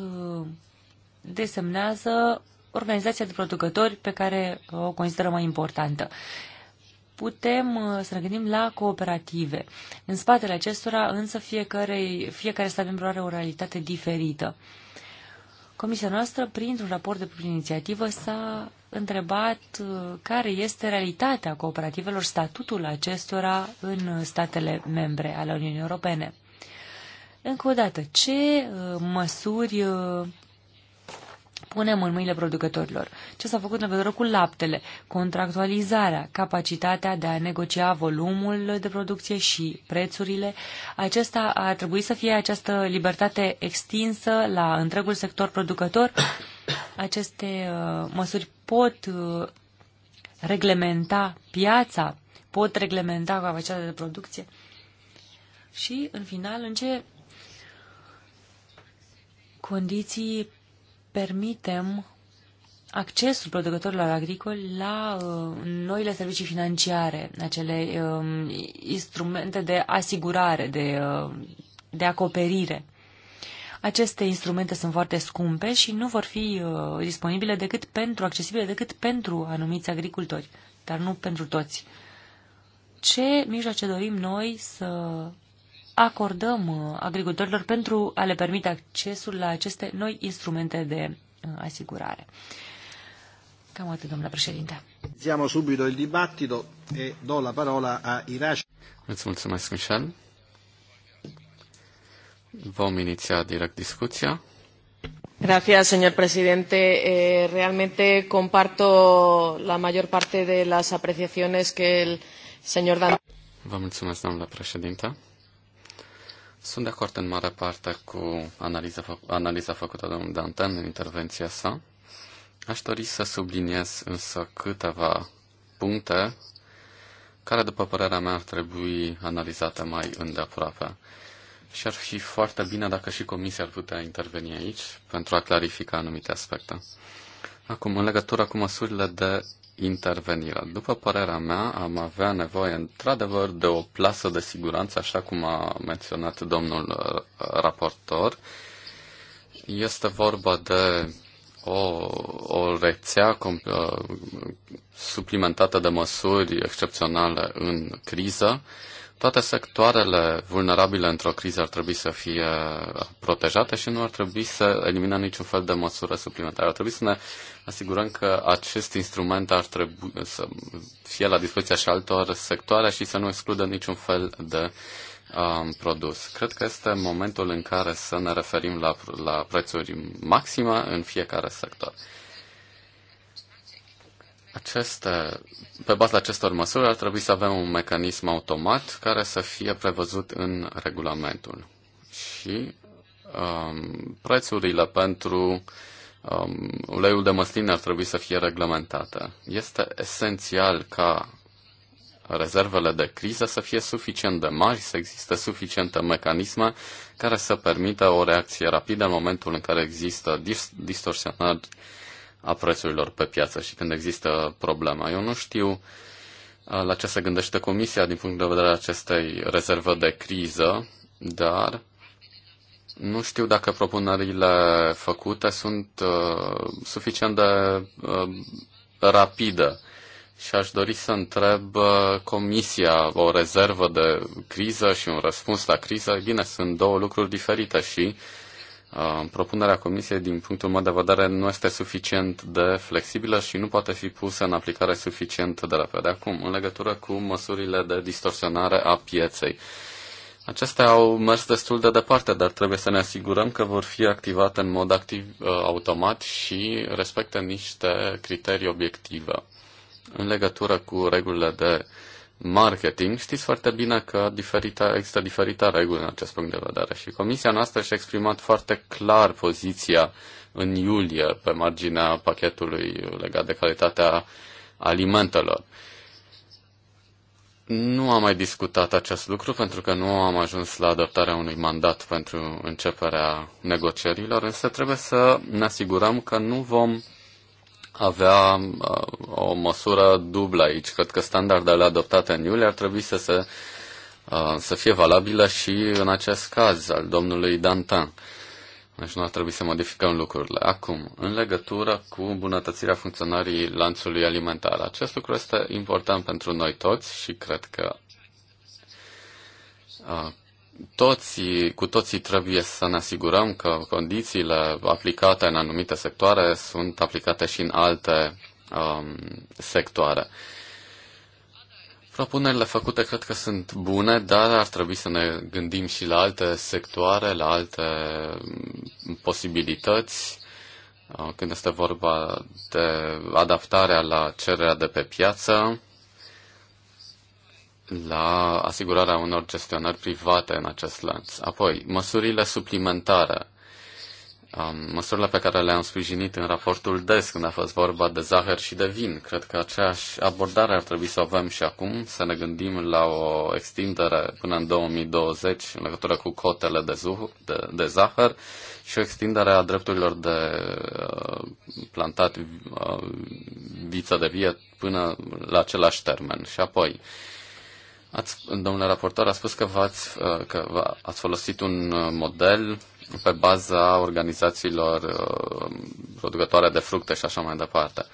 desemnează organizația de producători pe care uh, o consideră mai importantă. Putem uh, să ne gândim la cooperative. În spatele acestora, însă, fiecare, fiecare stat membru are o realitate diferită. Comisia noastră, printr-un raport de proprie inițiativă, s-a întrebat uh, care este realitatea cooperativelor, statutul acestora în statele membre ale Uniunii Europene. Încă o dată, ce măsuri punem în mâinile producătorilor. Ce s-a făcut în legătură cu laptele, contractualizarea, capacitatea de a negocia volumul de producție și prețurile. Acesta a trebuit să fie această libertate extinsă la întregul sector producător. Aceste uh, măsuri pot uh, reglementa piața, pot reglementa capacitatea de producție. Și, în final, în ce condiții permitem accesul producătorilor agricoli la uh, noile servicii financiare, acele uh, instrumente de asigurare, de, uh, de acoperire. Aceste instrumente sunt foarte scumpe și nu vor fi uh, disponibile decât pentru, accesibile decât pentru anumiți agricultori, dar nu pentru toți. Ce mijloace dorim noi să acordăm uh, agricultorilor pentru a le permite accesul la aceste noi instrumente de uh, asigurare. Cam atât, domnule președinte. Iniziamo subito il dibattito e do la parola a Iraș. Îți mulțumesc, Michel. Vom iniția direct discuția. Gracias, señor presidente. Eh, realmente comparto la mayor parte de las apreciaciones que el señor Dan. Vă mulțumesc, doamna președinte. Sunt de acord în mare parte cu analiza, fă, analiza făcută de domnul Dantan în intervenția sa. Aș dori să subliniez însă câteva puncte care, după părerea mea, ar trebui analizate mai îndeaproape. Și ar fi foarte bine dacă și Comisia ar putea interveni aici pentru a clarifica anumite aspecte. Acum, în legătură cu măsurile de intervenirea. După părerea mea, am avea nevoie într-adevăr de o plasă de siguranță, așa cum a menționat domnul uh, raportor. Este vorba de o, o rețea uh, suplimentată de măsuri excepționale în criză. Toate sectoarele vulnerabile într-o criză ar trebui să fie protejate și nu ar trebui să eliminăm niciun fel de măsură suplimentară. Ar trebui să ne asigurăm că acest instrument ar trebui să fie la dispoziția și altor sectoare și să nu excludă niciun fel de um, produs. Cred că este momentul în care să ne referim la, la prețuri maxime în fiecare sector. Aceste, pe baza acestor măsuri ar trebui să avem un mecanism automat care să fie prevăzut în regulamentul. Și um, prețurile pentru um, uleiul de măsline ar trebui să fie reglementate. Este esențial ca rezervele de criză să fie suficient de mari, să existe suficiente mecanisme care să permită o reacție rapidă în momentul în care există dis- distorsionări a prețurilor pe piață și când există problema. Eu nu știu uh, la ce se gândește Comisia din punct de vedere acestei rezervă de criză, dar nu știu dacă propunerile făcute sunt uh, suficient de uh, rapide și aș dori să întreb uh, Comisia o rezervă de criză și un răspuns la criză. Bine, sunt două lucruri diferite și Uh, propunerea Comisiei, din punctul meu de vedere, nu este suficient de flexibilă și nu poate fi pusă în aplicare suficient de repede. Acum, în legătură cu măsurile de distorsionare a pieței. Acestea au mers destul de departe, dar trebuie să ne asigurăm că vor fi activate în mod activ uh, automat și respectă niște criterii obiective. În legătură cu regulile de marketing, știți foarte bine că diferita există diferite reguli în acest punct de vedere și comisia noastră și-a exprimat foarte clar poziția în iulie pe marginea pachetului legat de calitatea alimentelor. Nu am mai discutat acest lucru pentru că nu am ajuns la adoptarea unui mandat pentru începerea negocierilor, însă trebuie să ne asigurăm că nu vom avea uh, o măsură dublă aici. Cred că standardele adoptate în iulie ar trebui să, se, uh, să fie valabile și în acest caz al domnului Dantan. Deci nu ar trebui să modificăm lucrurile. Acum, în legătură cu îmbunătățirea funcționării lanțului alimentar, acest lucru este important pentru noi toți și cred că uh, toții, cu toții trebuie să ne asigurăm că condițiile aplicate în anumite sectoare sunt aplicate și în alte um, sectoare. Propunerile făcute cred că sunt bune, dar ar trebui să ne gândim și la alte sectoare, la alte um, posibilități, uh, când este vorba de adaptarea la cererea de pe piață, la asigurarea unor gestionări private în acest lanț. Apoi, măsurile suplimentare măsurile pe care le-am sprijinit în raportul DES când a fost vorba de zahăr și de vin. Cred că aceeași abordare ar trebui să o avem și acum, să ne gândim la o extindere până în 2020 în legătură cu cotele de, zuh- de, de zahăr și o extindere a drepturilor de uh, plantat uh, viță de vie până la același termen. Și apoi, uh, Ați, domnule raportor, a spus că, v-ați, uh, că ați folosit un uh, model pe baza organizațiilor uh, producătoare de fructe și așa mai departe.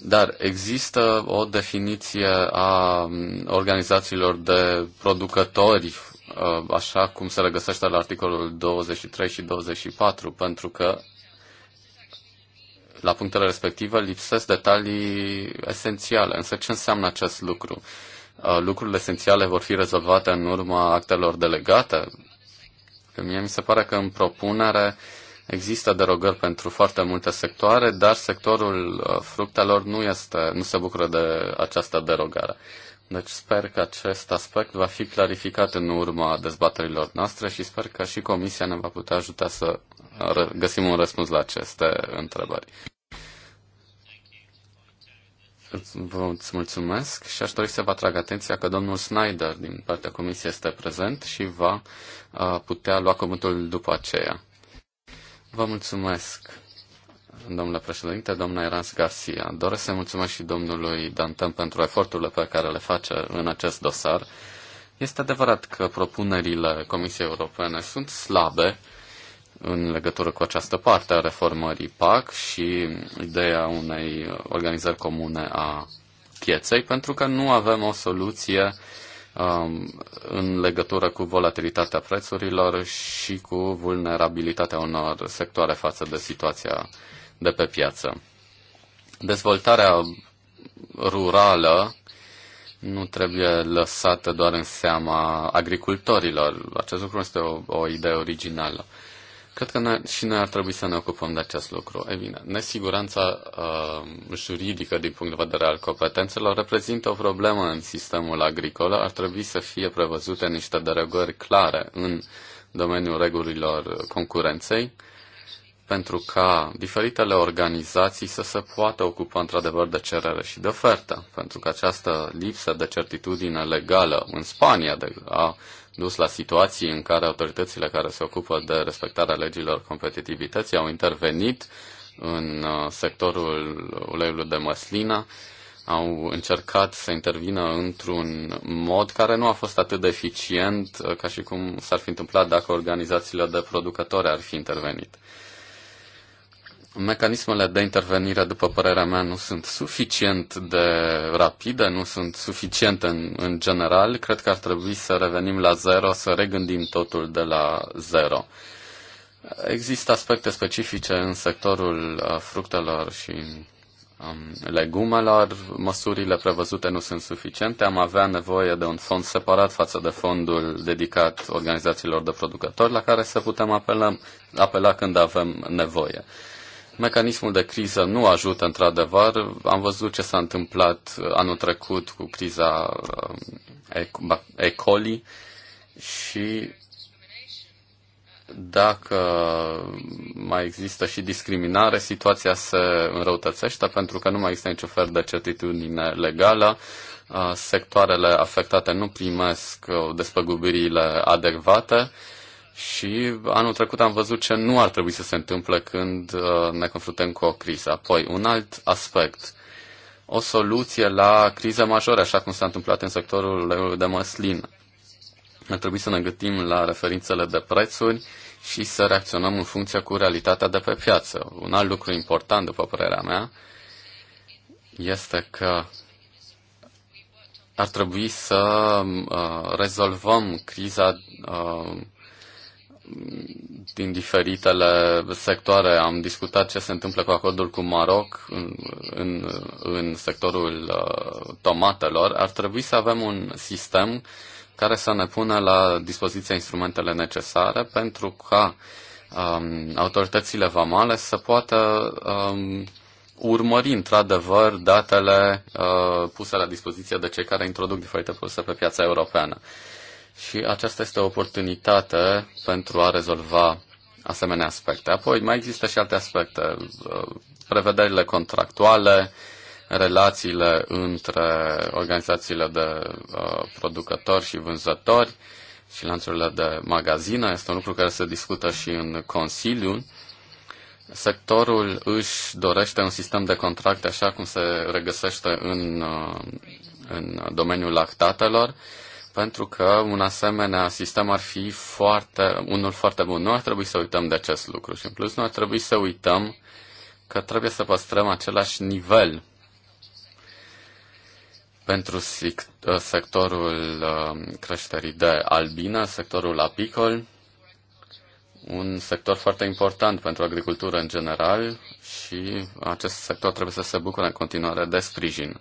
Dar există o definiție a um, organizațiilor de producători, așa cum se regăsește la articolul 23 și 24, pentru că la punctele respective lipsesc detalii esențiale. Însă ce înseamnă acest lucru? Uh, Uh, lucrurile esențiale vor fi rezolvate în urma actelor delegate? Că mie mi se pare că în propunere există derogări pentru foarte multe sectoare, dar sectorul uh, fructelor nu, este, nu se bucură de această derogare. Deci sper că acest aspect va fi clarificat în urma dezbaterilor noastre și sper că și Comisia ne va putea ajuta să uh, găsim un răspuns la aceste întrebări. Vă mulțumesc și aș dori să vă atrag atenția că domnul Snyder din partea comisiei este prezent și va putea lua cuvântul după aceea. Vă mulțumesc, domnule președinte, domnule Erans Garcia. Doresc să mulțumesc și domnului Dantem pentru eforturile pe care le face în acest dosar. Este adevărat că propunerile Comisiei Europene sunt slabe, în legătură cu această parte a reformării PAC și ideea unei organizări comune a pieței, pentru că nu avem o soluție um, în legătură cu volatilitatea prețurilor și cu vulnerabilitatea unor sectoare față de situația de pe piață. Dezvoltarea rurală nu trebuie lăsată doar în seama agricultorilor. Acest lucru este o, o idee originală. Uh, Cred că noi, și noi ar trebui să ne ocupăm de acest lucru. E bine, nesiguranța uh, juridică din punct de vedere al competențelor reprezintă o problemă în sistemul agricol. Ar trebui să fie prevăzute niște derogări clare în domeniul regulilor concurenței pentru ca diferitele organizații să se poată ocupa într-adevăr de cerere și de ofertă, pentru că această lipsă de certitudine legală în Spania de, a dus la situații în care autoritățile care se ocupă de respectarea legilor competitivității au intervenit în uh, sectorul uleiului de măslină, au încercat să intervină într-un mod care nu a fost atât de eficient uh, ca și cum s-ar fi întâmplat dacă organizațiile de producători ar fi intervenit mecanismele de intervenire, după părerea mea, nu sunt suficient de rapide, nu sunt suficiente în, în general. Cred că ar trebui să revenim la zero, să regândim totul de la zero. Există aspecte specifice în sectorul uh, fructelor și um, legumelor. Măsurile prevăzute nu sunt suficiente. Am avea nevoie de un fond separat față de fondul dedicat organizațiilor de producători la care să putem apela, apela când avem nevoie. Mecanismul de criză nu ajută într-adevăr. Am văzut ce s-a întâmplat uh, anul trecut cu criza uh, E. coli și dacă mai există și discriminare, situația se înrăutățește pentru că nu mai există niciun fel de certitudine legală. Uh, sectoarele afectate nu primesc despăgubirile adecvate și anul trecut am văzut ce nu ar trebui să se întâmple când uh, ne confruntăm cu o criză. Apoi, un alt aspect, o soluție la crize majore, așa cum s-a întâmplat în sectorul de măslin. Ar trebui să ne gândim la referințele de prețuri și să reacționăm în funcție cu realitatea de pe piață. Un alt lucru important, după părerea mea, este că ar trebui să uh, rezolvăm criza uh, din diferitele sectoare. Am discutat ce se întâmplă cu acordul cu Maroc în, în, în sectorul uh, tomatelor. Ar trebui să avem un sistem care să ne pună la dispoziție instrumentele necesare pentru ca um, autoritățile vamale să poată um, urmări într-adevăr datele uh, puse la dispoziție de cei care introduc diferite produse pe piața europeană. Uh, și aceasta este o oportunitate pentru a rezolva asemenea aspecte. Apoi mai există și alte aspecte, uh, prevederile contractuale, relațiile între organizațiile de uh, producători și vânzători și lanțurile de magazine. Este un lucru care se discută și în Consiliu. Sectorul își dorește un sistem de contracte așa cum se regăsește în, uh, în domeniul lactatelor pentru că un asemenea sistem ar fi foarte, unul foarte bun. Nu ar trebui să uităm de acest lucru și în plus nu ar trebui să uităm că trebuie să păstrăm același nivel pentru sectorul uh, creșterii de albină, sectorul apicol, un sector foarte important pentru agricultură în general și acest sector trebuie să se bucure în continuare de sprijin.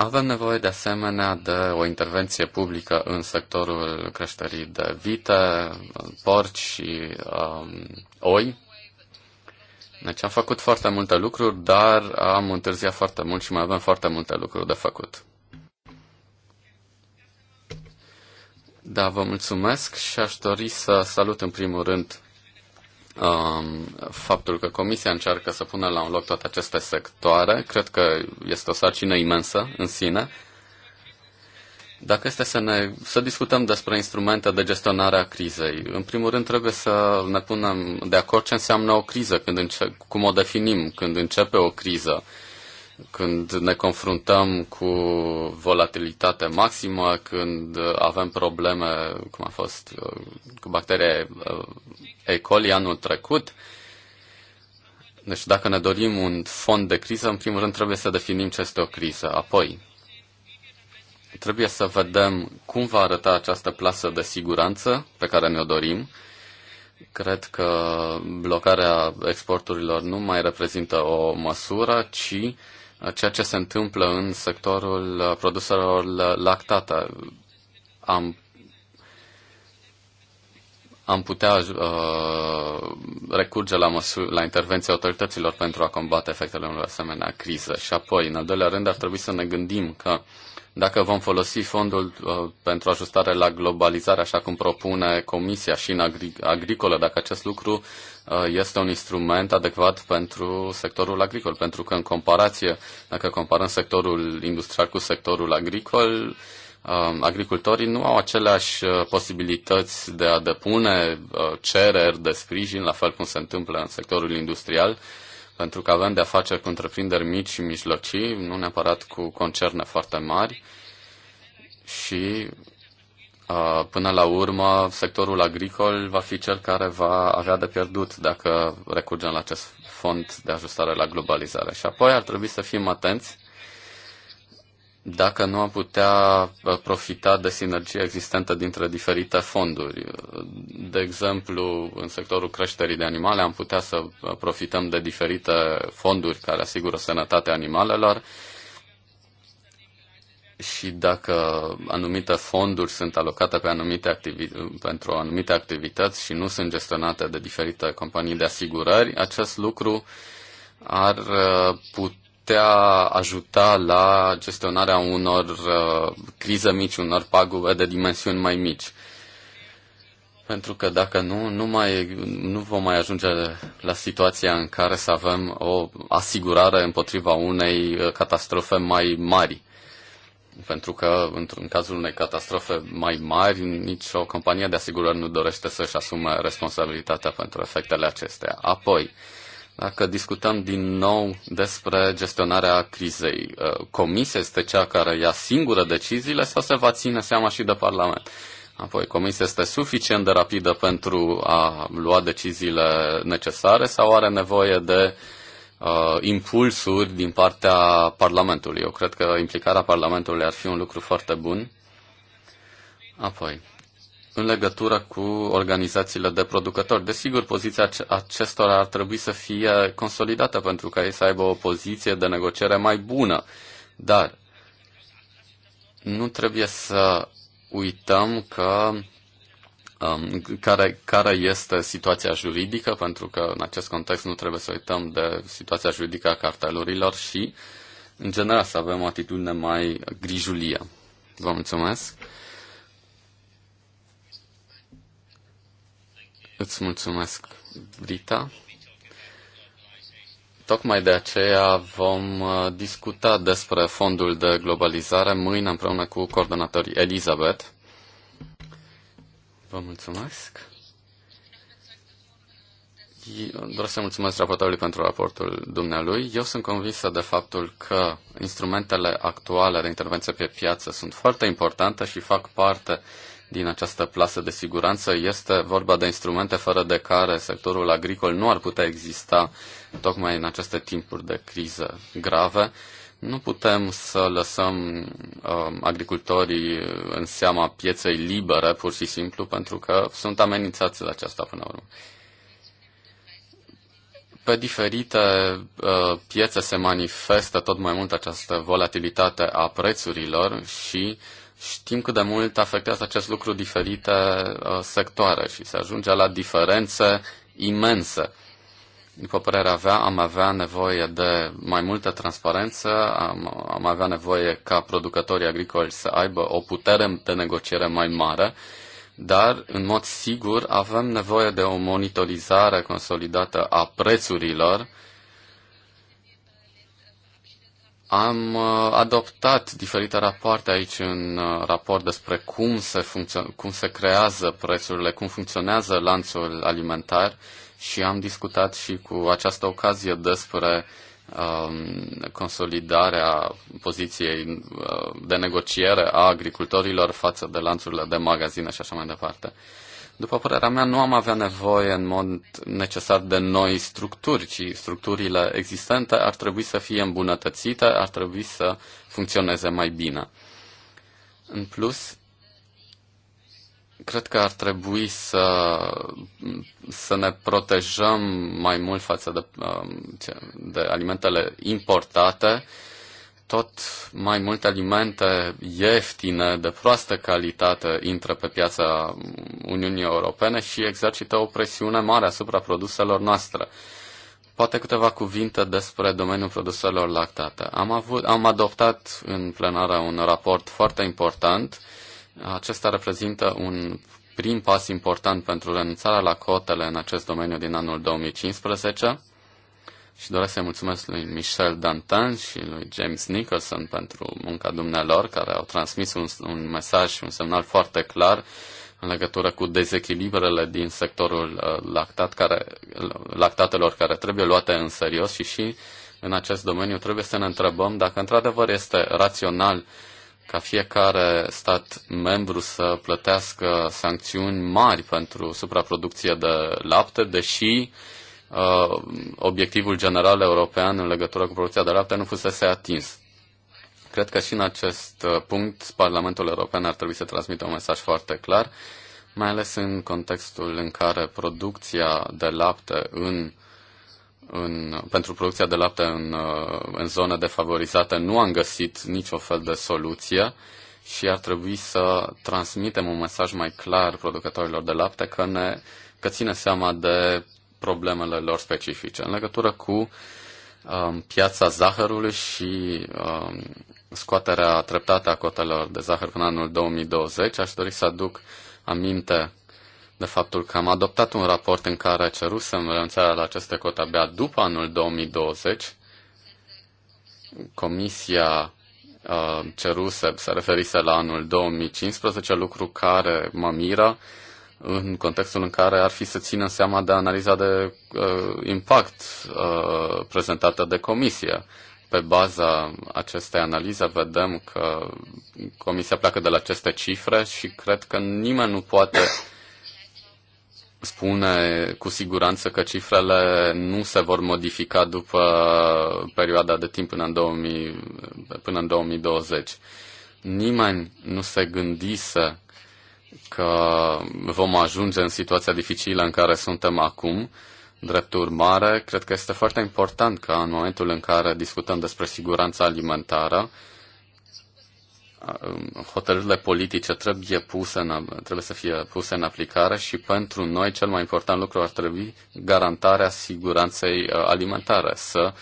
Avem nevoie de asemenea de o intervenție publică în sectorul creșterii de vite, porci și um, oi. Deci am făcut foarte multe lucruri, dar am întârziat foarte mult și mai avem foarte multe lucruri de făcut. Da, vă mulțumesc și aș dori să salut în primul rând Um, faptul că Comisia încearcă să pună la un loc toate aceste sectoare. Cred că este o sarcină imensă în sine. Dacă este să, ne, să discutăm despre instrumente de gestionare a crizei, în primul rând trebuie să ne punem de acord ce înseamnă o criză, când înce- cum o definim, când începe o criză. Uh, când ne confruntăm cu volatilitate maximă, când avem probleme, cum a fost uh, cu bacteria uh, E. coli anul trecut. Deci dacă ne dorim un fond de criză, în primul rând trebuie să definim ce este o criză. Apoi, trebuie să vedem cum va arăta această plasă de siguranță pe care ne-o dorim. Cred că blocarea exporturilor nu mai reprezintă o măsură, ci ceea ce se întâmplă în sectorul uh, produselor lactate. Am am putea uh, recurge la, măsuri, la intervenția autorităților pentru a combate efectele unor asemenea criză. Și apoi, în al doilea rând, ar trebui să ne gândim că dacă vom folosi fondul uh, pentru ajustare la globalizare, așa cum propune Comisia și în agri- agricolă, dacă acest lucru Uh, este un instrument adecvat pentru sectorul agricol, pentru că în comparație, dacă comparăm sectorul industrial cu sectorul agricol, um, agricultorii nu au aceleași uh, posibilități de a depune uh, cereri de sprijin, la fel cum se întâmplă în sectorul industrial, pentru că avem de-a face cu întreprinderi mici și mijlocii, nu neapărat cu concerne foarte mari și Uh, până la urmă, sectorul agricol va fi cel care va avea de pierdut dacă recurgem la acest fond de ajustare la globalizare. Și apoi ar trebui să fim atenți dacă nu am putea uh, profita de sinergie existentă dintre diferite fonduri. Uh, de exemplu, în sectorul creșterii de animale am putea să profităm de diferite fonduri care asigură sănătatea animalelor, și dacă anumite fonduri sunt alocate pe anumite activi- pentru anumite activități și nu sunt gestionate de diferite companii de asigurări, acest lucru ar uh, putea ajuta la gestionarea unor uh, crize mici, unor pagube de dimensiuni mai mici. Pentru că dacă nu, nu, mai, nu vom mai ajunge la situația în care să avem o asigurare împotriva unei uh, catastrofe mai mari pentru că într-un cazul unei catastrofe mai mari, nici o companie de asigurări nu dorește să-și asume responsabilitatea pentru efectele acestea. Apoi, dacă discutăm din nou despre gestionarea crizei, uh, comisia este cea care ia singură deciziile sau se va ține seama și de Parlament? Apoi, comisia este suficient de rapidă pentru a lua deciziile necesare sau are nevoie de uh, uh, impulsuri din partea Parlamentului. Eu cred că implicarea Parlamentului ar fi un lucru foarte bun. Apoi, în legătură cu organizațiile de producători. Desigur, poziția acestora ar trebui să fie consolidată pentru ca ei să aibă o poziție de negociere mai bună. Dar nu trebuie să uităm că Um, care, care este situația juridică, pentru că în acest context nu trebuie să uităm de situația juridică a cartelurilor și, în general, să avem o atitudine mai grijulie. Vă mulțumesc! Îți mulțumesc, Brita. Tocmai de aceea vom uh, discuta despre fondul de globalizare mâine împreună cu coordonatorii Elizabeth. Vă mulțumesc. Vreau să mulțumesc raportorului pentru raportul dumnealui. Eu sunt convinsă de faptul că instrumentele actuale de intervenție pe piață sunt foarte importante și fac parte din această plasă de siguranță. Este vorba de instrumente fără de care sectorul agricol nu ar putea exista tocmai în aceste timpuri de criză grave. Nu putem să lăsăm uh, agricultorii în seama pieței libere, pur și simplu, pentru că sunt amenințați de aceasta până la urmă. Pe diferite uh, piețe se manifestă tot mai mult această volatilitate a prețurilor și știm cât de mult afectează acest lucru diferite uh, sectoare și se ajunge la diferențe imense după părerea mea, am avea nevoie de mai multă transparență, am, am avea nevoie ca producătorii agricoli să aibă o putere de negociere mai mare, dar, în mod sigur, avem nevoie de o monitorizare consolidată a prețurilor. Am uh, adoptat diferite rapoarte aici în uh, raport despre cum se, cum se creează prețurile, cum funcționează lanțul alimentar și am discutat și cu această ocazie despre um, consolidarea poziției uh, de negociere a agricultorilor față de lanțurile de magazine și așa mai departe. După părerea mea, nu am avea nevoie în mod necesar de noi structuri, ci structurile existente ar trebui să fie îmbunătățite, ar trebui să funcționeze mai bine. În plus, cred că ar trebui să, să ne protejăm mai mult față de, um, de alimentele importate. Tot mai multe alimente ieftine, de proastă calitate, intră pe piața Uniunii Europene și exercită o presiune mare asupra produselor noastre. Poate câteva cuvinte despre domeniul produselor lactate. Am, avut, am adoptat în plenară un raport foarte important uh, acesta reprezintă un prim pas important pentru renunțarea la cotele în acest domeniu din anul 2015 și doresc să-i mulțumesc lui Michel Dantan și lui James Nicholson pentru munca dumnealor, care au transmis un, un mesaj și un semnal foarte clar în legătură cu dezechilibrele din sectorul uh, lactat care, lactatelor care trebuie luate în serios și și în acest domeniu trebuie să ne întrebăm dacă într-adevăr este rațional uh, ca fiecare stat membru să plătească sancțiuni mari pentru supraproducție de lapte, deși uh, obiectivul general european în legătură cu producția de lapte nu fusese atins. Cred că și în acest uh, punct Parlamentul European ar trebui să transmită un mesaj foarte clar, mai ales în contextul în care producția de lapte în în, pentru producția de lapte în, uh, în zone defavorizate nu am găsit nicio fel de soluție și ar trebui să transmitem un mesaj mai clar producătorilor de lapte că, ne, că ține seama de problemele lor specifice. În legătură cu um, piața zahărului și um, scoaterea treptată a cotelor de zahăr până anul 2020, aș dori să aduc aminte de faptul că am adoptat un raport în care cerusem renunțarea la aceste cote abia după anul 2020. Comisia uh, ceruse, se referise la anul 2015, lucru care mă miră în contextul în care ar fi să țină seama de analiza de uh, impact uh, prezentată de comisie. Pe baza acestei analize vedem că comisia pleacă de la aceste cifre și cred că nimeni nu poate uh, spune cu siguranță că cifrele nu se vor modifica după perioada de timp până în, 2000, până în 2020. Nimeni nu se gândise că vom ajunge în situația dificilă în care suntem acum. Drept urmare, cred că este foarte important ca în momentul în care discutăm despre siguranța alimentară, hotărârile politice trebuie, puse în, trebuie să fie puse în aplicare și pentru noi cel mai important lucru ar trebui garantarea siguranței uh, alimentare, să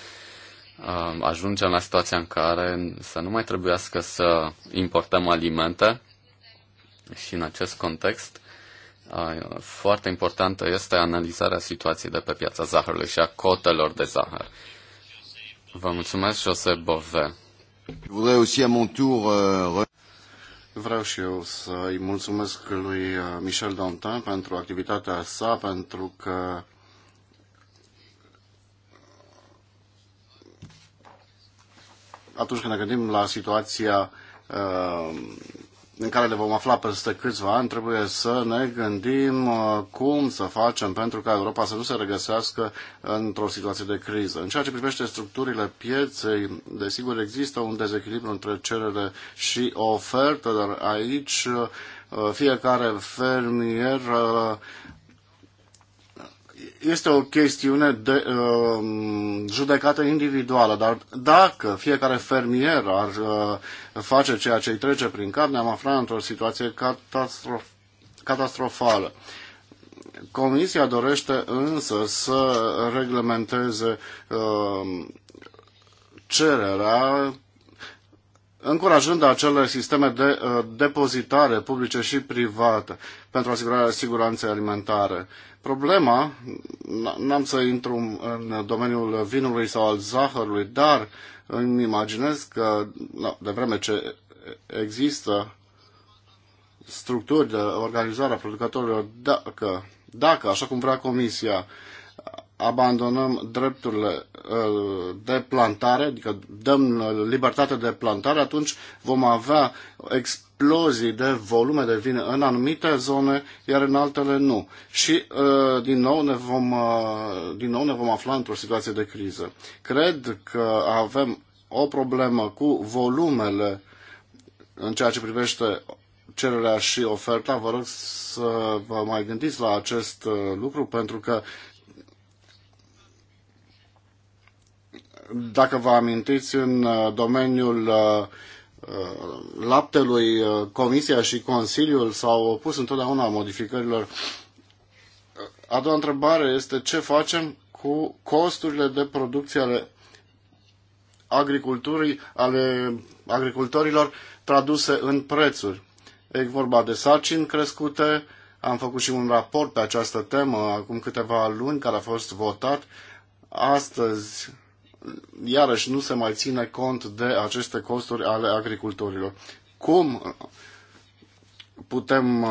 uh, ajungem la situația în care să nu mai trebuiască să importăm alimente și în acest context uh, foarte importantă este analizarea situației de pe piața zahărului și a cotelor de zahăr. Vă mulțumesc, Jose Bove. Euh, Vreau și eu să-i mulțumesc lui uh, Michel Dantin pentru activitatea sa, pentru că atunci când ne gândim la situația uh, în care le vom afla peste câțiva ani, trebuie să ne gândim uh, cum să facem pentru ca Europa să nu se regăsească într-o situație de criză. În ceea ce privește structurile pieței, desigur există un dezechilibru între cerere și ofertă, dar aici uh, fiecare fermier uh, este o chestiune de uh, judecată individuală, dar dacă fiecare fermier ar uh, face ceea ce îi trece prin cap, ne-am aflat într-o situație catastrof- catastrofală. Comisia dorește însă să reglementeze uh, cererea încurajând acele sisteme de uh, depozitare publice și private pentru asigurarea siguranței alimentare. Problema, n-am să intru în domeniul vinului sau al zahărului, dar îmi imaginez că, de vreme ce există structuri de organizare a producătorilor, dacă, dacă așa cum vrea Comisia, abandonăm drepturile uh, de plantare, adică dăm uh, libertate de plantare, atunci vom avea explozii de volume de vin în anumite zone, iar în altele nu. Și uh, din nou ne vom, din nou ne vom afla într-o situație de criză. Cred că avem o problemă cu volumele în ceea ce privește cererea și oferta. Vă rog să vă mai gândiți la acest lucru pentru că dacă vă amintiți, în uh, domeniul uh, uh, laptelui, Comisia și Consiliul s-au opus întotdeauna modificărilor. A doua întrebare este ce facem cu costurile de producție ale agriculturii, ale agricultorilor traduse în prețuri. E vorba de sarcini crescute, am făcut și un raport pe această temă acum câteva luni care a fost votat. Astăzi iarăși nu se mai ține cont de aceste costuri ale agricultorilor. Cum putem uh,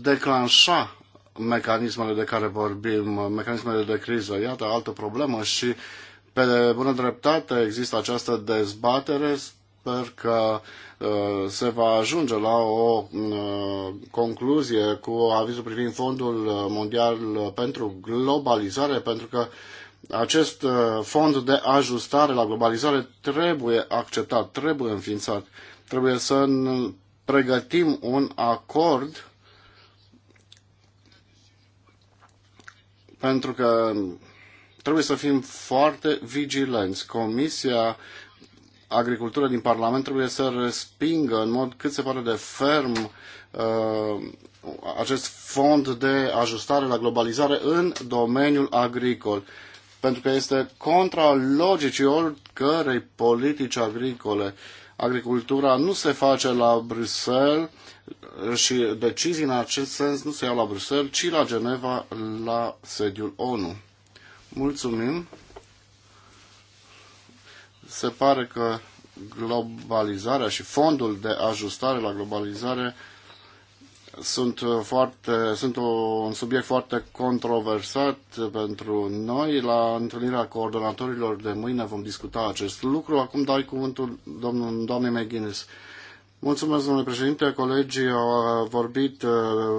declanșa mecanismele de care vorbim, uh, mecanismele de criză? Iată, altă problemă și pe bună dreptate există această dezbatere. Sper că uh, se va ajunge la o concluzie cu avizul privind Fondul Mondial pentru Globalizare, pentru că acest uh, fond de ajustare la globalizare trebuie acceptat, trebuie înființat. Trebuie să pregătim un acord pentru că trebuie să fim foarte vigilenți. Comisia Agricultură din Parlament trebuie să respingă în mod cât se pare de ferm uh, acest fond de ajustare la globalizare în domeniul agricol. Uh, pentru că este contra logicii oricărei politici agricole. Agricultura nu se face la Bruxelles și decizii în acest sens nu se iau la Bruxelles, ci la Geneva, la sediul ONU. Mulțumim! Se pare că globalizarea și fondul de ajustare la globalizare sunt, uh, foarte, sunt o, un subiect foarte controversat pentru noi. La întâlnirea coordonatorilor de mâine vom discuta acest lucru. Acum dai cuvântul domnul, doamnei McGuinness. Mulțumesc, domnule președinte. Colegii au uh, vorbit uh,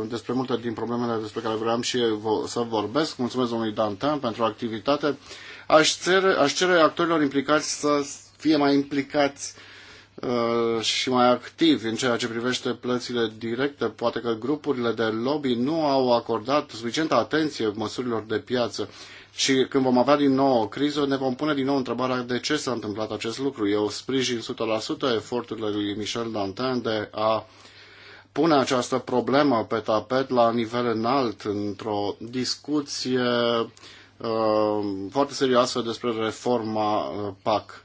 despre multe din problemele despre care vreau și eu să vorbesc. Mulțumesc domnului Dantan pentru activitate. Aș cere, aș cere actorilor implicați să fie mai implicați uh, Uh, și mai activi în ceea ce privește plățile directe. Poate că grupurile de lobby nu au acordat suficientă atenție măsurilor de piață. Și când vom avea din nou o criză, ne vom pune din nou întrebarea de ce s-a întâmplat acest lucru. Eu sprijin 100% eforturile lui Michel Dantin de a pune această problemă pe tapet la nivel înalt într-o discuție uh, foarte serioasă despre reforma uh, PAC.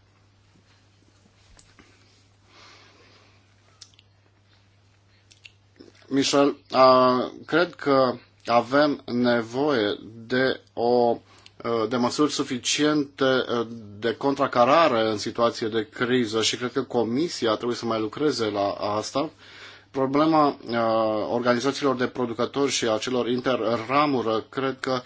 Michel, cred că avem nevoie de o de măsuri suficiente de contracarare în situație de criză și cred că Comisia trebuie să mai lucreze la asta. Problema organizațiilor de producători și a celor interramură cred că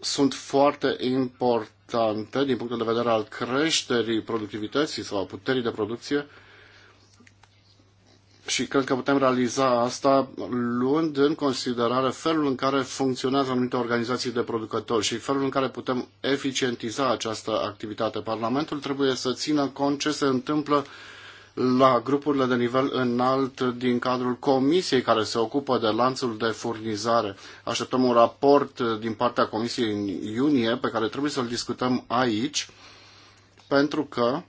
sunt foarte importante din punctul de vedere al creșterii productivității sau a puterii de producție și cred că putem realiza asta luând în considerare felul în care funcționează anumite organizații de producători și felul în care putem eficientiza această activitate. Parlamentul trebuie să țină cont ce se întâmplă la grupurile de nivel înalt din cadrul comisiei care se ocupă de lanțul de furnizare. Așteptăm un raport din partea comisiei în iunie pe care trebuie să-l discutăm aici pentru că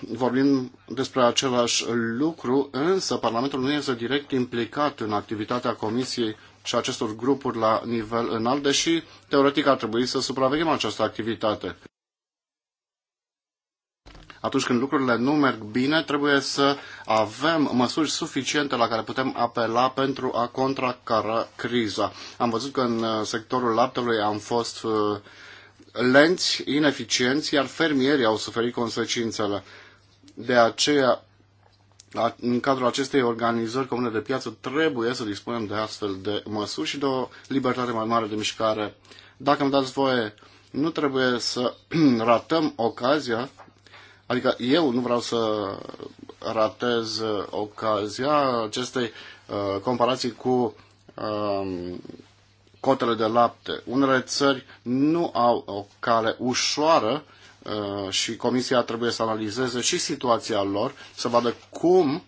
vorbim despre același lucru, însă Parlamentul nu este direct implicat în activitatea Comisiei și acestor grupuri la nivel înalt, deși teoretic ar trebui să supraveghem această activitate. Atunci când lucrurile nu merg bine, trebuie să avem măsuri suficiente la care putem apela pentru a contracara criza. Am văzut că în uh, sectorul laptelui am fost uh, lenți, ineficienți, iar fermierii au suferit consecințele. De aceea, în cadrul acestei organizări comune de piață, trebuie să dispunem de astfel de măsuri și de o libertate mai mare de mișcare. Dacă îmi dați voie, nu trebuie să (clears throat) ratăm ocazia, adică eu nu vreau să ratez ocazia acestei uh, comparații cu uh, cotele de lapte. Unele țări nu au o cale ușoară Uh, și comisia trebuie să analizeze și situația lor, să vadă cum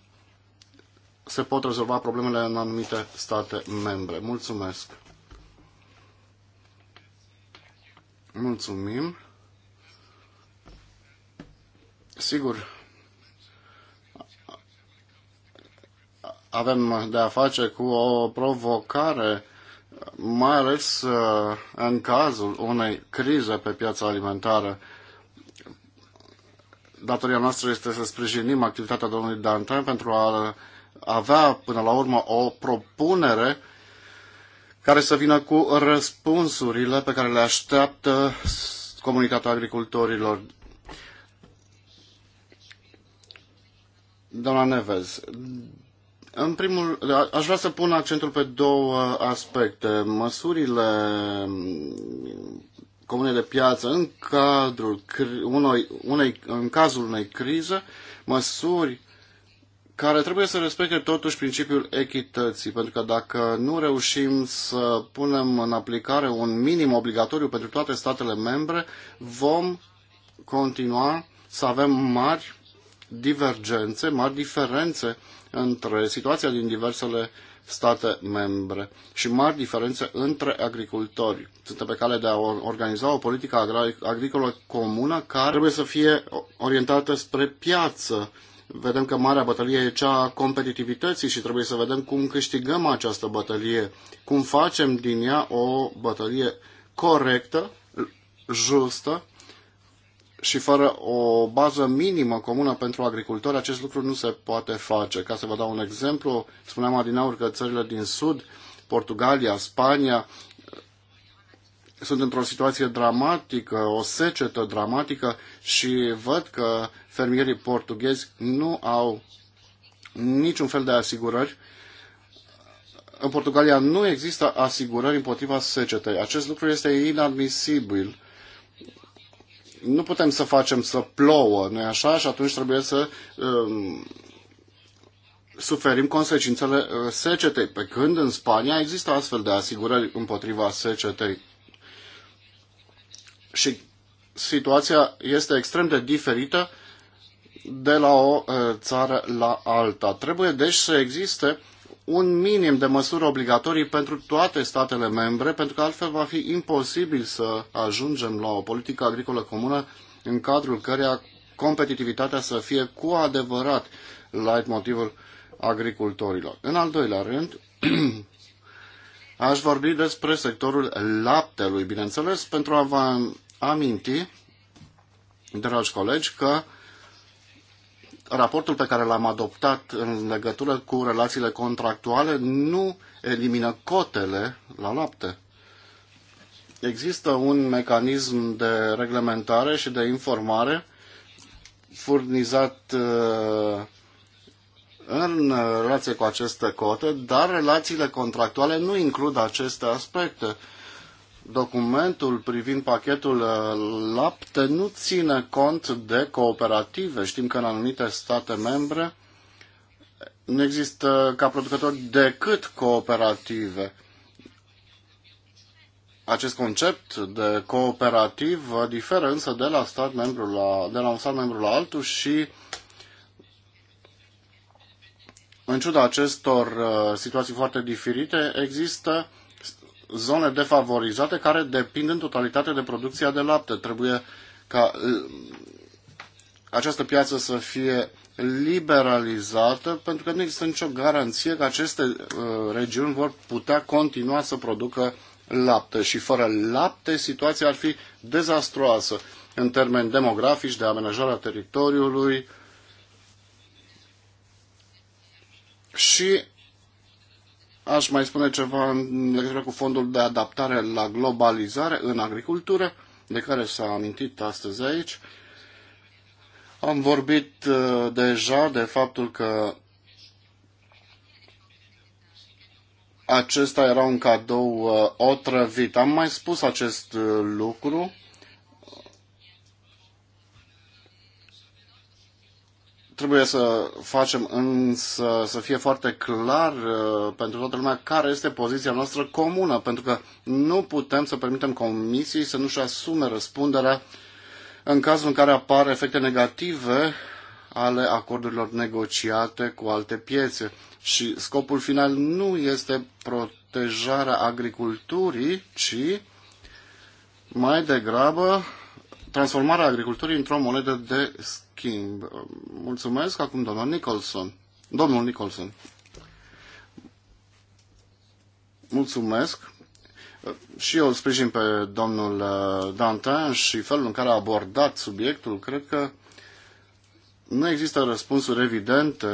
se pot rezolva problemele în anumite state membre. Mulțumesc! Mulțumim! Sigur, avem de a face cu o provocare, mai ales uh, în cazul unei crize pe piața alimentară datoria noastră este să sprijinim activitatea domnului Dantin pentru a avea până la urmă o propunere care să vină cu răspunsurile pe care le așteaptă comunitatea agricultorilor. Doamna Neves, în primul, aș vrea să pun accentul pe două aspecte. Măsurile comune de piață în cadrul unui, unei, în cazul unei crize, măsuri care trebuie să respecte totuși principiul echității, pentru că dacă nu reușim să punem în aplicare un minim obligatoriu pentru toate statele membre, vom continua să avem mari divergențe, mari diferențe între situația din diversele state membre și mari diferențe între agricultori. Suntem pe cale de a organiza o politică agricolă comună care trebuie să fie orientată spre piață. Vedem că marea bătălie e cea a competitivității și trebuie să vedem cum câștigăm această bătălie, cum facem din ea o bătălie corectă, justă și fără o bază minimă comună pentru agricultori, acest lucru nu se poate face. Ca să vă dau un exemplu, spuneam adinaur că țările din sud, Portugalia, Spania, sunt într-o situație dramatică, o secetă dramatică și văd că fermierii portughezi nu au niciun fel de asigurări. În Portugalia nu există asigurări împotriva secetei. Acest lucru este inadmisibil nu putem să facem să plouă, nu așa? Și atunci trebuie să um, suferim consecințele uh, secetei, pe când în Spania există astfel de asigurări împotriva secetei. Și situația este extrem de diferită de la o uh, țară la alta. Trebuie deci să existe uh, un minim de măsuri obligatorii pentru toate statele membre, pentru că altfel va fi imposibil să ajungem la o politică agricolă comună în cadrul căreia competitivitatea să fie cu adevărat la motivul agricultorilor. În al doilea rând, (clears throat) aș vorbi despre sectorul laptelui, bineînțeles, pentru a vă aminti, dragi colegi, că raportul pe care l-am adoptat în legătură cu relațiile contractuale nu elimină cotele la lapte. Există un mecanism de reglementare și de informare furnizat uh, în relație cu aceste cote, dar relațiile contractuale nu includ aceste aspecte documentul privind pachetul uh, lapte nu ține cont de cooperative. Știm că în anumite state membre nu există ca producători decât cooperative. Acest concept de cooperativ uh, diferă însă de la, stat membru la, de la un stat membru la altul și în ciuda acestor uh, situații foarte diferite există zone defavorizate care depind în totalitate de producția de lapte. Trebuie ca uh, această piață să fie liberalizată, pentru că nu există nicio garanție că aceste uh, regiuni vor putea continua să producă lapte și fără lapte situația ar fi dezastroasă în termeni demografici, de amenajarea teritoriului și Aș mai spune ceva în legătură cu fondul de adaptare la globalizare în agricultură, de care s-a amintit astăzi aici. Am vorbit uh, deja de faptul că acesta era un cadou uh, otrăvit. Am mai spus acest uh, lucru Trebuie să facem însă să fie foarte clar uh, pentru toată lumea care este poziția noastră comună, pentru că nu putem să permitem comisiei să nu-și asume răspunderea în cazul în care apar efecte negative ale acordurilor negociate cu alte piețe. Și scopul final nu este protejarea agriculturii, ci mai degrabă transformarea agriculturii într-o monedă de schimb. Mulțumesc acum domnul Nicholson. Domnul Nicholson. Mulțumesc. Și eu îl sprijin pe domnul uh, Dantin și felul în care a abordat subiectul. Cred că nu există răspunsuri evidente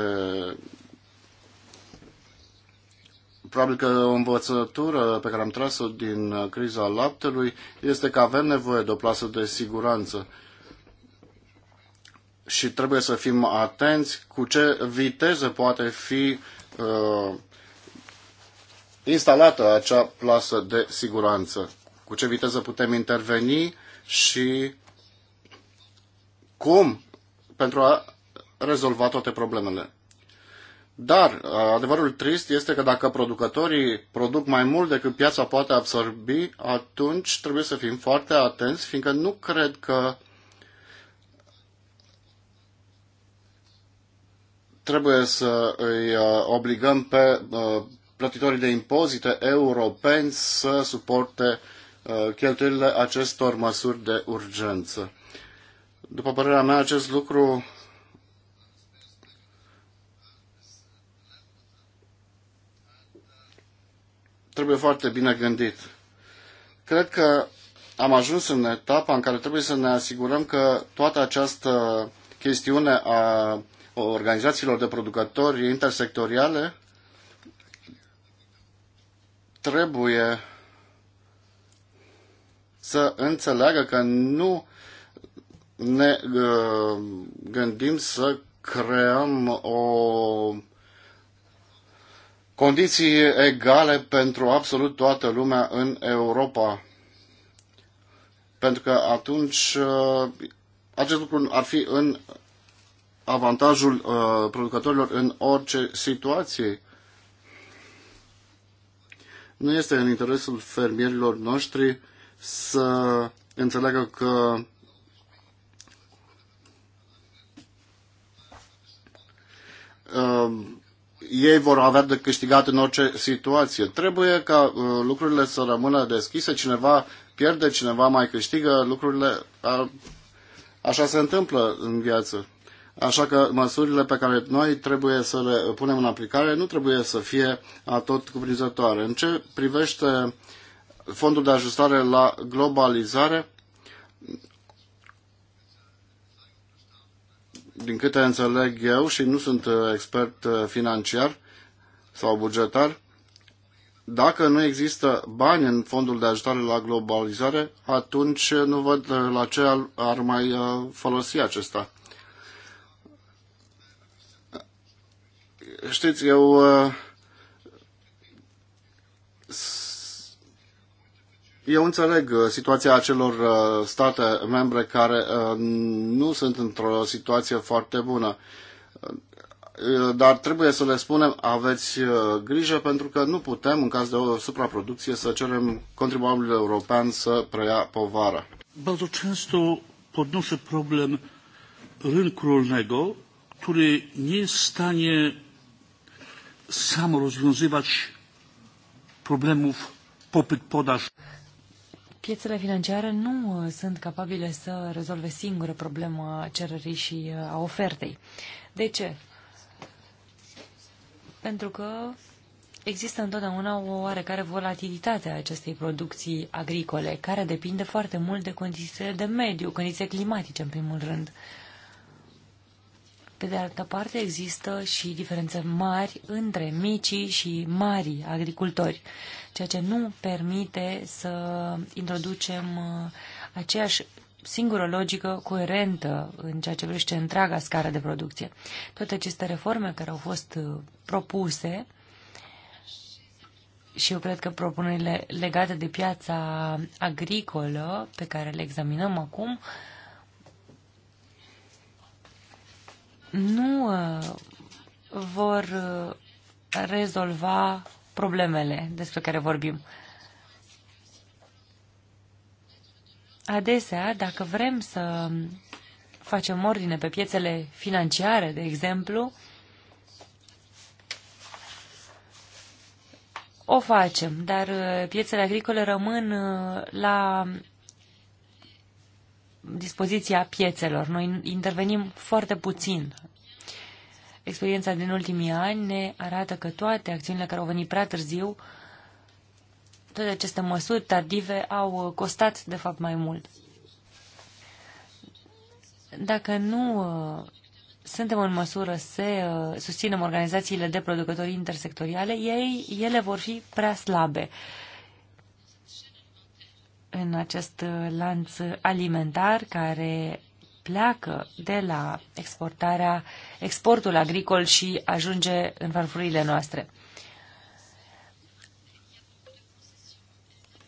Probabil că o învățătură pe care am tras-o din criza laptelui este că avem nevoie de o plasă de siguranță și trebuie să fim atenți cu ce viteză poate fi uh, instalată acea plasă de siguranță, cu ce viteză putem interveni și cum pentru a rezolva toate problemele. Dar uh, adevărul trist este că dacă producătorii produc mai mult decât piața poate absorbi, atunci trebuie să fim foarte atenți, fiindcă nu cred că trebuie să îi uh, obligăm pe uh, plătitorii de impozite europeni să suporte cheltuielile acestor măsuri de urgență. După părerea mea, acest lucru trebuie foarte bine gândit. Cred că am ajuns în etapa în care trebuie să ne asigurăm că toată această chestiune a organizațiilor de producători intersectoriale trebuie să înțeleagă că nu ne uh, gândim să creăm o condiții egale pentru absolut toată lumea în Europa. Pentru că atunci uh, acest lucru ar fi în avantajul uh, producătorilor în orice situație. Nu este în interesul fermierilor noștri să înțeleagă că uh, ei vor avea de câștigat în orice situație. Trebuie ca uh, lucrurile să rămână deschise, cineva pierde, cineva mai câștigă, lucrurile uh, așa se întâmplă în viață. Așa că măsurile pe care noi trebuie să le punem în aplicare nu trebuie să fie tot cuprinzătoare. În ce privește fondul de ajustare la globalizare, din câte înțeleg eu și nu sunt uh, expert uh, financiar sau bugetar, dacă nu există bani în fondul de ajutare la globalizare, atunci uh, nu văd la ce ar mai folosi acesta. Știți, eu Eu înțeleg uh, situația acelor uh, state membre care uh, nu sunt într-o situație foarte bună, dar trebuie să le spunem aveți grijă pentru că nu putem, în caz de o supraproducție, să cerem contribuabilul european să preia povara. Bardzo często podnoszę problem rynku rolnego, który nie jest w stanie sam rozwiązywać problemów popyt-podaż. Piețele financiare nu uh, sunt capabile să rezolve singure problema cererii și uh, a ofertei. De ce? Pentru că există întotdeauna o oarecare volatilitate a acestei producții agricole, care depinde foarte mult de condițiile de mediu, condițiile climatice în primul rând. Uh, pe de altă parte, există și diferențe mari între micii și marii agricultori, ceea ce nu permite să introducem uh, aceeași singură logică coerentă în ceea ce privește întreaga scară de producție. Toate aceste reforme care au fost uh, propuse și eu cred că propunerile legate de piața agricolă pe care le examinăm acum uh, nu uh, vor uh, rezolva problemele despre care vorbim. Adesea, dacă vrem să facem ordine pe piețele financiare, de exemplu, o facem, dar uh, piețele agricole rămân la dispoziția piețelor. Noi intervenim foarte puțin. Experiența din ultimii ani ne arată că toate acțiunile care au venit prea târziu, toate aceste măsuri tardive au uh, costat, de fapt, mai mult. Dacă nu uh, suntem în măsură să uh, susținem organizațiile de producători intersectoriale, ei, ele vor fi prea slabe. Uh, în acest lanț alimentar care pleacă de la exportarea, exportul agricol și ajunge în farfurile noastre.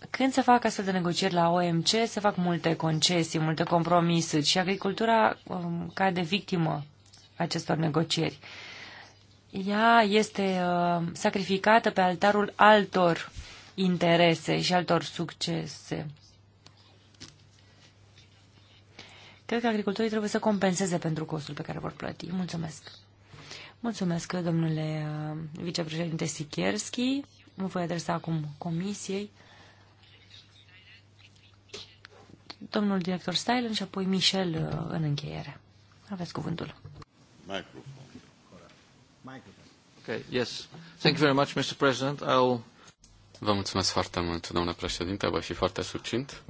Când se fac astfel de negocieri la OMC, se fac multe concesii, multe compromisuri și agricultura um, cade victimă acestor negocieri. Ea este uh, sacrificată pe altarul altor uh, interese și altor succese. Cred că agricultorii trebuie să compenseze pentru costul pe care vor plăti. Mulțumesc! Mulțumesc, domnule uh, vicepreședinte Sikierski. Mă voi adresa acum comisiei. Domnul director Stylen și apoi Michel uh, în încheiere. Aveți cuvântul. Microphone. Okay, yes. Thank you very much, Mr. President. I'll Vă mulțumesc foarte mult, domnule președinte, voi fi foarte succint.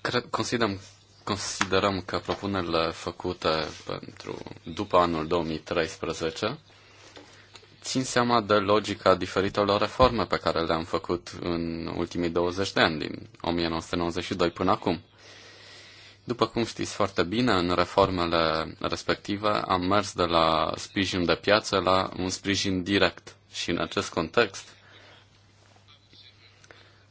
Cred, considerăm, considerăm că propunerile făcute pentru după anul 2013 țin seama de logica diferitelor reforme pe care le-am făcut în ultimii 20 de ani, din 1992 până acum. După cum știți foarte bine, în reformele respective am mers de la sprijin de piață la un sprijin direct. Și în acest context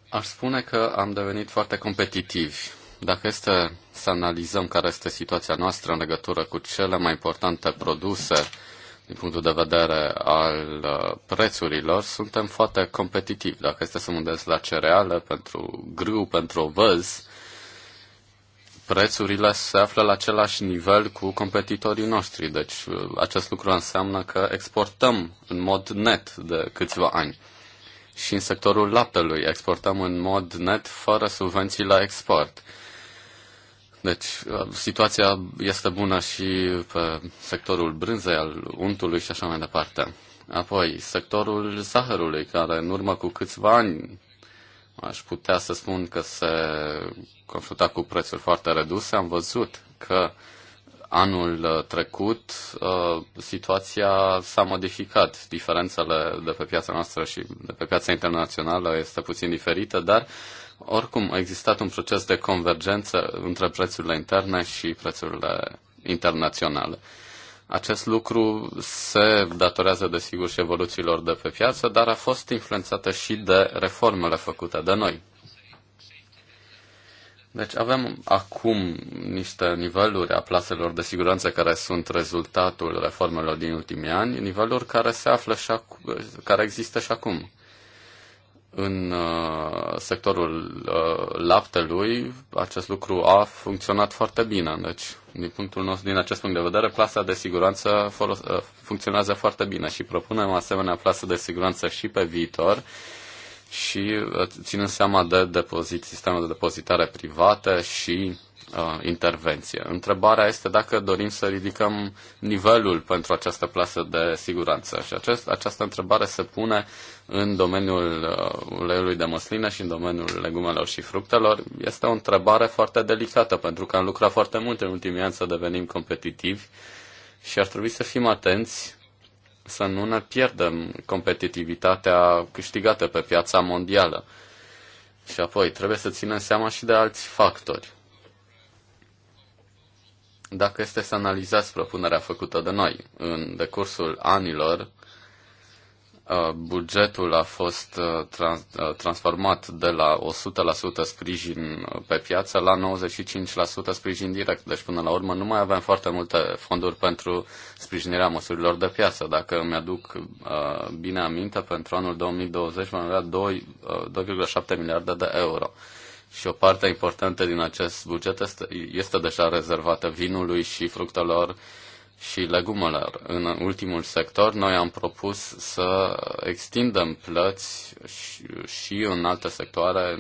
aș spune că am devenit foarte competitivi. Dacă este să analizăm care este situația noastră în legătură cu cele mai importante produse din punctul de vedere al uh, prețurilor, suntem foarte competitivi. Dacă este să mă la cereale, pentru grâu, pentru ovăz, prețurile se află la același nivel cu competitorii noștri. Deci uh, acest lucru înseamnă că exportăm în mod net de câțiva ani. Și în sectorul laptelui exportăm în mod net fără subvenții la export. Deci, uh, situația este bună și pe sectorul brânzei, al untului și așa mai departe. Apoi, sectorul zahărului, care în urmă cu câțiva ani aș putea să spun că se confrunta cu prețuri foarte reduse. Am văzut că anul uh, trecut uh, situația s-a modificat. Diferențele de pe piața noastră și de pe piața internațională este puțin diferită, dar oricum a existat un proces de convergență între prețurile interne și prețurile internaționale. Acest lucru se datorează, desigur, și evoluțiilor de pe piață, dar a fost influențată și de reformele făcute de noi. Deci avem acum niște niveluri a plaselor de siguranță care sunt rezultatul reformelor din ultimii ani, niveluri care se află și acu- care există și acum în uh, sectorul uh, laptelui, acest lucru a funcționat foarte bine. Deci, din punctul nostru, din acest punct de vedere, plasa de siguranță uh, funcționează foarte bine și propunem asemenea plasă de siguranță și pe viitor și ținând seama de depozit, sistemul de depozitare private și uh, intervenție. Întrebarea este dacă dorim să ridicăm nivelul pentru această plasă de siguranță. Și acest, această întrebare se pune în domeniul uh, uleiului de măsline și în domeniul legumelor și fructelor. Este o întrebare foarte delicată, pentru că am lucrat foarte mult în ultimii ani să devenim competitivi și ar trebui să fim atenți să nu ne pierdem competitivitatea câștigată pe piața mondială. Și apoi trebuie să ținem seama și de alți factori. Dacă este să analizați propunerea făcută de noi, în decursul anilor, uh, bugetul a fost uh, trans, uh, transformat de la 100% sprijin pe piață la 95% sprijin direct. Deci până la urmă nu mai avem foarte multe fonduri pentru sprijinirea măsurilor de piață. Dacă mi-aduc bine aminte, pentru anul 2020 vom avea 2,7 miliarde de euro și o parte importantă din acest buget este, este deja rezervată vinului și fructelor și legumelor. În ultimul sector, noi am propus să extindem plăți și, și în alte sectoare,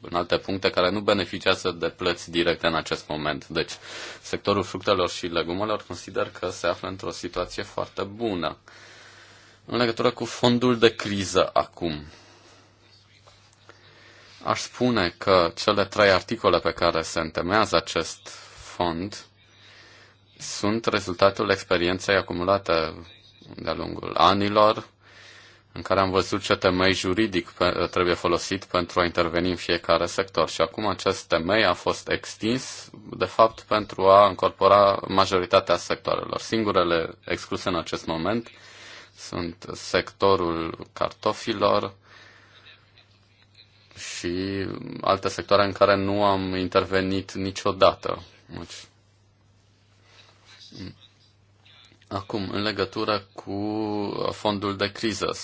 în alte puncte care nu beneficiază de plăți directe în acest moment. Deci, sectorul fructelor și legumelor consider că se află într-o situație foarte bună. În legătură cu fondul de criză acum, Aș spune că cele trei articole pe care se întemează acest fond sunt rezultatul experienței acumulate de-a lungul anilor, în care am văzut ce temei juridic trebuie folosit pentru a interveni în fiecare sector. Și acum acest temei a fost extins, de fapt, pentru a încorpora majoritatea sectoarelor. Singurele excluse în acest moment sunt sectorul cartofilor, și alte sectoare în care nu am intervenit niciodată. Deci, acum, în legătură cu fondul de criză,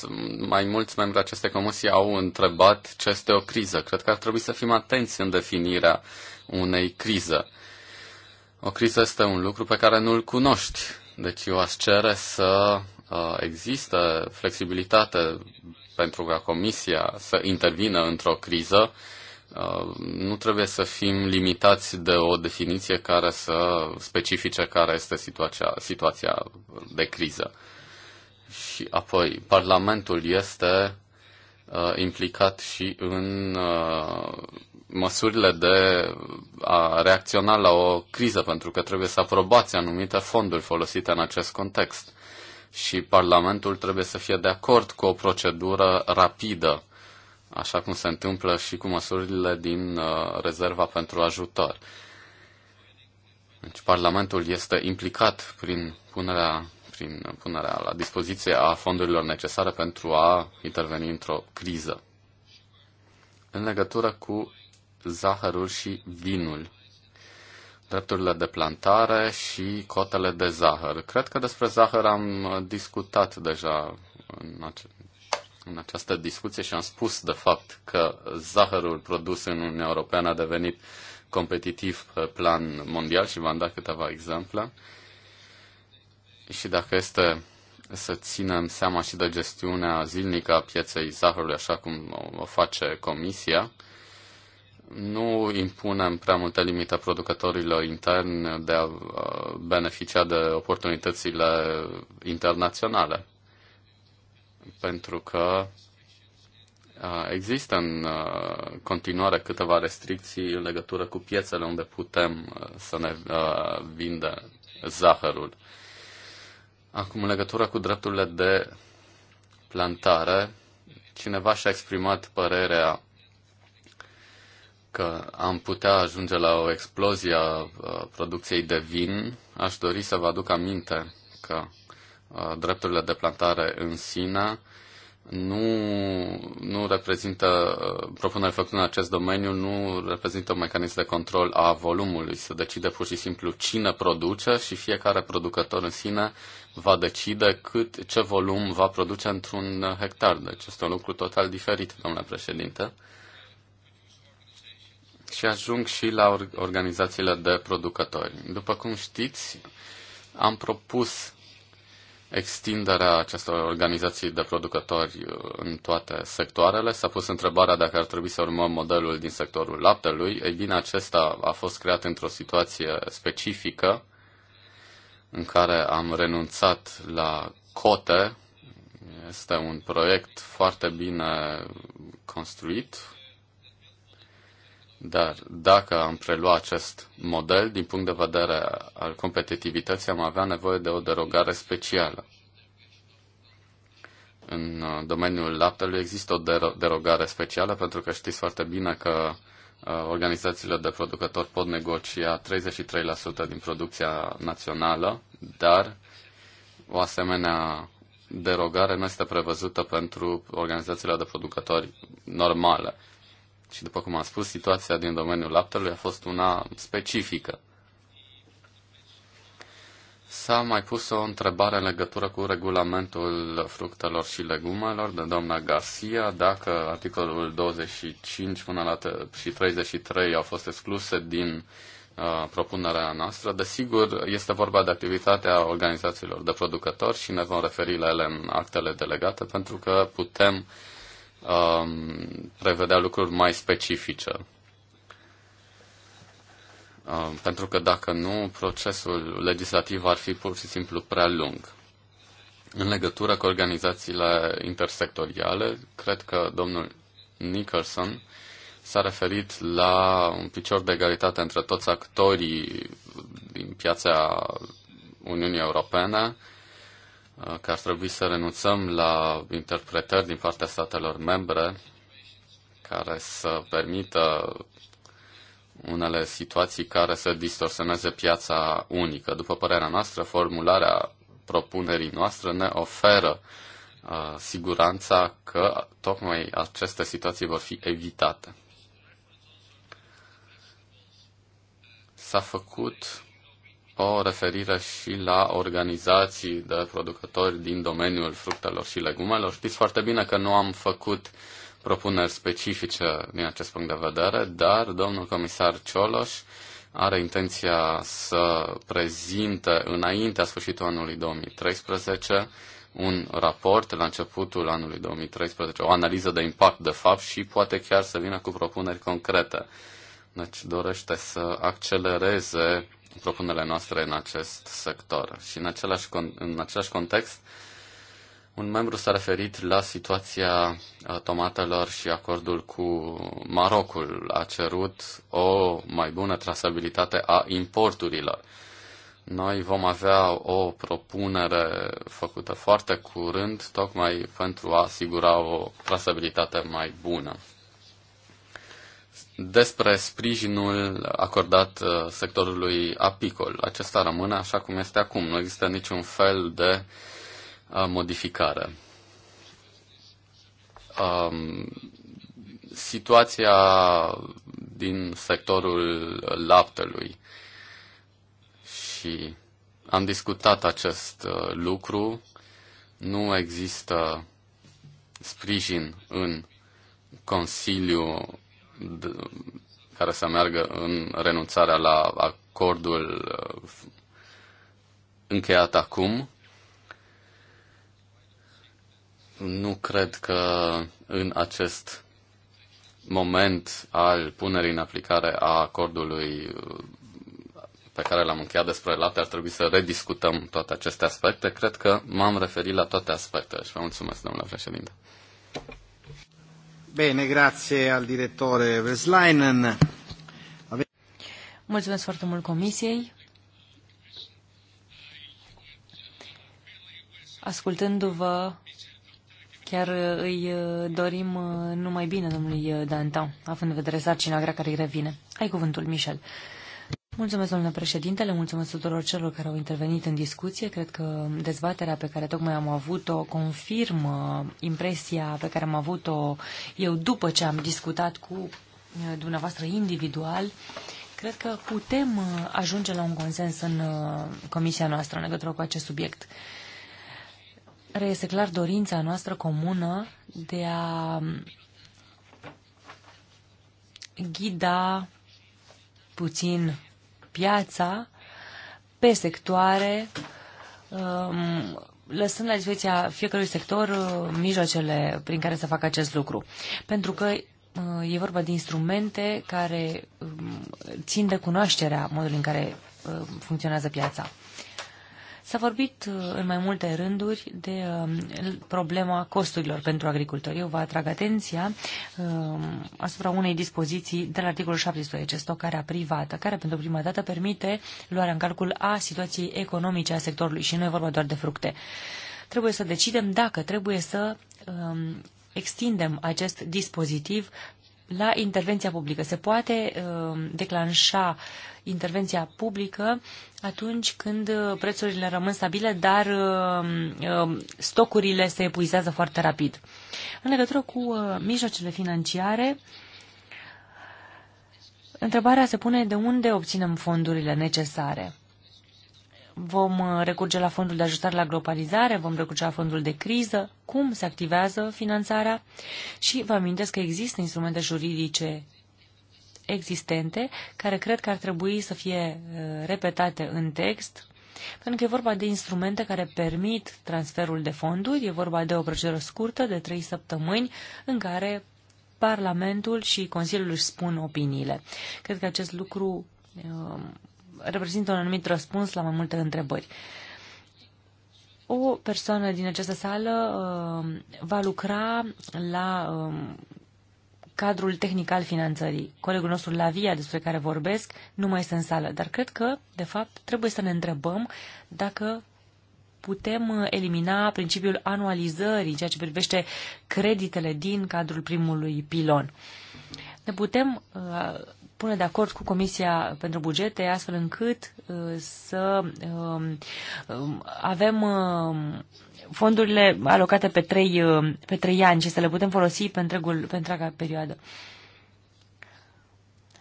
mai mulți membri acestei comisii au întrebat ce este o criză. Cred că ar trebui să fim atenți în definirea unei crize. O criză este un lucru pe care nu-l cunoști. Deci eu aș cere să uh, există flexibilitate pentru ca Comisia să intervină într-o criză, uh, nu trebuie să fim limitați de o definiție care să specifice care este situația, situația de criză. Și apoi, Parlamentul este uh, implicat și în uh, măsurile de a reacționa la o criză, pentru că trebuie să aprobați anumite fonduri folosite în acest context și Parlamentul trebuie să fie de acord cu o procedură rapidă, așa cum se întâmplă și cu măsurile din uh, rezerva pentru ajutor. Deci Parlamentul este implicat prin punerea, prin punerea la dispoziție a fondurilor necesare pentru a interveni într-o criză. În legătură cu zahărul și vinul, drepturile de plantare și cotele de zahăr. Cred că despre zahăr am discutat deja în, ace- în această discuție și am spus, de fapt, că zahărul produs în Uniunea Europeană a devenit competitiv pe plan mondial și v-am dat câteva exemple. Și dacă este să ținem seama și de gestiunea zilnică a pieței zahărului, așa cum o face Comisia, nu impunem prea multe limite producătorilor interni de a beneficia de oportunitățile internaționale. Pentru că există în continuare câteva restricții în legătură cu piețele unde putem să ne vinde zahărul. Acum, în legătură cu drepturile de plantare, cineva și-a exprimat părerea că am putea ajunge la o explozie a producției de vin, aș dori să vă aduc aminte că drepturile de plantare în sine nu, nu reprezintă, propunerea făcută în acest domeniu nu reprezintă un mecanism de control a volumului. Se decide pur și simplu cine produce și fiecare producător în sine va decide cât, ce volum va produce într-un hectar. Deci este un lucru total diferit, domnule președinte și ajung și la organizațiile de producători. După cum știți, am propus extinderea acestor organizații de producători uh, în toate sectoarele. S-a pus întrebarea dacă ar trebui să urmăm modelul din sectorul laptelui. Ei bine, acesta a fost creat într-o situație specifică în care am renunțat la cote. Este un proiect foarte bine construit, dar dacă am prelua acest model, din punct de vedere al competitivității, am avea nevoie de o derogare specială. În uh, domeniul laptelui există o derogare specială, pentru că știți foarte bine că uh, organizațiile de producători pot negocia 33% din producția națională, dar o asemenea derogare nu este prevăzută pentru organizațiile de producători normale. Și după cum am spus, situația din domeniul laptelui a fost una specifică. S-a mai pus o întrebare în legătură cu regulamentul fructelor și legumelor de doamna Garcia, dacă articolul 25 până la și 33 au fost excluse din uh, propunerea noastră. Desigur, este vorba de activitatea organizațiilor de producători și ne vom referi la ele în actele delegate, pentru că putem uh, um, prevedea lucruri mai specifice. Um, pentru că dacă nu, procesul legislativ ar fi pur și simplu prea lung. În legătură cu organizațiile intersectoriale, cred că domnul Nicholson s-a referit la un picior de egalitate între toți actorii din piața Uniunii Europene, că ar trebui să renunțăm la interpretări din partea statelor membre care să permită unele situații care să distorsioneze piața unică. După părerea noastră, formularea propunerii noastre ne oferă uh, siguranța că tocmai aceste situații vor fi evitate. S-a făcut o referire și la organizații de producători din domeniul fructelor și legumelor. Știți foarte bine că nu am făcut propuneri specifice din acest punct de vedere, dar domnul comisar Cioloș are intenția să prezinte înaintea sfârșitul anului 2013 un raport la începutul anului 2013, o analiză de impact de fapt și poate chiar să vină cu propuneri concrete. Deci dorește să accelereze propunerile noastre în acest sector. Și în același, în același context, un membru s-a referit la situația uh, tomatelor și acordul cu Marocul. A cerut o mai bună trasabilitate a importurilor. Noi vom avea o propunere făcută foarte curând, tocmai pentru a asigura o trasabilitate mai bună despre sprijinul acordat uh, sectorului apicol. Acesta rămâne așa cum este acum. Nu există niciun fel de uh, modificare. Um, situația din sectorul laptelui și am discutat acest uh, lucru. Nu există sprijin în Consiliu care să meargă în renunțarea la acordul uh, încheiat acum. Nu cred că în acest moment al punerii în aplicare a acordului uh, pe care l-am încheiat despre lapte, ar trebui să rediscutăm toate aceste aspecte. Cred că m-am referit la toate aspectele și vă mulțumesc, domnule președinte. Bine, grazie al direttore Veslainen. Ave... Mulțumesc foarte mult comisiei. Ascultându-vă, chiar îi uh, dorim uh, numai bine domnului uh, Dantan, având în vedere sarcina grea care îi revine. Ai cuvântul, Michel. Mulțumesc, domnule președinte, le mulțumesc tuturor celor care au intervenit în discuție. Cred că dezbaterea pe care tocmai am avut-o confirmă impresia pe care am avut-o eu după ce am discutat cu uh, dumneavoastră individual. Cred că putem uh, ajunge la un consens în uh, comisia noastră în legătură cu acest subiect. Reiese clar dorința noastră comună de a um, ghida puțin piața pe sectoare, um, lăsând la dispoziția fiecărui sector uh, mijloacele prin care să facă acest lucru. Pentru că uh, e vorba de instrumente care um, țin de cunoașterea modului în care uh, funcționează piața. S-a vorbit uh, în mai multe rânduri de um, problema costurilor pentru agricultori. Eu vă atrag atenția um, asupra unei dispoziții de la articolul 17, stocarea privată, care pentru prima dată permite luarea în calcul a situației economice a sectorului și nu e vorba doar de fructe. Trebuie să decidem dacă trebuie să um, extindem acest dispozitiv la intervenția publică. Se poate uh, declanșa intervenția publică atunci când uh, prețurile rămân stabile, dar uh, stocurile se epuizează foarte rapid. În legătură cu mijloacele financiare, întrebarea se pune de unde obținem fondurile necesare. Vom uh, recurge la fondul de ajustare la globalizare, vom recurge la fondul de criză, cum se activează finanțarea și vă amintesc că există instrumente juridice existente care cred că ar trebui să fie uh, repetate în text, pentru că e vorba de instrumente care permit transferul de fonduri, e vorba de o procedură scurtă de trei săptămâni în care Parlamentul și Consiliul își spun opiniile. Cred că acest lucru um, reprezintă un anumit răspuns la mai multe întrebări. O persoană din această sală uh, va lucra la um, cadrul tehnic al finanțării. Colegul nostru Lavia, despre care vorbesc, nu mai este în sală, dar cred că, de fapt, trebuie să ne întrebăm dacă putem uh, elimina principiul anualizării, ceea ce privește creditele din cadrul primului pilon. Ne putem uh, pune de acord cu Comisia pentru Bugete, astfel încât uh, să um, um, avem um, fondurile alocate pe trei, uh, pe trei ani și să le putem folosi pe, întregul, pe întreaga perioadă.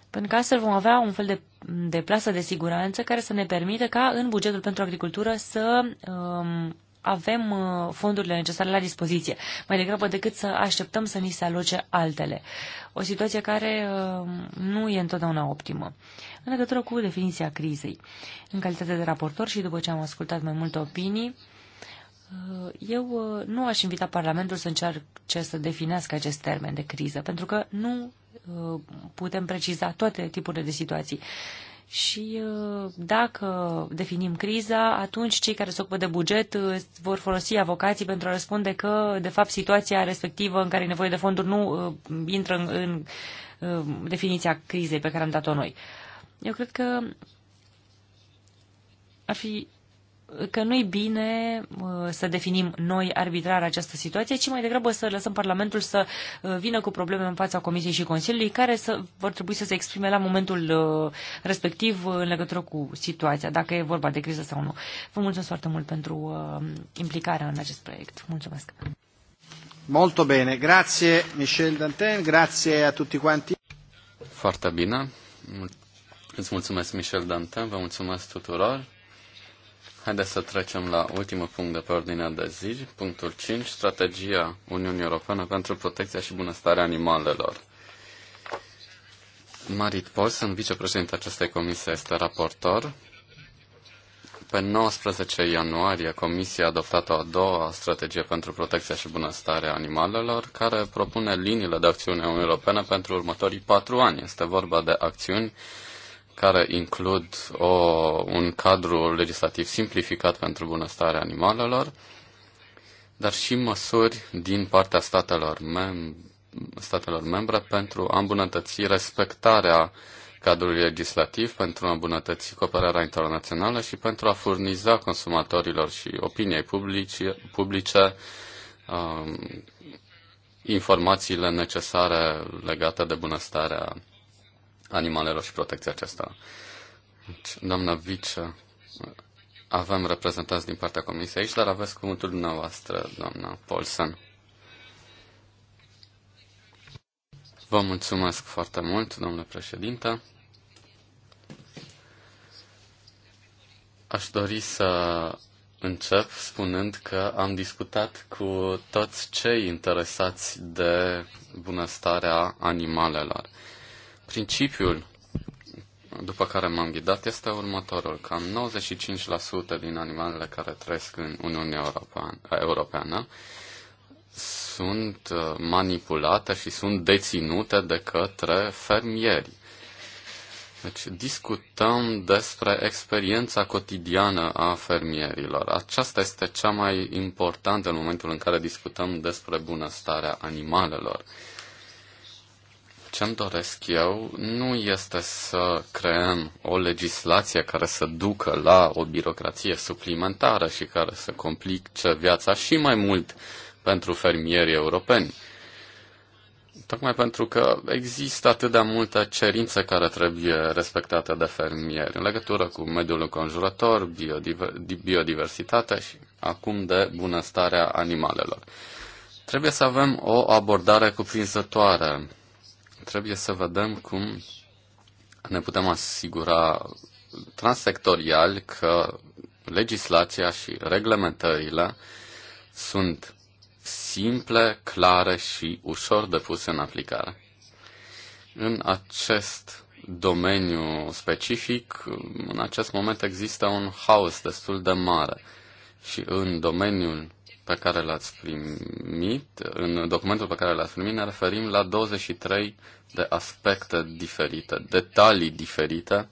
Pentru că astfel vom avea un fel de, de plasă de siguranță care să ne permită ca în bugetul pentru agricultură să Uh, avem uh, fondurile necesare la dispoziție, mai degrabă decât să așteptăm să ni se aloce altele. O situație care uh, nu e întotdeauna optimă. În legătură cu definiția crizei, în calitate de raportor și după ce am ascultat mai multe opinii, uh, eu nu aș invita Parlamentul să încearcă să definească acest termen de criză, pentru că nu putem preciza toate tipurile de situații și uh, dacă definim criza, atunci cei care se ocupă de buget uh, vor folosi avocații pentru a răspunde că, de fapt, situația respectivă în care e nevoie de fonduri nu uh, intră în, în definiția crizei pe care am dat-o noi. Eu cred că ar fi că nu-i bine uh, să definim noi arbitrar această situație, ci mai degrabă să lăsăm Parlamentul să uh, vină cu probleme în fața Comisiei și Consiliului, care să, vor trebui să se exprime la momentul uh, respectiv în legătură cu situația, dacă e vorba de criză sau nu. Vă mulțumesc foarte mult pentru implicarea în acest proiect. Mulțumesc! Molto bene, grazie Michel Dantin, grazie a tutti quanti. Foarte bine. Îți mulțumesc, Michel Dantin, vă mulțumesc tuturor. Haideți să trecem la ultimul punct de pe ordinea de zi, punctul 5, strategia Uniunii Europene pentru protecția și bunăstarea animalelor. Marit Paulsen, vicepreședinte acestei comisii, este raportor. Pe 19 ianuarie, Comisia a adoptat o a doua strategie pentru protecția și bunăstarea animalelor, care propune liniile de acțiune Europene pentru următorii patru ani. Este vorba de acțiuni care includ o, un cadru legislativ simplificat pentru bunăstarea animalelor, dar și măsuri din partea statelor, mem- statelor membre pentru a îmbunătăți respectarea cadrului legislativ, pentru a îmbunătăți cooperarea internațională și pentru a furniza consumatorilor și opiniei publice, publice um, informațiile necesare legate de bunăstarea animalelor și protecția acesta. Deci, doamna Vice, avem reprezentanți din partea Comisiei aici, dar aveți cuvântul dumneavoastră, doamna Paulsen. Vă mulțumesc foarte mult, domnule președinte. Aș dori să încep spunând că am discutat cu toți cei interesați de bunăstarea animalelor. Principiul după care m-am ghidat este următorul. Cam 95% din animalele care trăiesc în Uniunea Europeană sunt uh, manipulate și sunt deținute de către fermieri. Deci discutăm despre experiența cotidiană a fermierilor. Aceasta este cea mai importantă în momentul în care discutăm despre bunăstarea animalelor. Ce-mi doresc eu nu este să creăm o legislație care să ducă la o birocrație suplimentară și care să complice viața și mai mult pentru fermierii europeni. Tocmai pentru că există atât de multe cerințe care trebuie respectate de fermieri în legătură cu mediul înconjurător, biodiver, biodiversitatea și acum de bunăstarea animalelor. Trebuie să avem o abordare cuprinzătoare trebuie să vedem cum ne putem asigura transsectorial că legislația și reglementările sunt simple, clare și ușor de pus în aplicare. În acest domeniu specific, în acest moment există un haos destul de mare și în domeniul pe care l-ați primit, în documentul pe care l-ați primit, ne referim la 23 de aspecte diferite, detalii diferite,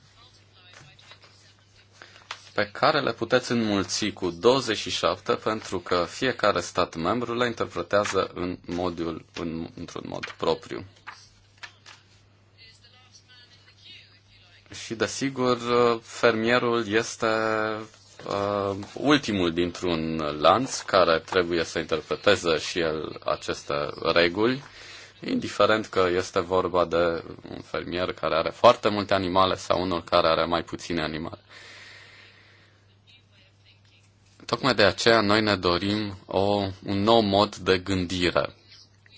pe care le puteți înmulți cu 27, pentru că fiecare stat membru le interpretează în modul, în, într-un mod propriu. Și, desigur, fermierul este Uh, ultimul dintr-un lanț care trebuie să interpreteze și el aceste reguli, indiferent că este vorba de un fermier care are foarte multe animale sau unul care are mai puține animale. Tocmai de aceea noi ne dorim o, un nou mod de gândire.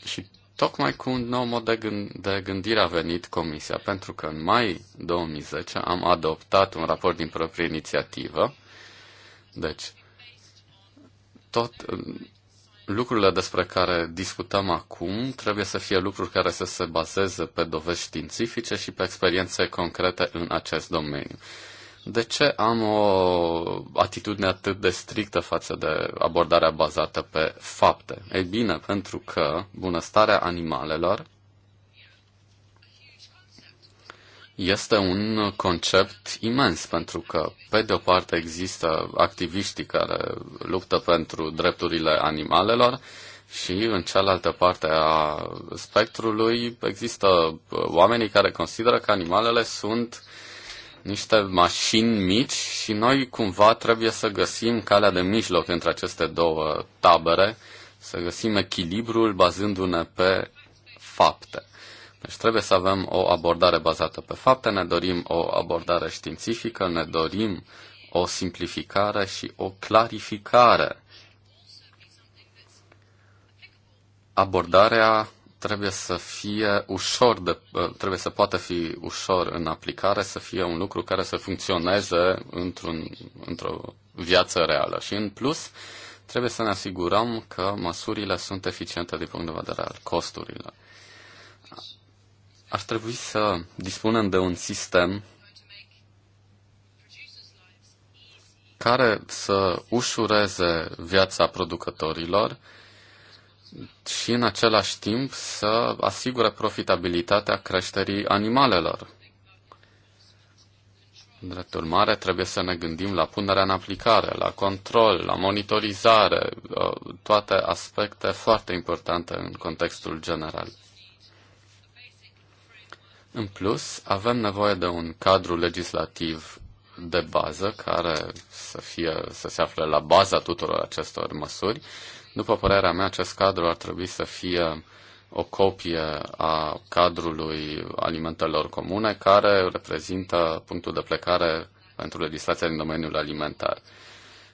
Și tocmai cu un nou mod de, gând, de gândire a venit Comisia, pentru că în mai 2010 am adoptat un raport din proprie inițiativă deci, tot lucrurile despre care discutăm acum trebuie să fie lucruri care să se bazeze pe dovezi științifice și pe experiențe concrete în acest domeniu. De ce am o atitudine atât de strictă față de abordarea bazată pe fapte? Ei bine, pentru că bunăstarea animalelor este un concept imens, pentru că, pe de o parte, există activiștii care luptă pentru drepturile animalelor și, în cealaltă parte a spectrului, există uh, oamenii care consideră că animalele sunt niște mașini mici și noi cumva trebuie să găsim calea de mijloc între aceste două tabere, să găsim echilibrul bazându-ne pe fapte. Deci trebuie să avem o abordare bazată pe fapte, ne dorim o abordare științifică, ne dorim o simplificare și o clarificare. Abordarea trebuie să fie ușor de, trebuie să poată fi ușor în aplicare, să fie un lucru care să funcționeze într-un, într-o viață reală. Și în plus, trebuie să ne asigurăm că măsurile sunt eficiente din punct de vedere al costurilor. Ar trebui să dispunem de un sistem care să ușureze viața producătorilor și în același timp să asigure profitabilitatea creșterii animalelor. În drept urmare, trebuie să ne gândim la punerea în aplicare, la control, la monitorizare, uh, toate aspecte foarte importante în contextul general. În plus, avem nevoie de un cadru legislativ de bază care să, fie, să se afle la baza tuturor acestor măsuri. După părerea mea, acest cadru ar trebui să fie o copie a cadrului alimentelor comune, care reprezintă punctul de plecare pentru legislația din domeniul alimentar.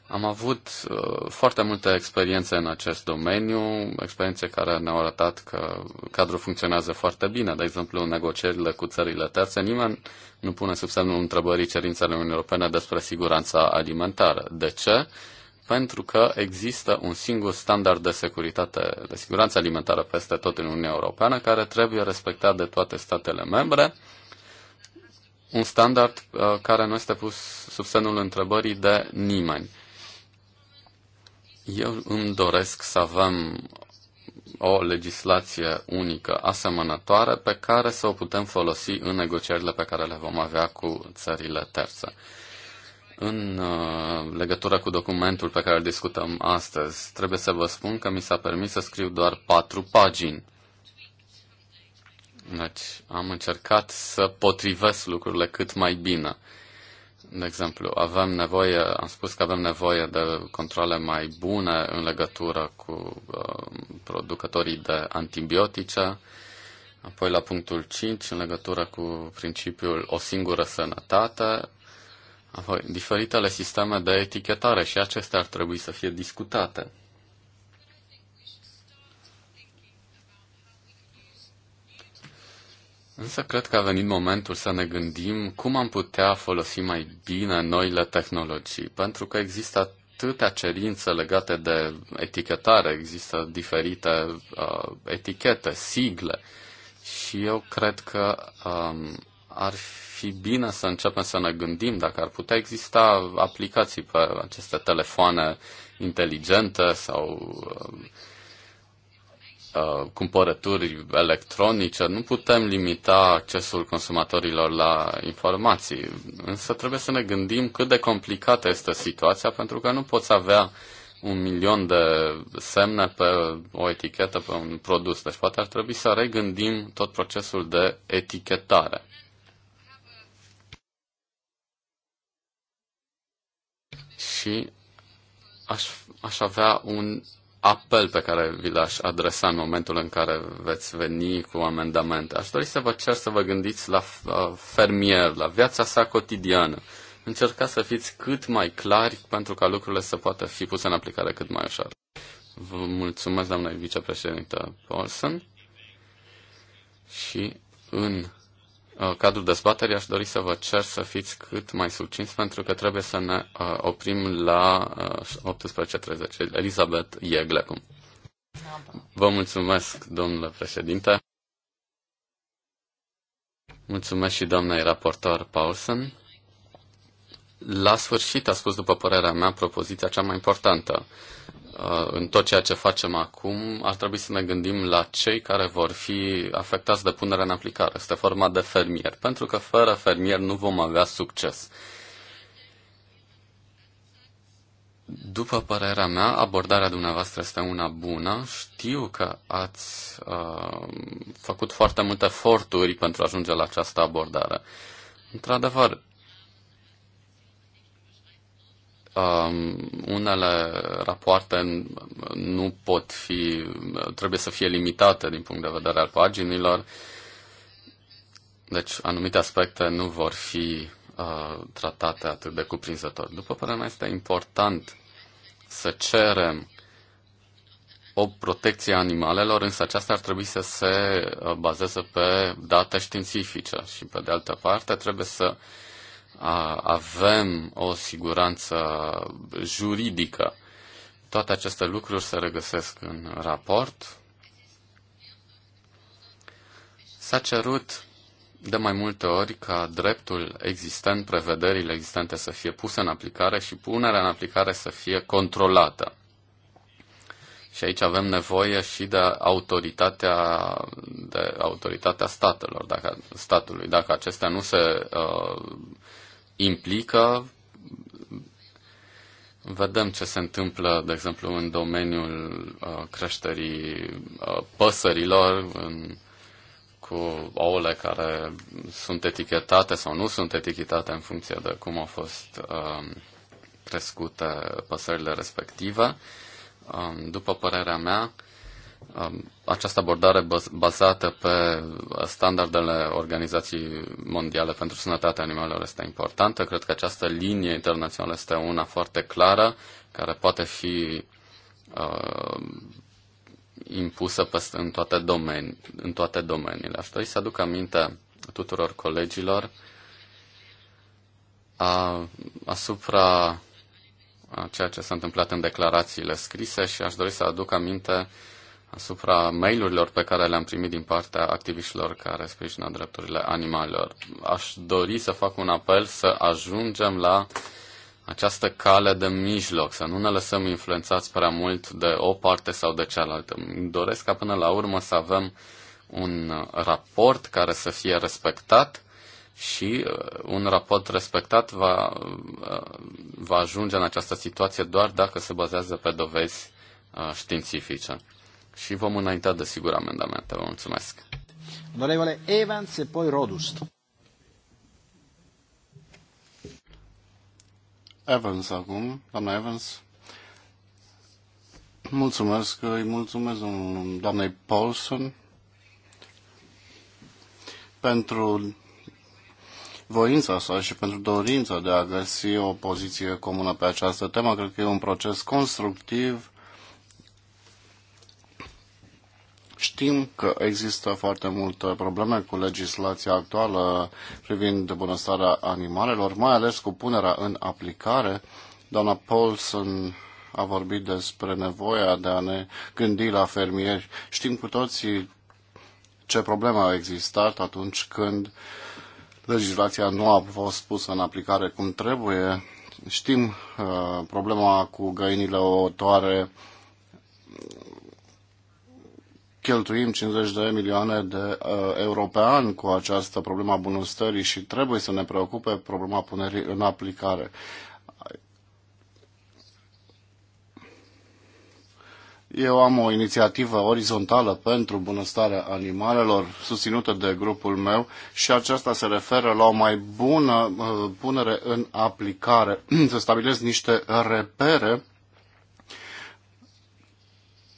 Am avut uh, foarte multe experiențe în acest domeniu, experiențe care ne-au arătat că cadrul funcționează foarte bine. De exemplu, în negocierile cu țările terțe, nimeni nu pune sub semnul întrebării cerințele Uniunii Europene despre siguranța alimentară. De ce? Pentru că există un singur standard de securitate, de siguranță alimentară peste tot în Uniunea Europeană, care trebuie respectat de toate statele membre un standard uh, care nu este pus sub semnul întrebării de nimeni. Eu îmi doresc să avem o legislație unică asemănătoare pe care să o putem folosi în negocierile pe care le vom avea cu țările terțe. În uh, legătură cu documentul pe care îl discutăm astăzi, trebuie să vă spun că mi s-a permis să scriu doar patru pagini. Deci am încercat să potrivesc lucrurile cât mai bine. De exemplu, avem nevoie, am spus că avem nevoie de controle mai bune în legătură cu uh, producătorii de antibiotice, apoi la punctul 5, în legătură cu principiul o singură sănătate, apoi diferitele sisteme de etichetare și acestea ar trebui să fie discutate. Însă cred că a venit momentul să ne gândim cum am putea folosi mai bine noile tehnologii, pentru că există atâtea cerințe legate de etichetare, există diferite uh, etichete, sigle și eu cred că um, ar fi bine să începem să ne gândim dacă ar putea exista aplicații pe aceste telefoane inteligente sau uh, Uh, cumpărături electronice, nu putem limita accesul consumatorilor la informații. Însă trebuie să ne gândim cât de complicată este situația, pentru că nu poți avea un milion de semne pe o etichetă, pe un produs. Deci poate ar trebui să regândim tot procesul de etichetare. Și aș, aș avea un apel pe care vi l-aș adresa în momentul în care veți veni cu amendamente. Aș dori să vă cer să vă gândiți la fermier, la viața sa cotidiană. Încercați să fiți cât mai clari pentru ca lucrurile să poată fi puse în aplicare cât mai ușor. Vă mulțumesc, doamna vicepreședintă Paulson. Și în cadrul dezbaterii aș dori să vă cer să fiți cât mai succinți pentru că trebuie să ne uh, oprim la 18.30. Uh, Elizabeth Ieglecum. Vă mulțumesc, domnule președinte. Mulțumesc și doamnei raportor Paulsen la sfârșit a spus, după părerea mea, propoziția cea mai importantă. Uh, în tot ceea ce facem acum, ar trebui să ne gândim la cei care vor fi afectați de punerea în aplicare. Este forma de fermier, pentru că fără fermier nu vom avea succes. După părerea mea, abordarea dumneavoastră este una bună. Știu că ați uh, făcut foarte multe eforturi pentru a ajunge la această abordare. Într-adevăr, Um, unele rapoarte nu pot fi, trebuie să fie limitate din punct de vedere al paginilor, deci anumite aspecte nu vor fi uh, tratate atât de cuprinzător. După părerea mea, este important să cerem o protecție a animalelor, însă aceasta ar trebui să se uh, bazeze pe date științifice și, pe de altă parte, trebuie să uh, avem o siguranță juridică. Toate aceste lucruri se regăsesc în raport. S-a cerut de mai multe ori ca dreptul existent, prevederile existente să fie puse în aplicare și punerea în aplicare să fie controlată. Și aici avem nevoie și de autoritatea, de autoritatea statelor, dacă, statului. Dacă acestea nu se uh, implică. Vedem ce se întâmplă, de exemplu, în domeniul uh, creșterii uh, păsărilor, în, cu ouăle care sunt etichetate sau nu sunt etichetate în funcție de cum au fost uh, crescute păsările respective. Uh, după părerea mea, Um, această abordare bazată pe standardele Organizației Mondiale pentru Sănătatea Animalelor este importantă. Cred că această linie internațională este una foarte clară, care poate fi uh, impusă peste, în, toate domeni, în toate domeniile. Aș dori să aduc aminte tuturor colegilor a, asupra a ceea ce s-a întâmplat în declarațiile scrise și aș dori să aduc aminte uh, asupra mailurilor pe care le-am primit din partea activiștilor care sprijină drepturile animalelor. Aș dori să fac un apel să ajungem la această cale de mijloc, să nu ne lăsăm influențați prea mult de o parte sau de cealaltă. Îmi doresc ca până la urmă să avem un raport care să fie respectat și uh, un raport respectat va, uh, va ajunge în această situație doar dacă se bazează pe dovezi uh, științifice și vom înainta, sigur amendamente. Vă mulțumesc. Onorevole Evans e poi Rodust. Evans acum, doamna Evans. Mulțumesc, îi mulțumesc doamnei Paulson pentru voința sa și pentru dorința de a găsi o poziție comună pe această temă. Cred că e un proces constructiv Știm că există foarte multe probleme cu legislația actuală privind bunăstarea animalelor, mai ales cu punerea în aplicare. Doamna Paulson a vorbit despre nevoia de a ne gândi la fermieri. Știm cu toții ce probleme au existat atunci când legislația nu a fost pusă în aplicare cum trebuie. Știm uh, problema cu găinile otoare, uh, cheltuim 50 de milioane de uh, euro pe an cu această problemă a bunăstării și trebuie să ne preocupe problema punerii în aplicare. Eu am o inițiativă orizontală pentru bunăstarea animalelor susținută de grupul meu și aceasta se referă la o mai bună uh, punere în aplicare. (clears throat) Să stabilesc niște repere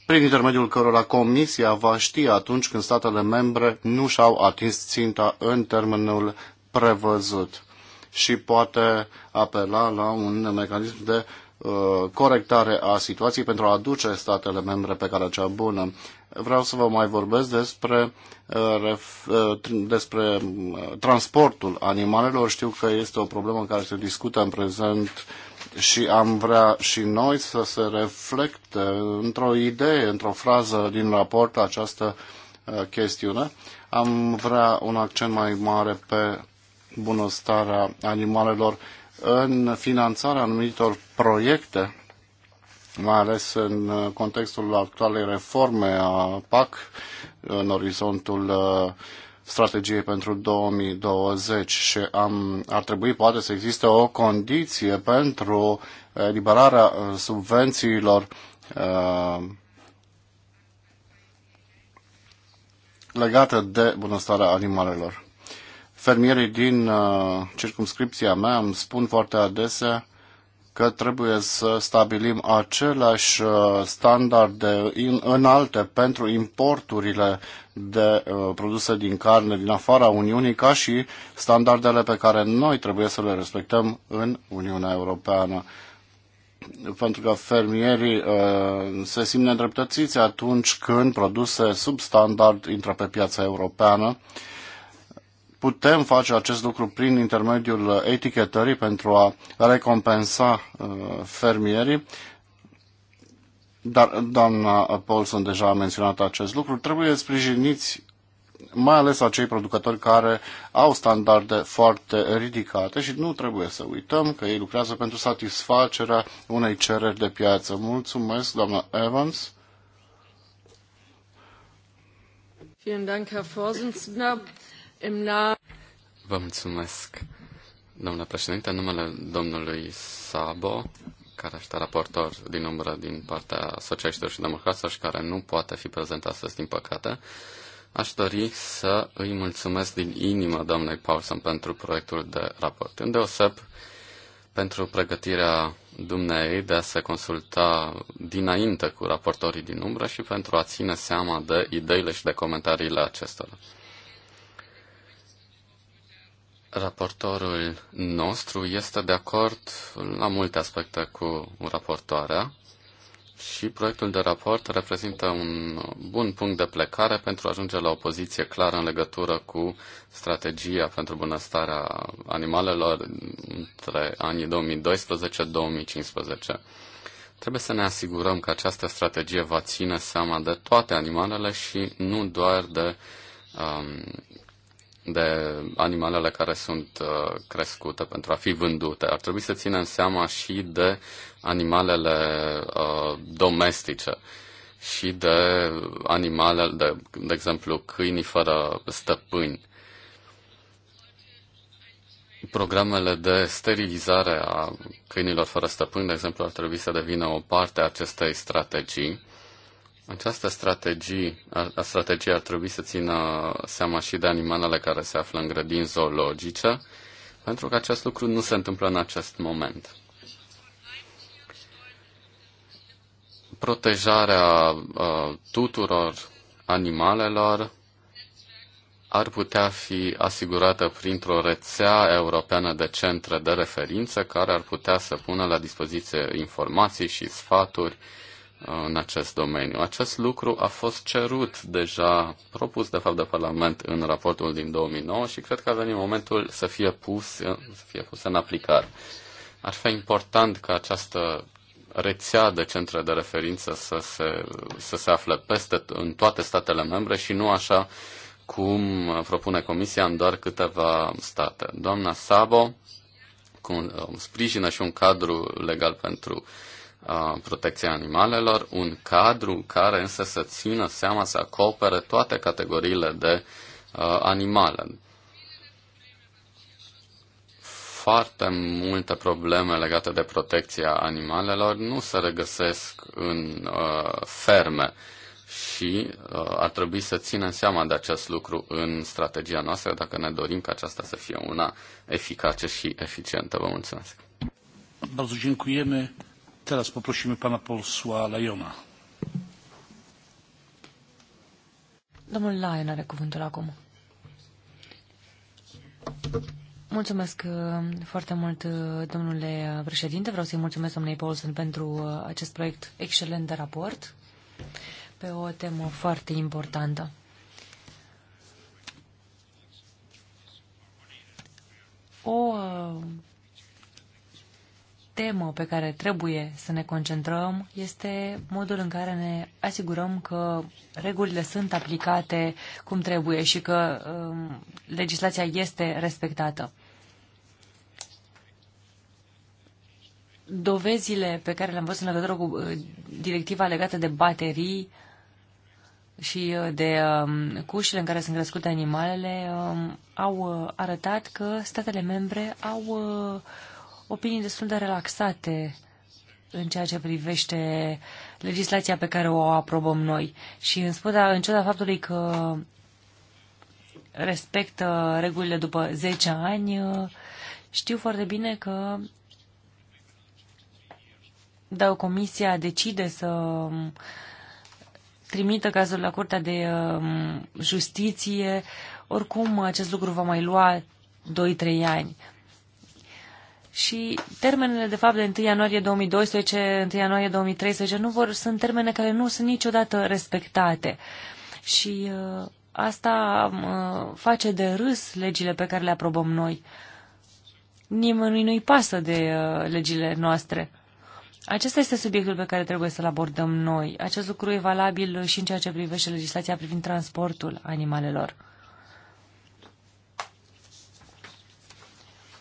prin intermediul cărora Comisia va ști atunci când statele membre nu și-au atins ținta în termenul prevăzut și poate apela la un mecanism de uh, corectare a situației pentru a aduce statele membre pe calea cea bună. Vreau să vă mai vorbesc despre, uh, uh, despre transportul animalelor. Știu că este o problemă care se discută în prezent și am vrea și noi să se reflecte într-o idee, într-o frază din raport această uh, chestiune. Am vrea un accent mai mare pe bunăstarea animalelor în finanțarea anumitor proiecte, mai ales în uh, contextul actualei reforme a PAC, în orizontul uh, strategiei pentru 2020 și am, ar trebui poate să existe o condiție pentru eliberarea uh, subvențiilor uh, legate de bunăstarea animalelor. Fermierii din uh, circumscripția mea îmi spun foarte adesea că trebuie să stabilim aceleași uh, standarde înalte pentru importurile de uh, produse din carne din afara Uniunii ca și standardele pe care noi trebuie să le respectăm în Uniunea Europeană. Pentru că fermierii uh, se simt nedreptățiți atunci când produse substandard intră pe piața europeană. Putem face acest lucru prin intermediul etichetării pentru a recompensa uh, fermierii dar doamna Paulson deja a menționat acest lucru. Trebuie sprijiniți mai ales acei producători care au standarde foarte ridicate și nu trebuie să uităm că ei lucrează pentru satisfacerea unei cereri de piață. Mulțumesc, doamna Evans. Vă mulțumesc, doamna președinte. În numele domnului Sabo care este raportor din umbră din partea socialiștilor și democraților și care nu poate fi prezent astăzi, din păcate. Aș dori să îi mulțumesc din inimă doamnei Paulson pentru proiectul de raport. Îndeoseb pentru pregătirea dumneei de a se consulta dinainte cu raportorii din umbră și pentru a ține seama de ideile și de comentariile acestora. Raportorul nostru este de acord la multe aspecte cu raportoarea și proiectul de raport reprezintă un bun punct de plecare pentru a ajunge la o poziție clară în legătură cu strategia pentru bunăstarea animalelor între anii 2012-2015. Trebuie să ne asigurăm că această strategie va ține seama de toate animalele și nu doar de um, de animalele care sunt uh, crescute pentru a fi vândute. Ar trebui să ținem seama și de animalele uh, domestice și de animale, de, de exemplu, câinii fără stăpâni. Programele de sterilizare a câinilor fără stăpâni, de exemplu, ar trebui să devină o parte a acestei strategii această strategie, a, strategie ar trebui să țină seama și de animalele care se află în grădini zoologice, pentru că acest lucru nu se întâmplă în acest moment. Protejarea uh, tuturor animalelor ar putea fi asigurată printr-o rețea europeană de centre de referință care ar putea să pună la dispoziție informații și sfaturi uh, în acest domeniu. Acest lucru a fost cerut deja, propus de fapt de Parlament în raportul din 2009 și cred că a venit momentul să fie pus, să fie pus în aplicare. Ar fi important ca această rețea de centre de referință să se, să se afle peste în toate statele membre și nu așa cum propune Comisia în doar câteva state. Doamna Sabo, cu un, um, sprijină și un cadru legal pentru uh, protecția animalelor, un cadru care însă să țină seama, să acopere toate categoriile de uh, animale. Foarte multe probleme legate de protecția animalelor nu se regăsesc în uh, ferme și uh, ar trebui să ținem seama de acest lucru în strategia noastră dacă ne dorim ca aceasta să fie una eficace și eficientă. Vă mulțumesc! Bardzo dziękujemy. Teraz poprosimy pana posła Lajona. Domnul Lyon are cuvântul acum. Mulțumesc uh, foarte mult, uh, domnule președinte. Vreau să-i mulțumesc domnului Paulsen pentru uh, acest proiect excelent de raport pe o temă foarte importantă. O temă pe care trebuie să ne concentrăm este modul în care ne asigurăm că regulile sunt aplicate cum trebuie și că um, legislația este respectată. Dovezile pe care le-am văzut în legătură cu uh, directiva legată de baterii și uh, de um, cușile în care sunt crescute animalele um, au uh, arătat că statele membre au opinii destul de relaxate în ceea ce privește legislația pe care o aprobăm noi. Și în, spuda, în ciuda faptului că respectă regulile după 10 ani, știu foarte bine că dacă comisia decide să trimită cazul la Curtea de um, Justiție, oricum acest lucru va mai lua 2-3 ani. Și termenele, de fapt, de 1 ianuarie 2012, 1 ianuarie 2013 nu vor, sunt termene care nu sunt niciodată respectate. Și uh, asta uh, face de râs legile pe care le aprobăm noi. Nimănui nu-i pasă de uh, legile noastre. Acesta este subiectul pe care trebuie să-l abordăm noi. Acest lucru e valabil și în ceea ce privește legislația privind transportul animalelor.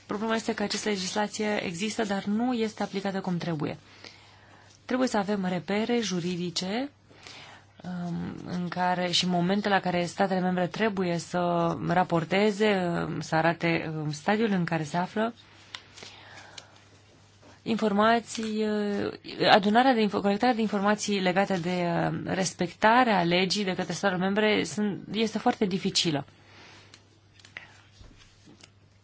Problema este că această legislație există, dar nu este aplicată cum trebuie. Trebuie să avem repere juridice um, în care și momentele la care statele membre trebuie să raporteze, um, să arate um, stadiul în care se află, informații, uh, adunarea de, colectarea de informații legate de uh, respectarea legii de către statele membre sunt, este foarte dificilă.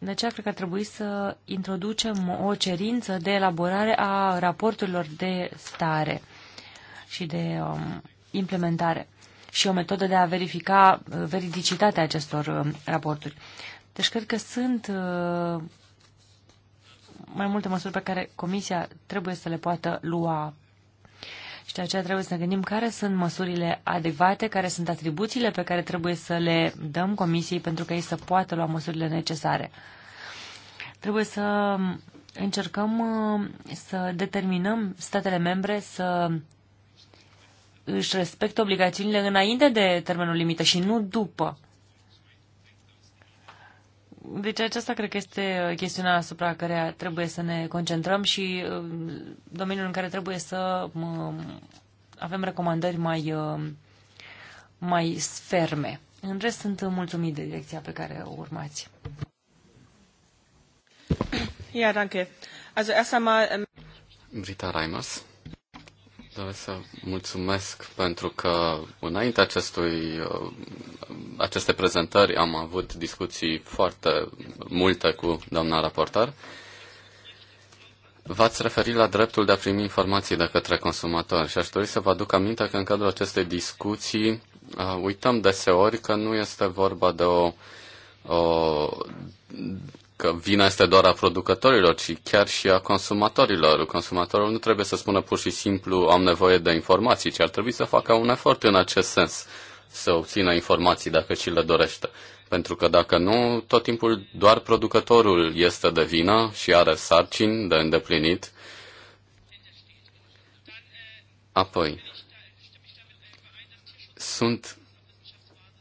De aceea cred că ar trebui să introducem o cerință de elaborare a raporturilor de stare și de um, implementare și o metodă de a verifica uh, veridicitatea acestor um, raporturi. Deci cred că sunt uh, mai multe măsuri pe care Comisia trebuie să le poată lua și de aceea trebuie să ne gândim care sunt măsurile adecvate, care sunt atribuțiile pe care trebuie să le dăm comisiei pentru că ei să poată lua măsurile necesare. Trebuie să încercăm uh, să determinăm statele membre să își respecte obligațiunile înainte de termenul limită și nu după. Deci aceasta cred că este uh, chestiunea asupra care trebuie să ne concentrăm și uh, domeniul în care trebuie să um, avem recomandări mai, uh, mai ferme. În rest, sunt mulțumit de direcția pe care o urmați. Ja, danke. Also erst einmal... Ähm, Rita Reimers. Doresc să mulțumesc pentru că înainte acestui, uh, aceste prezentări am avut discuții foarte multe cu doamna raportar. V-ați referit la dreptul de a primi informații de către consumatori și aș dori să vă aduc aminte că în cadrul acestei discuții uh, uităm deseori că nu este vorba de o, o că vina este doar a producătorilor, ci chiar și a consumatorilor. Consumatorul nu trebuie să spună pur și simplu am nevoie de informații, ci ar trebui să facă un efort în acest sens, să obțină informații dacă și le dorește. Pentru că dacă nu, tot timpul doar producătorul este de vină și are sarcini de îndeplinit. Apoi, sunt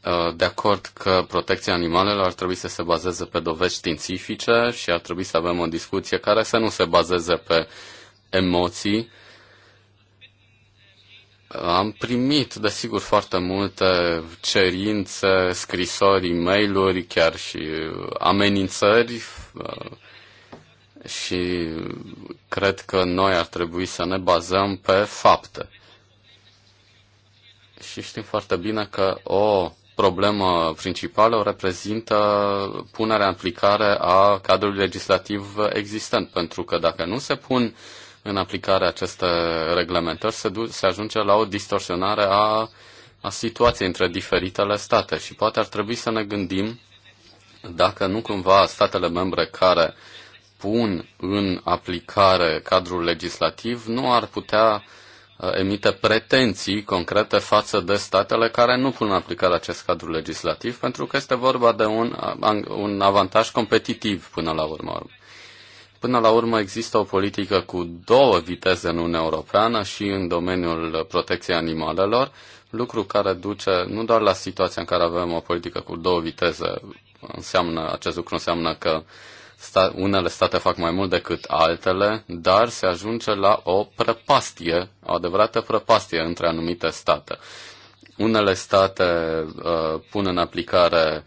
Uh, de acord că protecția animalelor ar trebui să se bazeze pe dovezi științifice și ar trebui să avem o discuție care să nu se bazeze pe emoții. Am primit, desigur, foarte multe cerințe, scrisori, e mail chiar și amenințări uh, și cred că noi ar trebui să ne bazăm pe fapte. Și știm foarte bine că o problemă principală o reprezintă punerea în aplicare a cadrului legislativ existent, pentru că dacă nu se pun în aplicare aceste reglementări, se, du- se ajunge la o distorsionare a, a situației între diferitele state și poate ar trebui să ne gândim dacă nu cumva statele membre care pun în aplicare cadrul legislativ nu ar putea Uh, emite pretenții concrete față de statele care nu pun în aplicare acest cadru legislativ, pentru că este vorba de un, uh, un avantaj competitiv până la urmă. Până la urmă există o politică cu două viteze în Uniunea Europeană și în domeniul protecției animalelor, lucru care duce nu doar la situația în care avem o politică cu două viteze, înseamnă, acest lucru înseamnă că uh, sta- unele state fac mai mult decât altele, dar se ajunge la o prăpastie, o adevărată prăpastie între anumite state. Unele state uh, pun în aplicare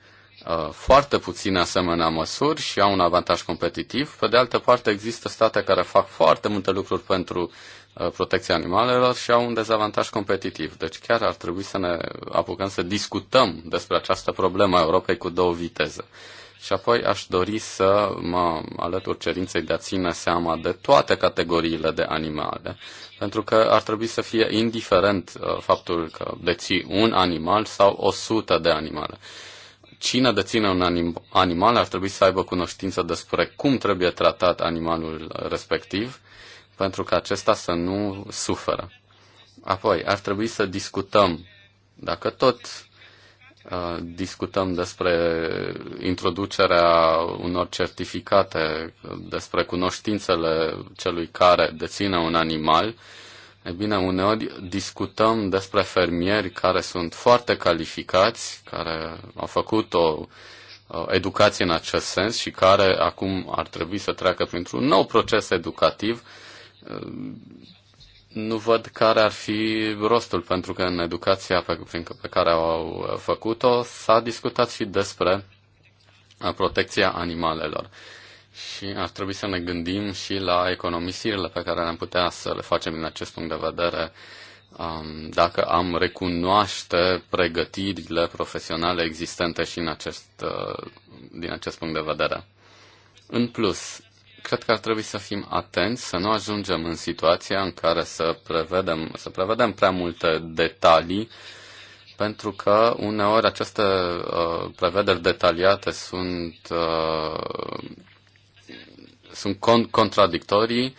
uh, foarte puține asemenea măsuri și au un avantaj competitiv. Pe de altă parte, există state care fac foarte multe lucruri pentru uh, protecția animalelor și au un dezavantaj competitiv. Deci chiar ar trebui să ne apucăm să discutăm despre această problemă a Europei cu două viteze. Și apoi aș dori să mă alătur cerinței de a ține seama de toate categoriile de animale, pentru că ar trebui să fie indiferent uh, faptul că deții un animal sau o sută de animale. Cine deține un anim- animal ar trebui să aibă cunoștință despre cum trebuie tratat animalul respectiv, pentru că acesta să nu suferă. Apoi, ar trebui să discutăm, dacă tot Uh, discutăm despre introducerea unor certificate despre cunoștințele celui care deține un animal, e bine, uneori discutăm despre fermieri care sunt foarte calificați, care au făcut o educație în acest sens și care acum ar trebui să treacă printr-un nou proces educativ uh, nu văd care ar fi rostul, pentru că în educația pe, prin, pe care au făcut-o s-a discutat și despre uh, protecția animalelor. Și ar trebui să ne gândim și la economisirile pe care le-am putea să le facem din acest punct de vedere um, dacă am recunoaște pregătirile profesionale existente și în acest, uh, din acest punct de vedere. În plus, cred că ar trebui să fim atenți, să nu ajungem în situația în care să prevedem, să prevedem prea multe detalii, pentru că uneori aceste uh, prevederi detaliate sunt, uh, sunt con- contradictorii.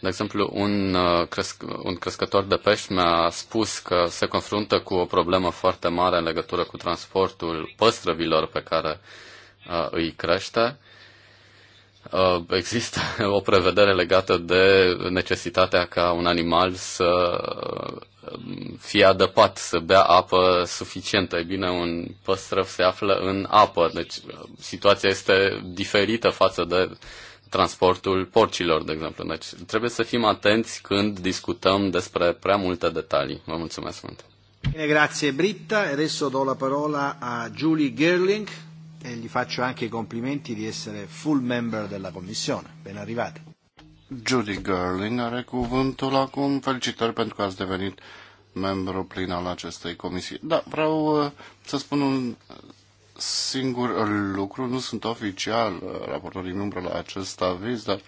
De exemplu, un, uh, cresc- un crescător de pești mi-a spus că se confruntă cu o problemă foarte mare în legătură cu transportul păstrăvilor pe care uh, îi crește. Uh, există (laughs) o prevedere legată de necesitatea ca un animal să uh, fie adăpat, să bea apă suficientă. E bine, un păstrăv se află în apă, deci uh, situația este diferită față de transportul porcilor, de exemplu. Deci trebuie să fim atenți când discutăm despre prea multe detalii. Vă mulțumesc mult! Bine, grazie Britta. Adesso do la parola a Julie Gerling e gli faccio anche i complimenti di essere full member della Commissione. Ben arrivati. Judy Gerling are cuvântul acum. Felicitări pentru că ați devenit membru plin al acestei comisii. Da, vreau uh, să spun un singur lucru. Nu sunt oficial uh, raportor din umbră la acest aviz, dar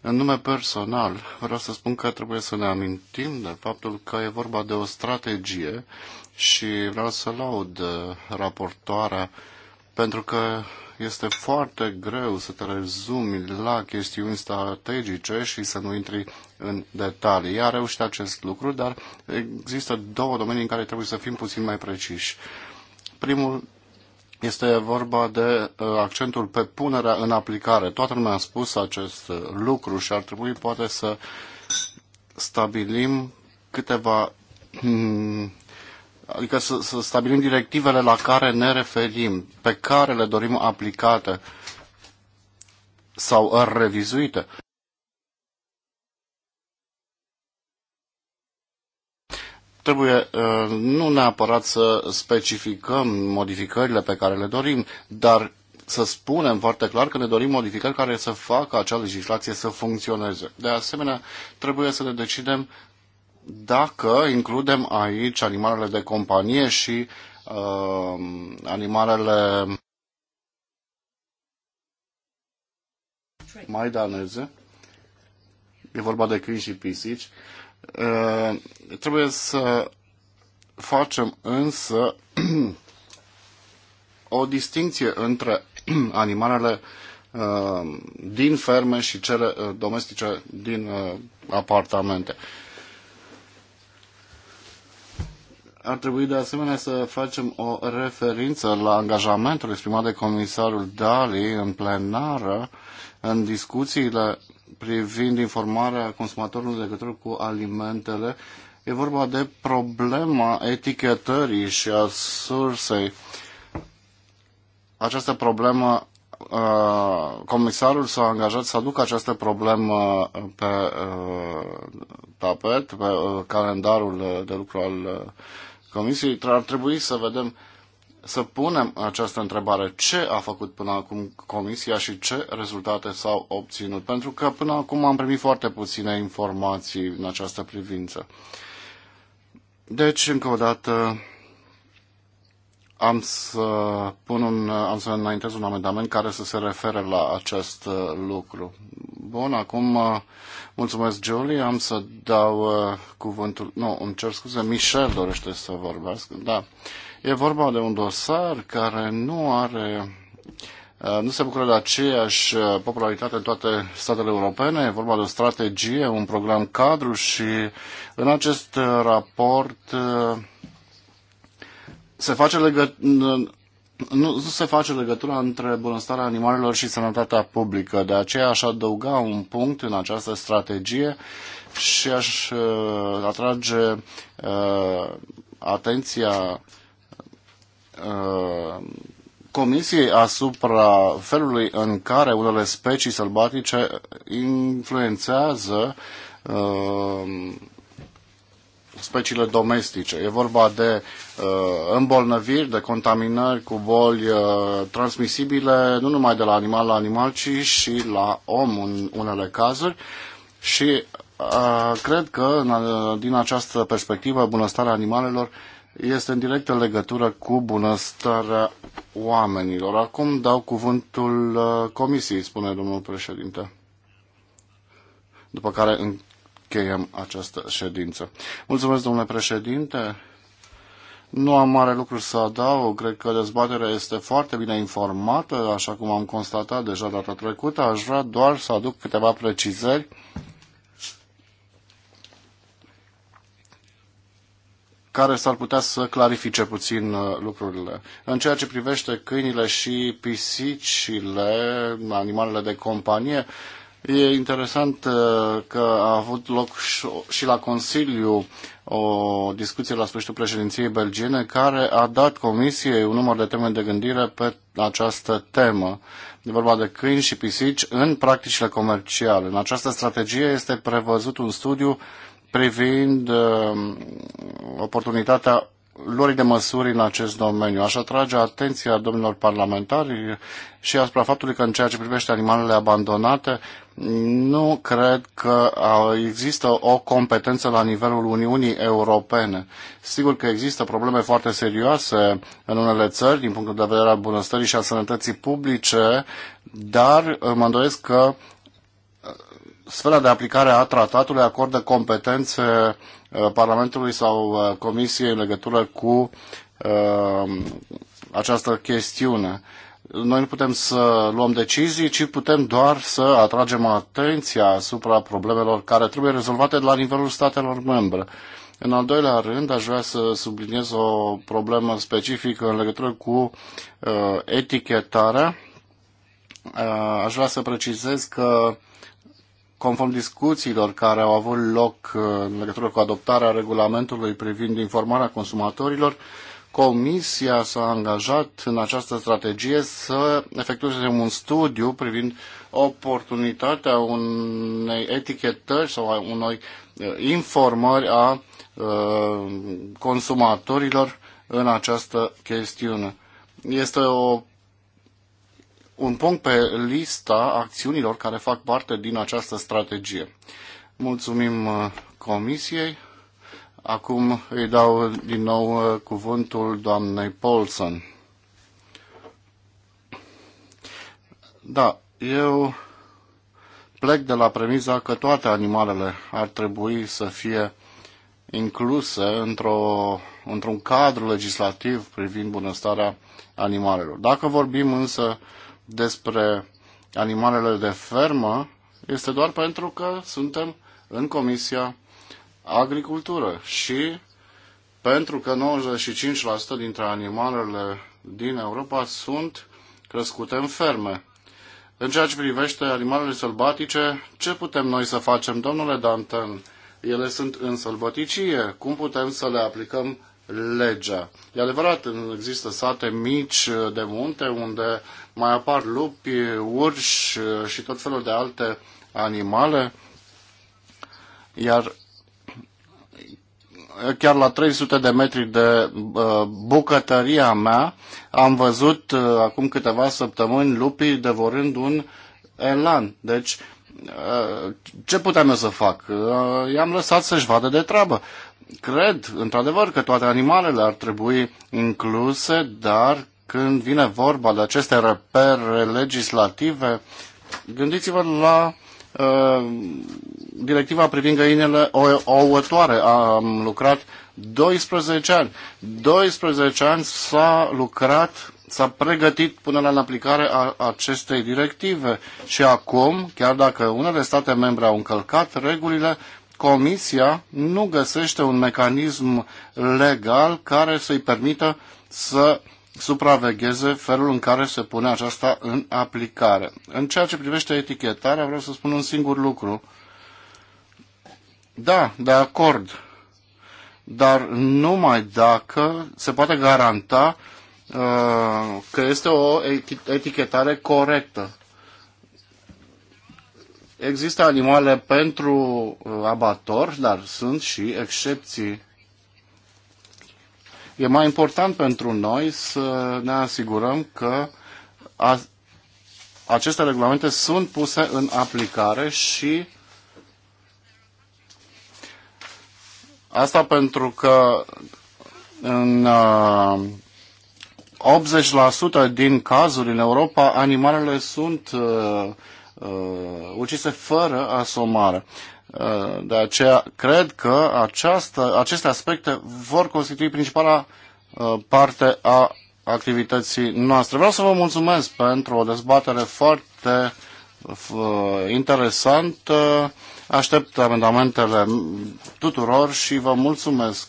în nume personal vreau să spun că trebuie să ne amintim de faptul că e vorba de o strategie și vreau să laud uh, raportoarea uh, pentru că este foarte greu să te rezumi la chestiuni strategice și să nu intri în detalii. A reușit acest lucru, dar există două domenii în care trebuie să fim puțin mai preciși. Primul este vorba de uh, accentul pe punerea în aplicare. Toată lumea a spus acest lucru și ar trebui poate să stabilim câteva mm, adică să, să stabilim directivele la care ne referim, pe care le dorim aplicate sau revizuite. Trebuie uh, nu neapărat să specificăm modificările pe care le dorim, dar să spunem foarte clar că ne dorim modificări care să facă acea legislație să funcționeze. De asemenea, trebuie să ne decidem dacă includem aici animalele de companie și uh, animalele maidaneze, e vorba de câini și pisici, uh, trebuie să facem însă (clears throat) o distinție între (clears throat) animalele uh, din ferme și cele uh, domestice din uh, apartamente. Ar trebui de asemenea să facem o referință la angajamentul exprimat de comisarul Dali în plenară în discuțiile privind informarea consumatorului în legătură cu alimentele. E vorba de problema etichetării și a sursei. Această problemă comisarul s-a angajat să aducă această problemă pe tapet, pe calendarul de lucru al Comisiei, ar trebui să vedem, să punem această întrebare. Ce a făcut până acum Comisia și ce rezultate s-au obținut? Pentru că până acum am primit foarte puține informații în această privință. Deci, încă o dată, am să pun un, am să înaintez un amendament care să se refere la acest uh, lucru. Bun, acum uh, mulțumesc Julie, am să dau uh, cuvântul, nu, îmi cer scuze, Michel dorește să vorbească, da. E vorba de un dosar care nu are nu se bucură de aceeași popularitate în toate statele europene. E vorba de o strategie, un program cadru și în acest raport se face nu, nu se face legătura între bunăstarea animalelor și sănătatea publică. De aceea aș adăuga un punct în această strategie și aș uh, atrage uh, atenția uh, Comisiei asupra felului în care unele specii sălbatice influențează uh, speciile domestice. E vorba de uh, îmbolnăviri, de contaminări cu boli uh, transmisibile, nu numai de la animal la animal, ci și la om în unele cazuri. Și uh, cred că, în, din această perspectivă, bunăstarea animalelor este în directă legătură cu bunăstarea oamenilor. Acum dau cuvântul uh, comisiei, spune domnul președinte. După care încheiem această ședință. Mulțumesc, domnule președinte. Nu am mare lucru să adaug. Cred că dezbaterea este foarte bine informată, așa cum am constatat deja data trecută. Aș vrea doar să aduc câteva precizări. care s-ar putea să clarifice puțin uh, lucrurile. În ceea ce privește câinile și pisicile, animalele de companie, E interesant uh, că a avut loc și la Consiliu o discuție la sfârșitul președinției belgiene care a dat Comisiei un număr de teme de gândire pe această temă. E vorba de câini și pisici în practicile comerciale. În această strategie este prevăzut un studiu privind uh, oportunitatea luării de măsuri în acest domeniu. Aș atrage atenția domnilor parlamentari și asupra faptului că în ceea ce privește animalele abandonate, nu cred că există o competență la nivelul Uniunii Europene. Sigur că există probleme foarte serioase în unele țări din punctul de vedere al bunăstării și al sănătății publice, dar uh, mă îndoiesc că uh, sfera de aplicare a tratatului acordă competențe uh, Parlamentului sau Comisiei în legătură cu uh, această chestiune noi nu putem să luăm decizii, ci putem doar să atragem atenția asupra problemelor care trebuie rezolvate la nivelul statelor membre. În al doilea rând, aș vrea să subliniez o problemă specifică în legătură cu uh, etichetarea. Uh, aș vrea să precizez că conform discuțiilor care au avut loc uh, în legătură cu adoptarea regulamentului privind informarea consumatorilor, uh, Comisia s-a angajat în această strategie să efectueze un studiu privind oportunitatea unei etichetări sau a unei uh, informări a uh, consumatorilor în această chestiune. Este o, un punct pe lista acțiunilor care fac parte din această strategie. Mulțumim uh, Comisiei. Acum îi dau din nou uh, cuvântul doamnei Paulson. Da, eu plec de la premiza că toate animalele ar trebui să fie incluse într-o, într-un cadru legislativ privind bunăstarea animalelor. Dacă vorbim însă despre animalele de fermă, este doar pentru că suntem în Comisia agricultură și pentru că 95% dintre animalele din Europa sunt crescute în ferme. În ceea ce privește animalele sălbatice, ce putem noi să facem, domnule Danton? Ele sunt în sălbăticie. Cum putem să le aplicăm legea? E adevărat, există sate mici de munte unde mai apar lupi, urși și tot felul de alte animale, iar chiar la 300 de metri de bucătăria mea, am văzut uh, acum câteva săptămâni lupii devorând un elan. Deci, uh, ce puteam eu să fac? Uh, i-am lăsat să-și vadă de treabă. Cred, într-adevăr, că toate animalele ar trebui incluse, dar când vine vorba de aceste repere legislative, gândiți-vă la uh, Uh, directiva privind găinile ouătoare. Am lucrat 12 ani. 12 ani s-a lucrat, s-a pregătit până la în aplicare a acestei directive și acum, chiar dacă unele state membre au încălcat regulile, Comisia nu găsește un mecanism legal care să-i permită să supravegheze felul în care se pune aceasta în aplicare. În ceea ce privește etichetarea, vreau să spun un singur lucru. Da, de acord, dar numai dacă se poate garanta uh, că este o etichetare corectă. Există animale pentru uh, abator, dar sunt și excepții E mai important pentru noi să ne asigurăm că a, aceste regulamente sunt puse în aplicare și asta pentru că în uh, 80% din cazuri în Europa animalele sunt uh, uh, ucise fără asomare. Uh, de aceea cred că această, aceste aspecte vor constitui principala uh, parte a activității noastre. Vreau să vă mulțumesc pentru o dezbatere foarte uh, interesantă. Aștept amendamentele tuturor și vă mulțumesc.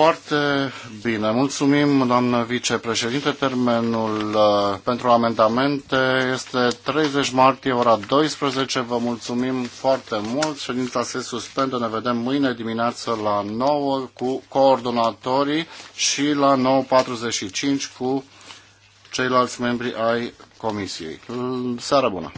Foarte bine. Mulțumim, doamnă vicepreședinte. Termenul uh, pentru amendamente este 30 martie, ora 12. Vă mulțumim foarte mult. Ședința se suspendă. Ne vedem mâine dimineață la 9 cu coordonatorii și la 9.45 cu ceilalți membri ai comisiei. Seara bună!